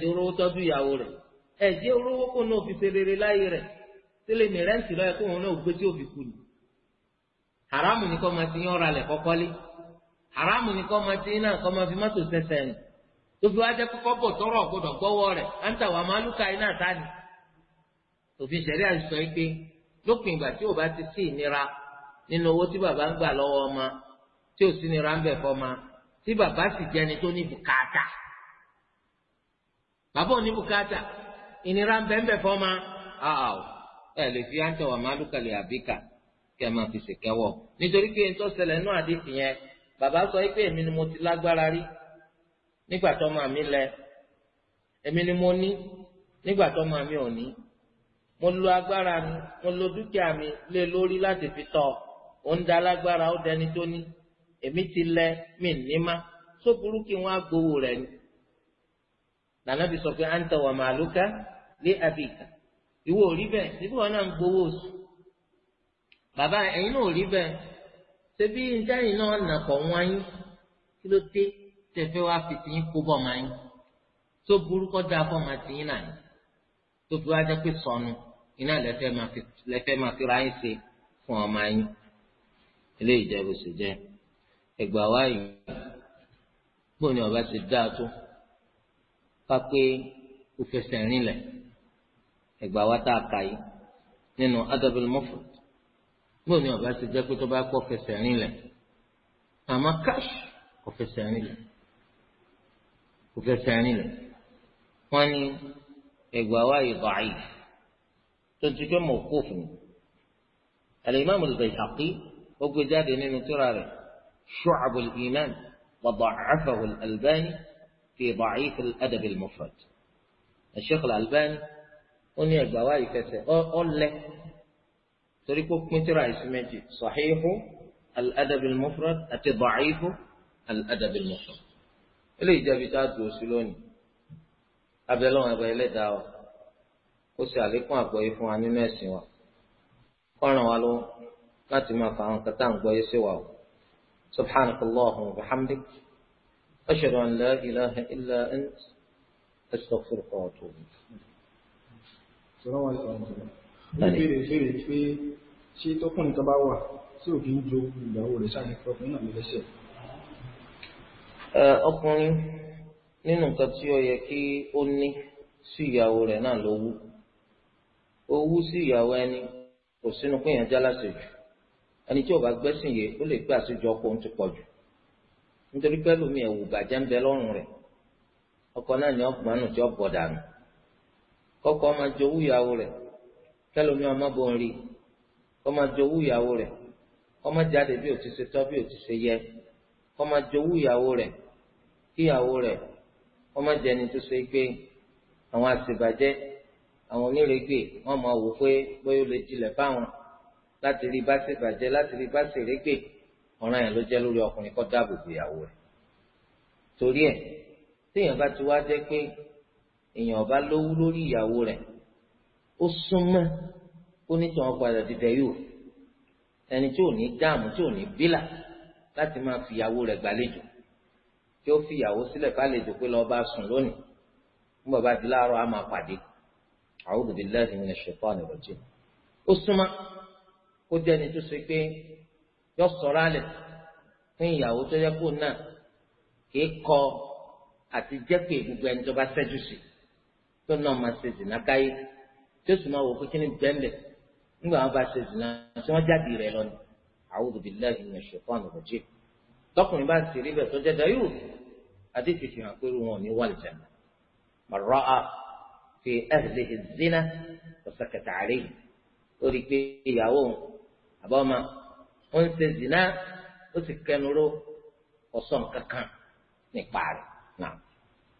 rówó ìyàwó rówó kó náà fi ṣe láyé rẹ̀ tẹ́lẹ̀ ní rẹ́ǹtì lọ́yẹ kó wọn náà gbé tí ò fi kú ni haramu ni kọ́ máa ti yán ọ̀ralẹ̀ haramu ni kọ́ ti náà òfin ṣẹ̀ríà ń sọ pé lópin ìgbà tí ò bá ti sí ìnira nínú owó tí bàbá ń gbà lọ́wọ́ ọmọ tí ò sí ìnira ń bẹ fọ́mọ tí bàbá sì jẹni tó ní bùkátà bàbá ò ní bùkátà ìnira ń bẹ ń bẹ fọ́mọ àà ẹ lè fi àǹtẹ wà má lùkàlẹ̀ àbíkà kẹ́ máa fi ṣèkẹ́wọ̀ nítorí pé nítorí ṣẹlẹ̀ náà àdéhùn yẹn bàbá sọ pé èmi ni mo ti lágbára rí nígbà tó máa mi lẹ èmi ni mo ní nígbà tó máa mi ò ní mo lo agbára mi mo lo dúkìá mi lé lórí láti fi tọ́ ọ ń da lágbára ó dẹni tó ní èmi ti lẹ mi níma tó burú kí wọn á gbowó rẹ ni lànàbí sọ pé à ń tẹwà màlúkà lé àbíkà ìwọ ò rí bẹ́ẹ̀ síbí wọn náà ń gbowó oṣù bàbá ẹ̀yin náà ò rí bẹ́ẹ̀ ṣebí ìdáyìn náà nàkọ wọn yín kí ló dé tẹfẹ wá fi tìyín kó bọ ọmọ yín tó burú kọ dáa fọmọ tìyín náà yín tó fi wá jẹ́ pé sọnù iná lẹ́fẹ́ máa fi ráyè ṣe fún ọmọ yín ilé ìjẹ́bù sì jẹ́ ẹgbà wáyé gbọ́n ni ọba ti dáa tó ká pé kò fẹsẹ̀ rinlẹ̀ ẹgbà wá tá a kà yìí nínú adabul mufrad gbọ́n ni ọba ti jẹ́ pé tó bá kọ́ fẹsẹ̀ rinlẹ̀ àmọ́ káṣí kò fẹsẹ̀ rinlẹ̀ kò fẹsẹ̀ rinlẹ̀ wọ́n ní. ẹgbà wa yìí da'if tó ti kẹ́ mawquf ni al-Imam al-Bayhaqi ó gbé jáde nínú tírà rẹ̀ Shu'ab al-Iman wa da'afahu al-Albani fi da'if al-Adab al-Mufrad al-Sheikh al-Albani ó ní ẹgbà wa yìí kẹsẹ̀ ọ lẹ torí kó pín tírà ìsú méjì Sahihu al-Adab al-Mufrad àti da'ifu al-Adab al-Mufrad eléyìí jẹ́ ibi tá a dùn sí lónìí. abẹ́lẹ́wọ̀n ẹgbẹ́ ẹlẹ́dàá o ó ṣe àlékún àgbọ́yé fún wa nínú ẹ̀sìn wa kọ́ran wa ló láti máa fa àwọn kẹta àgbọ́yé sí wa o subhanaka Allahu wa bihamdik ashhadu an la ilaha illa ant astaghfiruka wa atubu ìbéèrè ìbéèrè pé ṣé tọkùnrin kan bá wà tí òbí ń jo ìgbàwó rẹ̀ sáà ní ọkùnrin náà lẹ́sẹ̀. ọkùnrin nínú nǹkan tí ó yẹ kí ó ní sí ìyàwó rẹ̀ náà ló wú owú sí ìyàwó ẹni kò sínú pé èèyàn jálàsì jù ẹni tí ò bá gbẹ́sìn yìí ó lè pé àṣejọ ọkọ òun ti pọ̀ jù nítorí pé lómi ẹ̀wù bàjẹ́ ń bẹ lọ́rùn rẹ̀ ọkọ náà ni ọgbọ́n nù tí ó bọ̀ dànù kọ́kọ́ máa jowú ìyàwó rẹ̀ kẹlòmí ọmọ bò ń rí kọ́ máa jowú ìyàwó rẹ̀ kọ́ jáde bí ò ti ṣe tọ́ bí ò ti ṣe yẹ wọ́n má jẹ́ ẹni tó so pé àwọn àṣebàjẹ́ àwọn onírègbè wọ́n máa wò pé bóyá ó lè jilẹ̀ fáwọn láti rí bá ṣèbàjẹ́ láti rí bá ṣèrègbè ọ̀ràn yẹn ló jẹ́ lórí ọkùnrin kó dáàbò bo ìyàwó rẹ̀ torí ẹ̀ téèyàn bá ti wá jẹ́ pé èèyàn ọba lówú lórí ìyàwó rẹ̀ ó súnmọ́ ó ní tí wọ́n padà dídẹ yóò ẹni tí ò ní dáàmú tí ò ní bílà láti máa fi ìyàwó rẹ̀ gbàlejò tí ó fi ìyàwó sílẹ̀ ká lè dùn pé lọ́ọ́ bá sùn lónìí fún bàbá àti láàárọ̀ á máa pàdé a'udhu billahi minash shaitani rajim. ó súnmọ́ kó jẹ́ ẹni tó ṣe pé yọ sọ̀rọ̀ alẹ̀ fún ìyàwó tó yẹ kó náà kì í kọ àti jẹ́ pé gbogbo ẹni tó bá ṣẹ́jú sí tó náà máa ṣe zìnà káyé tí ó sì máa wò pé kí bẹ́ẹ̀lẹ̀ nígbà wọn bá ṣe zìnà tí wọ́n jáde rẹ̀ lọ ni a'udhu billahi minash shaitani rajim. tọkùnrin bá ti rí bẹ́ẹ̀ tó jẹ́ dayúù àdéhùn fi hàn pé wọn ò ní wà lìjà mọ̀rọ́ a fi ẹ̀hìlẹ̀ zina ọ̀sẹ̀kẹ̀tà àárẹ̀ yìí ó rí i pé ìyàwó àbọ̀mọ ó ń ṣe zina ó sì kẹnu ró ọ̀sán kankan nípa rẹ̀ náà.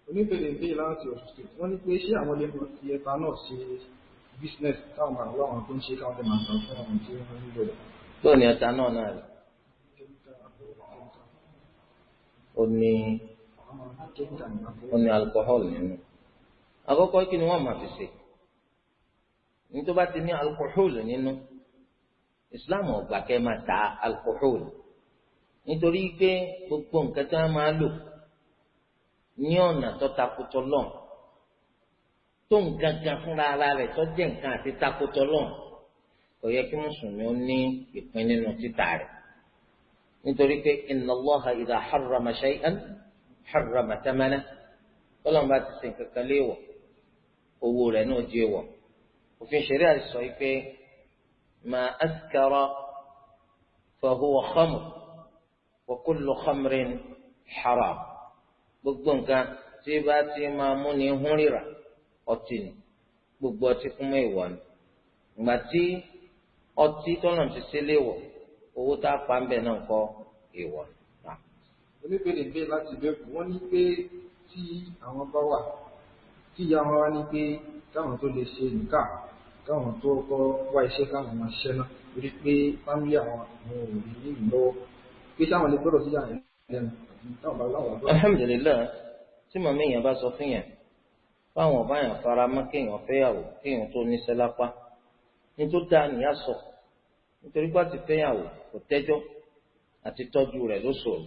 oníbèrè bíi láti ọ̀sùn wọ́n ní pé ṣé àwọn ilé ìwé ti ẹ̀ka náà ṣe bísínẹ́sì táwọn máa wá àwọn tó ń ṣe káwọn máa tàn fún àwọn tí wọ́n ń lò. bóyá ni ọ̀tá náà náà rẹ̀ ó ní. omi alkohol nínú àkọ́kọ́ kí ni wọ́n máa fi ṣe nítorí bá ti ní alkohol nínú islam ò gbà kẹ́ máa ta alcohol nítorí pé gbogbo nǹkan tí wọ́n máa lò ní ọ̀nà tó takotọ lọ́n tó nǹkan kan fúnra ara rẹ̀ tó jẹ́ nǹkan àti kò yẹ kí mùsùlùmí ó ní ìpín nínú títà nítorí pé harrama thamana tọ́lọ́mù bá ti ṣe nǹkan kan léèwọ̀ owó rẹ̀ náà jẹ́ èèwọ̀ òfin ṣẹ̀ríà sọ pé ma askara fahuwa khamr wa kullu khamrin haram gbogbo nǹkan tí bá ti máa mú ni hún rírà ọtí ni gbogbo ọtí kún mọ́ ìwọ ni ìgbà tí ọtí tọ́lọ́mù ti ṣe léèwọ̀ owó tá a pa ń bẹ̀ náà kọ́ ìwọ ni oníbèrè ń bẹ láti bẹ́ẹ̀kù wọ́n ní pé tí àwọn bá wà tí ìyá wọn wá ní pé káwọn tó lè ṣe nìkà káwọn tó kọ́ wá iṣẹ́ káwọn máa ṣiṣẹ́ náà torí pé fámílì àwọn àwọn ò ní ní ìlọ́wọ́ pé sáwọn lè gbọ́dọ̀ síyà lẹ́nu táwọn bá láwọn àbúrò. alhamdulilayi tí màmí èèyàn bá sọ fún yàn fáwọn ọba yàn fara mọ́ kéèyàn fẹ́yàwó kéèyàn tó níṣẹ́ lápá ní tó dáa nìyà sọ nítorí pé àti kò tẹ́jọ́ àti tọ́jú rẹ̀ ló ṣòro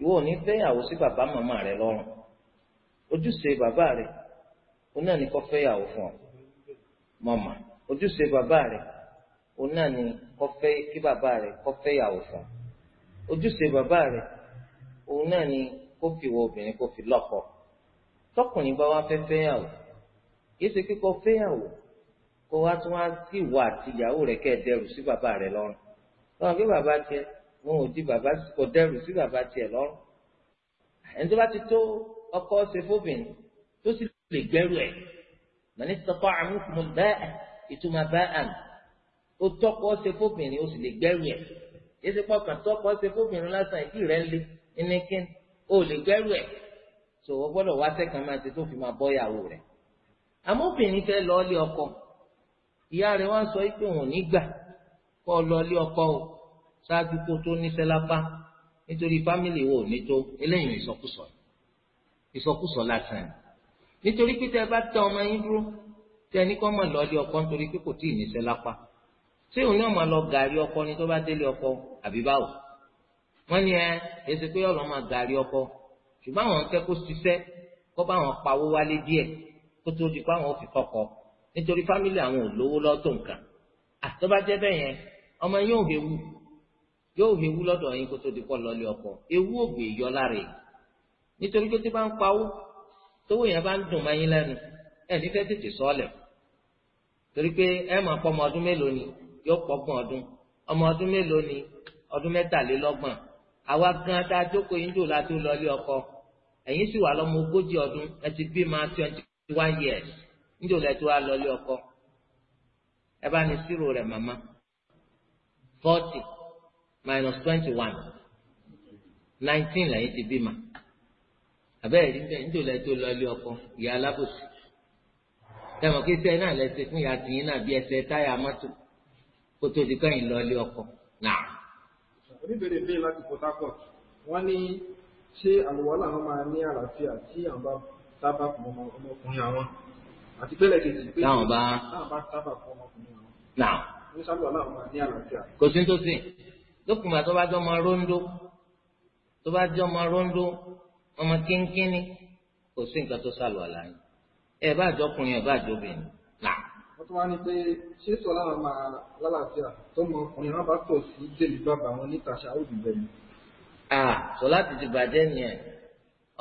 ìwọ ò ní fẹ́yàwó sí bàbá màmá rẹ lọ́rùn ojúṣe bàbá rẹ òun náà ní kó fẹ́yàwó fún ọ màmá ojúṣe bàbá rẹ òun náà ní kó fẹ́ kí bàbá rẹ kó fẹ́yàwó fún ọ ojúṣe bàbá rẹ òun náà ní kó fi wọ obìnrin kó fi lọ́kọ tọkùnrin bá wá fẹ́ fẹ́yàwó kìí ṣe kíkọ fẹ́yàwó kó wá tún wá sí ìwọ àti ìyàwó rẹ kẹ́ ẹ dẹrù sí bàbá rẹ lọ́rùn lọ́wọ́ kí bàbá tiẹ̀ wọn ò di bàbá kò dẹrù sí bàbá tiẹ̀ lọ́rùn ẹni tó bá ti tó ọkọ ṣe fóbìnrin tó sì lè gbẹrù ẹ̀ màní sọkọ àmúkùmù bẹ́ẹ̀ ìtumọ̀ bẹ́ẹ̀ ó tọkọ ṣe fóbìnrin ó sì lè gbẹrù ẹ̀ èsì pọkàn tọkọ ṣe fóbìnrin lásán ìdí rẹ̀ lé ẹnìkín ó lè gbẹrù ẹ̀ tó o gbọ́dọ̀ wá sẹ́kàn máa ṣe tó fi máa bọ́ ìyàwó rẹ̀ amóbìnrin fẹ́ lọ́ọ́lé ọkọ ìyá rẹ̀ wá sọ pé òun ò ní gbà kọ́ lọ́ọ́lé ọkọ o ṣáájú kó tó níṣẹ́ lápá nítorí fámìlì wo ò ní tó eléyìí ìsọkúsọ ìsọkúsọ lásán nítorí pé tẹ bá tẹ ọmọ yín dúró tẹ ní kọ́ mọ̀ lọ́ọ́lẹ́ ọkọ nítorí pé kò tí ì níṣẹ́ lápá ṣé òun náà máa lọ gàrí ọkọ ni tó bá délé ọkọ àbí báwo wọ́n ní ẹ èsì pé ọ̀rọ̀ máa gàrí ọkọ ṣùgbọ́n àwọn ń fẹ́ kó ṣiṣẹ́ kó bá wọn pawó wálé díẹ̀ kó tó di pé àwọn ò fi kọ́kọ́ nítorí fámìlì àwọn ò lówó lọ́tò nǹkan àtọ́bàjẹ́ bẹ́ẹ̀ ọmọ yóò hewu yóò mewu lọ́dọ̀ yín kó tó di pọ̀ lọ́lé ọkọ ewu ògbè yọ lára yìí nítorí pé tó bá ń pawó tówó yẹn bá ń dùn máa yín lẹ́nu ẹ̀ nífẹ̀ẹ́ tètè sọ́ọ̀lẹ̀ torí pé ẹ máa pọ̀ ọmọ ọdún mélòó ni yóò pọ̀ ọgbọ̀n ọdún ọmọ ọdún mélòó ni ọdún mẹ́tàlélọ́gbọ̀n àwa gan tá jókòó yín dùn láti lọ́lé ọkọ ẹ̀yin sì wà lọ́mọ ogójì ọdún ẹ ti bí máa twenty one years níjò lẹ́tí wá lọ́lé ọkọ ẹ bá ní sírò rẹ̀ màmá forty minus twenty one nineteen lẹ́yìn ti bímọ àbẹ́rẹ́ rí bẹ́ẹ̀ níjọ́ lẹ́yìn tó lọ ilé ọkọ ìyá alábòsí tẹmọ kí sẹ́yìn náà lẹ́sẹ̀ fún ìyá tìyín náà bí ẹsẹ̀ táyà mọ́tò kó tó di kẹ́yìn lọ ilé ọkọ náà. oníbèrè bíi láti Port Harcourt wọ́n ní ṣé àlùwọ́lá wọn máa ní àlàáfíà tí àbá sábà fún ọmọkùnrin àwọn àti pẹ́lẹ̀ kejì pé táwọn bá sábà fún ọmọkùnrin àwọn. náà kò sí ní tó sìn lópin ìgbà tó bá jọ ọmọ rondo tó bá jọ ọmọ rondo ọmọ kínkínní kò sí nǹkan tó sálọ àlàyé ẹ bá àjọkùnrin ẹ bá àjọbìnrin là. wọ́n tún wá ní pé ṣé sọlá máa lálàáfíà tó mọ ọkùnrin wọn bá tọ̀ sí jèlú bàbá wọn níta ṣáà òbí bẹ́ẹ̀ ni. à sọlá ti ti bàjẹ́ nìyẹn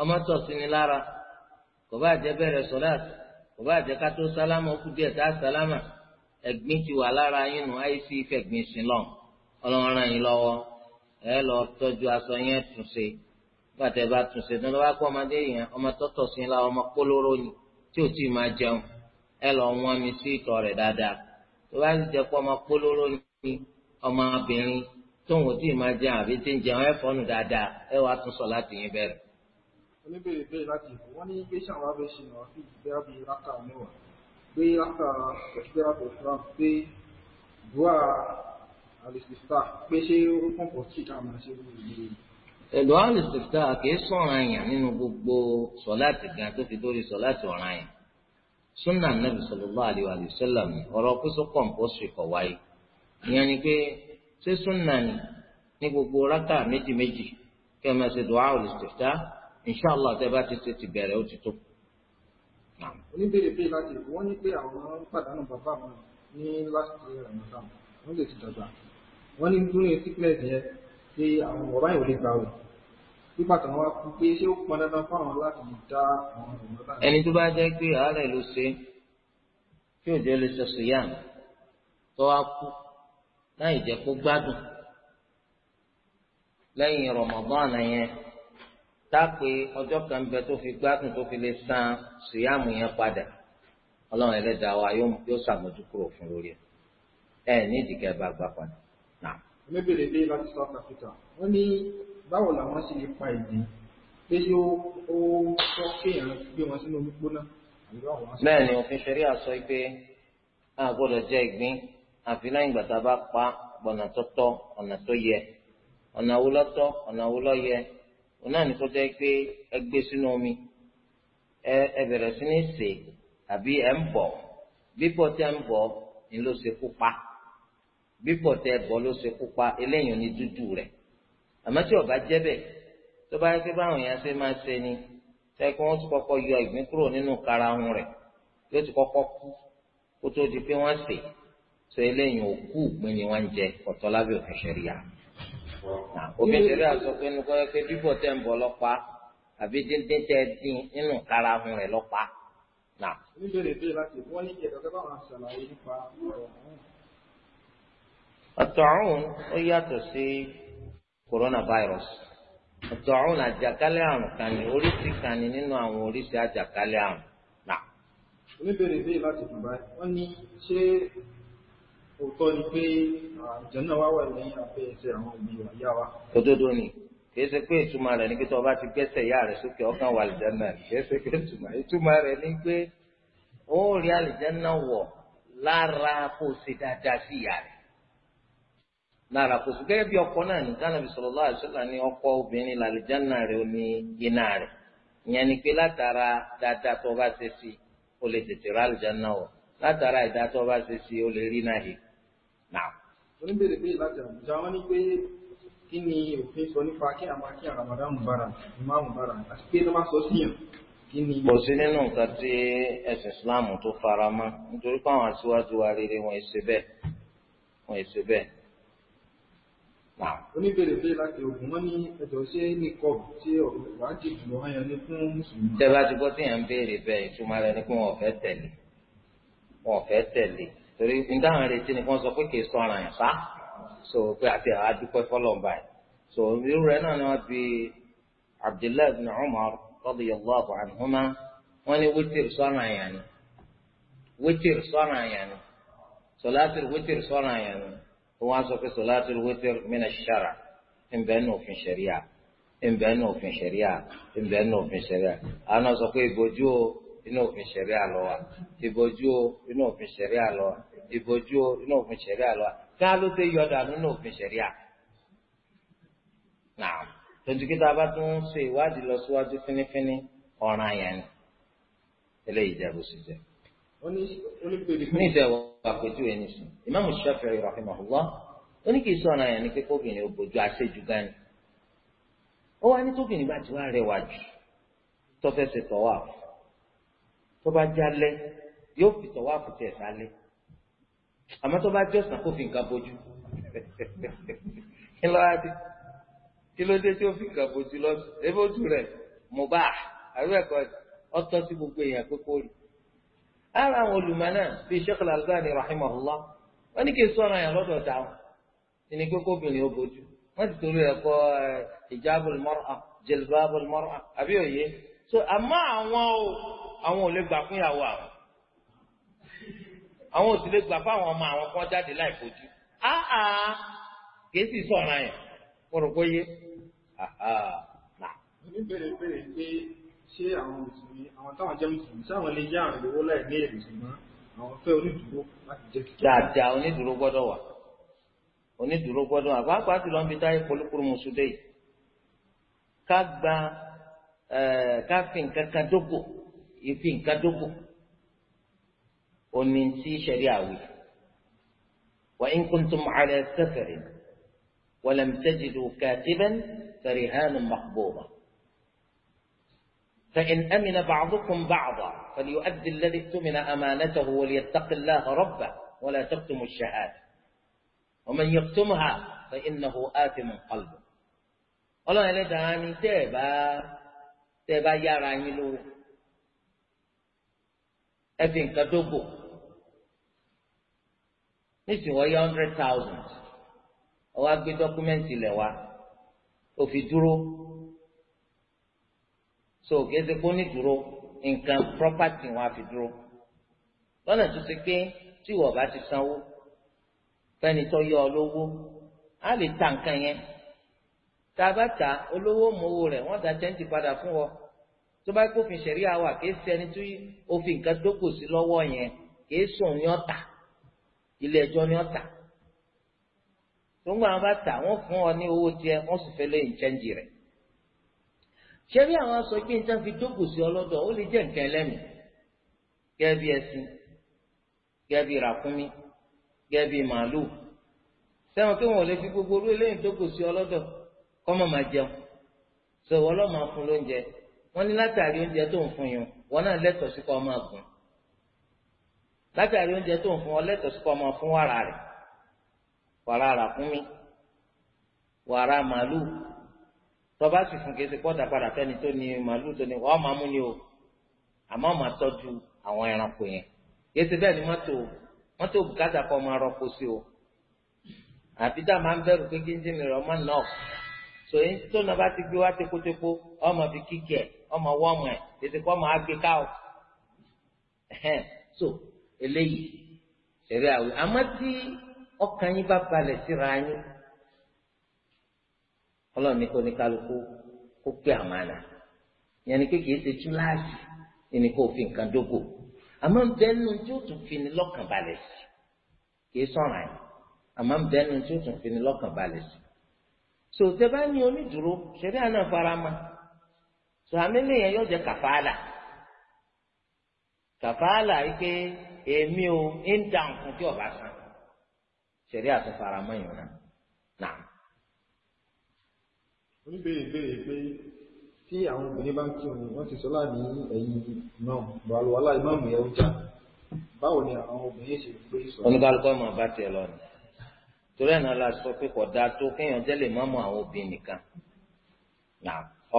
ọmọ tọ̀ sí ni lára kò bá jẹ́ bẹ̀rẹ̀ sọlá kò bá jẹ́ ká tó sálámà ó kú díẹ̀ tá sálámà ẹ̀gbin ti wà lára yín nù àìsí ìfẹ̀gbin sí ọlọ́run ràn yín lọ́wọ́ ẹ lọ tọ́jú aṣọ yẹn tún ṣe gbàtẹ bá tún ṣe tó bá kọ ọmọdé yẹn ọmọ tọtọ sí la ọmọ kólóró ni tí ò tí ì máa jẹun ẹ lọ wọn mi sí ìtọ̀ rẹ̀ dáadáa tó bá ti jẹ pé ọmọ kólóró ni ọmọbìnrin tóun ò tí ì máa jẹun àbí tí ń jẹun ẹ fọnù dáadáa ẹ wàá tún sọ láti yín bẹ̀rẹ̀. oníbèrè bẹ́ẹ̀ láti ìbò wọ́n ní àlùsìfà pé ṣé ó kàn pọ̀ sí ká máa ṣe é lórí. ẹ̀dọ́ àlùsìfà kìí sọ̀ràn èèyàn nínú gbogbo sọ̀láàtì gan tó fi dórí sọ̀láàtì ọ̀ràn yẹn sunna anabi sallallahu alayhi wa sallam ọ̀rọ̀ kóso kọ̀ǹpọ̀sì kọ̀ wáyé ìyẹn ni pé ṣé sunna ni ní gbogbo rákà méjì méjì kí ẹ máa ṣe dùn áwòlì ṣèfta inṣàlá tẹ bá ti ṣe ti bẹ̀rẹ̀ ó ti tó. oníbèrè pé láti wọ́n ní pé àwọn pàdánù bàbá àwọn ní láti rẹ̀ mọ́tà wọ́n lè ti dàgbà wọ́n ní nítorí sickness yẹn ṣé àwọn bàbá yìí ò lè gbà wò nígbà tí wọ́n kú pé ṣé ó pọn dandan fún àwọn láti dá àwọn ọmọ báyìí. ẹni tó bá jẹ́ pé àárẹ̀ ló ṣe tí òjò lè ṣe sùyàn tó wá kú láì jẹ́ kó gbádùn lẹ́yìn Ramadan yẹn dápé ọjọ́ kan bẹ tó fi gbádùn tó fi lè san sùyàmù yẹn padà ọlọ́run ẹlẹ́dàá wa yóò ṣàmójúkúrò fún lórí ẹ̀ ẹ̀ ní ìdìkẹ́ bá gbà padà oníbèrè dé láti South Africa wọ́n ní báwo làwọn sì lè pa ìdí pé ṣé ó tọ́ kéèyàn gbé wọn sínú omi gbóná. bẹ́ẹ̀ ni òfin ṣeré àsọ pé a gbọ́dọ̀ jẹ ìgbín àfi lẹ́yìn ìgbà tá a bá pa ọ̀nà tó tọ́ ọ̀nà tó yẹ ọ̀nà wo lọ́tọ́ ọ̀nà wo lọ́yẹ òun náà ní kó jẹ́ pé ẹ gbé sínú omi ẹ bẹ̀rẹ̀ sí ní sè àbí ẹ ń bọ̀ bíbọ̀ tí ẹ ń bọ̀ ni ló ṣe kú pa bíbọ̀ tẹ bọ́ ló ṣe kú pa eléyìí ní dúdú rẹ̀ àmọ́ tí ọba jẹ́ bẹ́ẹ̀ tó bá yẹ pé báwọn èèyàn ṣe máa ṣe ni ṣe kí wọ́n ti kọ́kọ́ yọ ìgbín kúrò nínú karahun rẹ̀ yóò ti kọ́kọ́ kú kó tó di pé wọ́n sè so eléyìí òkú ìgbín ni wọ́n ń jẹ ọ̀tọ̀ lábẹ́ òfin ṣẹ̀ríà òfin ṣẹ̀ríà sọ pé nínú kọ́ yẹ pé bíbọ̀ tẹ ń bọ̀ lọ́pa àbí díndín tẹ dín nínú karahun rẹ̀ lọ́pa. ọ̀tọ̀ọ̀hún ó yàtọ̀ sí coronavirus ọ̀tọ̀ọ̀hún àjàkálẹ̀ àrùn kan ní oríṣi kan ní nínú àwọn oríṣi àjàkálẹ̀ àrùn náà. oníbèrè bíi láti Dubai wọ́n ní ṣé òótọ́ ni pé àjọ náà wá wà lẹ́yìn abẹ́ ẹsẹ̀ àwọn òbí wa yá wa. òdodo ni kìí ṣe pé ìtumọ̀ rẹ̀ n'i pé bá ti gbẹ́sẹ̀ ìyá rẹ̀ sókè ọkàn wà kìí ṣe pé ìtumọ̀ rẹ̀ pé ó rí wọ̀ lára kó o ṣe dáadáa sí lára kò sí gẹ́gẹ́ bí ọkọ náà nìkan nàbì sallallahu alaihi wasallam ní ọkọ obìnrin làlùjáná rẹ̀ ò ní iná rẹ̀ ìyẹn ni pé látara dáadáa tó bá ṣe sí o lè tètè rà àlùjáná wọ̀ látara ìdá tó bá ṣe sí o lè rí náà yìí náà. oníbèrè pé láti àbújá wọn ní pé kí ni òfin sọ nípa kí àwọn akí àràmàdà mùbára ìmá mùbára àti pé ló máa sọ síyàn kí ni. kò sí nínú nǹkan tí ẹ̀sìn Islam tó fara mọ́ nítorí pé àwọn aṣíwájú wa rere wọn ì oníbèrè pé láti ogun wọn ní ẹjọ́ ṣé nìkọọbù tí ọgbà jì jùlọ hàn ní fún mùsùlùmí. tẹ́ bá ti gbọ́ sí yẹn ń béèrè bẹ́ẹ̀ ìtumọ̀ rẹ̀ ni pé wọ́n fẹ́ tẹ̀lé wọ́n fẹ́ tẹ̀lé torí nítawọn retí ni wọ́n sọ pé kì í sọ ara yẹn sá so pé àti àdúpẹ́ fọlọ́ọ̀bà yẹn so irú rẹ̀ náà ni wọ́n fi Abdullahi bin Umar radiyallahu anhuma wọ́n ní wítìrì ni wítìrì sọ́ra yẹn ni sọlá wọ́n á sọ pé solatul witr mina shara ńbẹ́ nù òfin ṣẹ̀ríà ńbẹ́ nù òfin ṣẹ̀ríà ńbẹ́ nù òfin ṣẹ̀ríà àwọn sọ pé ìbojú o inú òfin ṣẹ̀ríà lọ wa ìbojú o inú òfin ṣẹ̀ríà lọ wa ìbojú o inú òfin ṣẹ̀ríà lọ wa ká ló dé yọ̀dà nínú òfin ṣẹ̀ríà náà tontuki tá a bá tún ṣe ìwádìí lọ síwájú fínífíní ọ̀ràn yẹn eléyìí jẹ́ bó ṣe jẹ́ ní ìfẹ́ wọ àpèjúwe ní sùn ìmáàmù Shafi'i rahimahullah ó ní kì í sọ̀rọ̀ àyàn ní pé kóbìnrin ò bójú àṣejù gan ni ó wá ní tóbìnrin bá ti wá rẹwà jù tó fẹ́ ṣe tọ́wáàfù tó bá jálẹ̀ yóò fi tọ́wáàfù tẹ̀ sálẹ̀ àmọ́ tó bá jọ̀sán kó fi nǹkan bójú kí ló dé kí ló dé tí ó fi nǹkan bójú lọ ebójú rẹ̀ mubah àrùn ẹ̀kọ́ ọtọ́ sí gbogbo èèyàn pé kó rí. ara àwọn olùmọ̀nà bíi sheikh al-Albani rahimahullah wọ́n ní kí n sọ̀rọ̀ yẹn lọ́dọ̀ dáhùn ẹni pé kóbìnrin ó bójú wọ́n ti torí mar'a jilbabul mar'a àbí òye so àmọ́ àwọn o àwọn ò lè gbà fún ìyàwó àwọn àwọn ò sì lè gbà fún àwọn ọmọ àwọn kan jáde láì fojú kìí sì sọ̀rọ̀ yẹn ṣé àwọn mùsùlùmí àwọn táwọn jẹ́ mùsùlùmí sáwọn lè yá àwọn ìdúró láì ní èrè ṣùgbọ́n àwọn fẹ́ onídùúró láti jẹ́ kíkẹ́. dáadáa onídùúró gbọ́dọ̀ wà onídùúró gbọ́dọ̀ wà pàápàá ti lọ ń bi táyé polúkúrú mùsùlùmí ká gba ká fi nǹkan kan dógò ìfi nǹkan dógò omi tí sẹ̀rí àwì wa in kuntum ala safarin wa lam tajidu katiban farihanun maqbuba. فإن أمن بعضكم بعضا فليؤدي الذي اؤتمن أمانته وليتق الله ربه ولا تكتموا الشهادة ومن يكتمها فإنه آثم قلبه ọlọ́run ẹlẹ́dàá ni tẹ́ ẹ bá tẹ́ ẹ bá yára yín lórí ẹ fi nǹkan tó bò nísìnyí wọ́n yá hundred thousand ọwọ́ á gbé dọ́kúmẹ́ǹtì lẹ̀ wá ó fi dúró so kéde kó ní dúró nǹkan property wọn á fi dúró lọ́nà tó ṣe pé tí ìwọ bá ti sanwó fẹ́ni tó yọ ọ lówó á lè ta nǹkan yẹn tá a bá ta olówó mowó rẹ̀ wọ́n ta tẹ́ǹtì padà fún ọ tó bá kófin ṣẹ̀rí àwà kìí ṣe ẹni tí òfin nǹkan dókò sí lọ́wọ́ yẹn kìí sùn ní ọ̀tà ilé ẹjọ́ ní ọ̀tà tó ń gbà wọn bá ta wọ́n fún ọ ní owó tiẹ̀ wọ́n sì fẹ́ lẹ́yìn chẹ́ǹjì rẹ̀ ṣebí àwọn aṣọ pé níta fi dógò sí ọlọ́dọ̀ ó lè jẹ́ nǹkan ẹlẹ́mìí gẹ́gẹ́ bí ẹṣin gẹ́gẹ́ bí ràkúnmí gẹ́gẹ́ bí màálùú sẹ́wọ̀n kí wọn ò lè fi gbogbo orú eléyìí dógò sí ọlọ́dọ̀ kọ́ mọ̀ máa jẹun sọ wọ́n lọ́ọ́ máa fún lóúnjẹ wọ́n ní látàrí oúnjẹ tó ń fún yín wọ́n náà lẹ́tọ̀ọ́ sí kọ́ máa gùn látàrí oúnjẹ tó ń fún ọ lẹ́tọ̀ọ́ sí kọ́ máa fún wàrà rẹ̀ wàrà ràkúnmí wàrà màálùú tọba sì fún kése pọ́dà padà fẹ́ni tó ní màálù tó ní wọ́n máa ni o àmọ́ máa tọ́jú àwọn ẹranko yẹn kése bẹ́ẹ̀ ni mọ́tò mọ́tò bùkátà kọ́ máa rọ́pò sí o àbí dá máa ń bẹ̀rù pé kíndìnrín rẹ̀ ọmọ náà so èyí tó náà bá ti gbé wá tekotepo ọmọ fi kíkẹ́ ọmọ wọ́ọ̀mù ẹ̀ kése kọ́ máa gbé ká o so eléyìí ṣẹlẹ̀ àwẹ̀ àmọ́ tí ọkàn yín bá balẹ̀ síra yín ọlọ́run ní kó ní kálukú kó pé àmàna yẹn ni pé kìí ṣe túláàsì ẹni kó fi nǹkan dógò àmọ́ bẹ́ẹ̀nu tí ó tún fi ni lọ́kàn balẹ̀ sí kìí sọ̀ràn ẹ̀ àmọ́ bẹ́ẹ̀nu tí ó tún fi ni lọ́kàn balẹ̀ sí. so tẹ bá ní onídùúró ṣẹlẹ àná farama so àmìlẹ yẹn yóò jẹ kàfàálà kàfàálà yìí pé èmi ò ń da nǹkan tí ọba san ṣẹlẹ àtúnfaramọ yìí náà oníbèrè béèrè pé tí àwọn obìnrin bá ń kírun wọ́n ti sọ́lá ní ẹ̀yìn náà bàlùwàlá ìmáàmù yẹn ó já báwo ni àwọn obìnrin ṣe gbé sọ. oníkálukọ́ ọmọ bá tiẹ̀ lọ ni torí ẹ̀ náà la sọ pé kò dáa tó kéèyàn jẹ́ lè máàmù àwọn obìnrin nìkan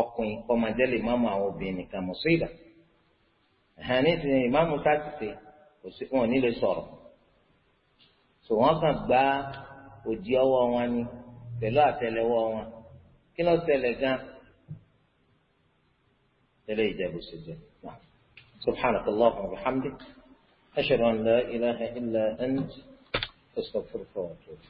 ọkùnrin kọ́ máa jẹ́ lè máàmù àwọn obìnrin nìkan mọ̀ sí ìdá ẹ̀hán ní ti ìmáàmù sátìsì kò sí wọn ò lè sọ̀rọ̀ sọ wọ́n kàn gbá òdì ọwọ́ wọn ni pẹ̀lú àtẹ́lẹwọ́ wọn kí ló ṣẹlẹ̀ gan eléyìí jẹ́ bó ṣe jẹ́ سبحانك اللهم وبحمدك أشهد أن لا إله إلا أنت أستغفرك وأتوب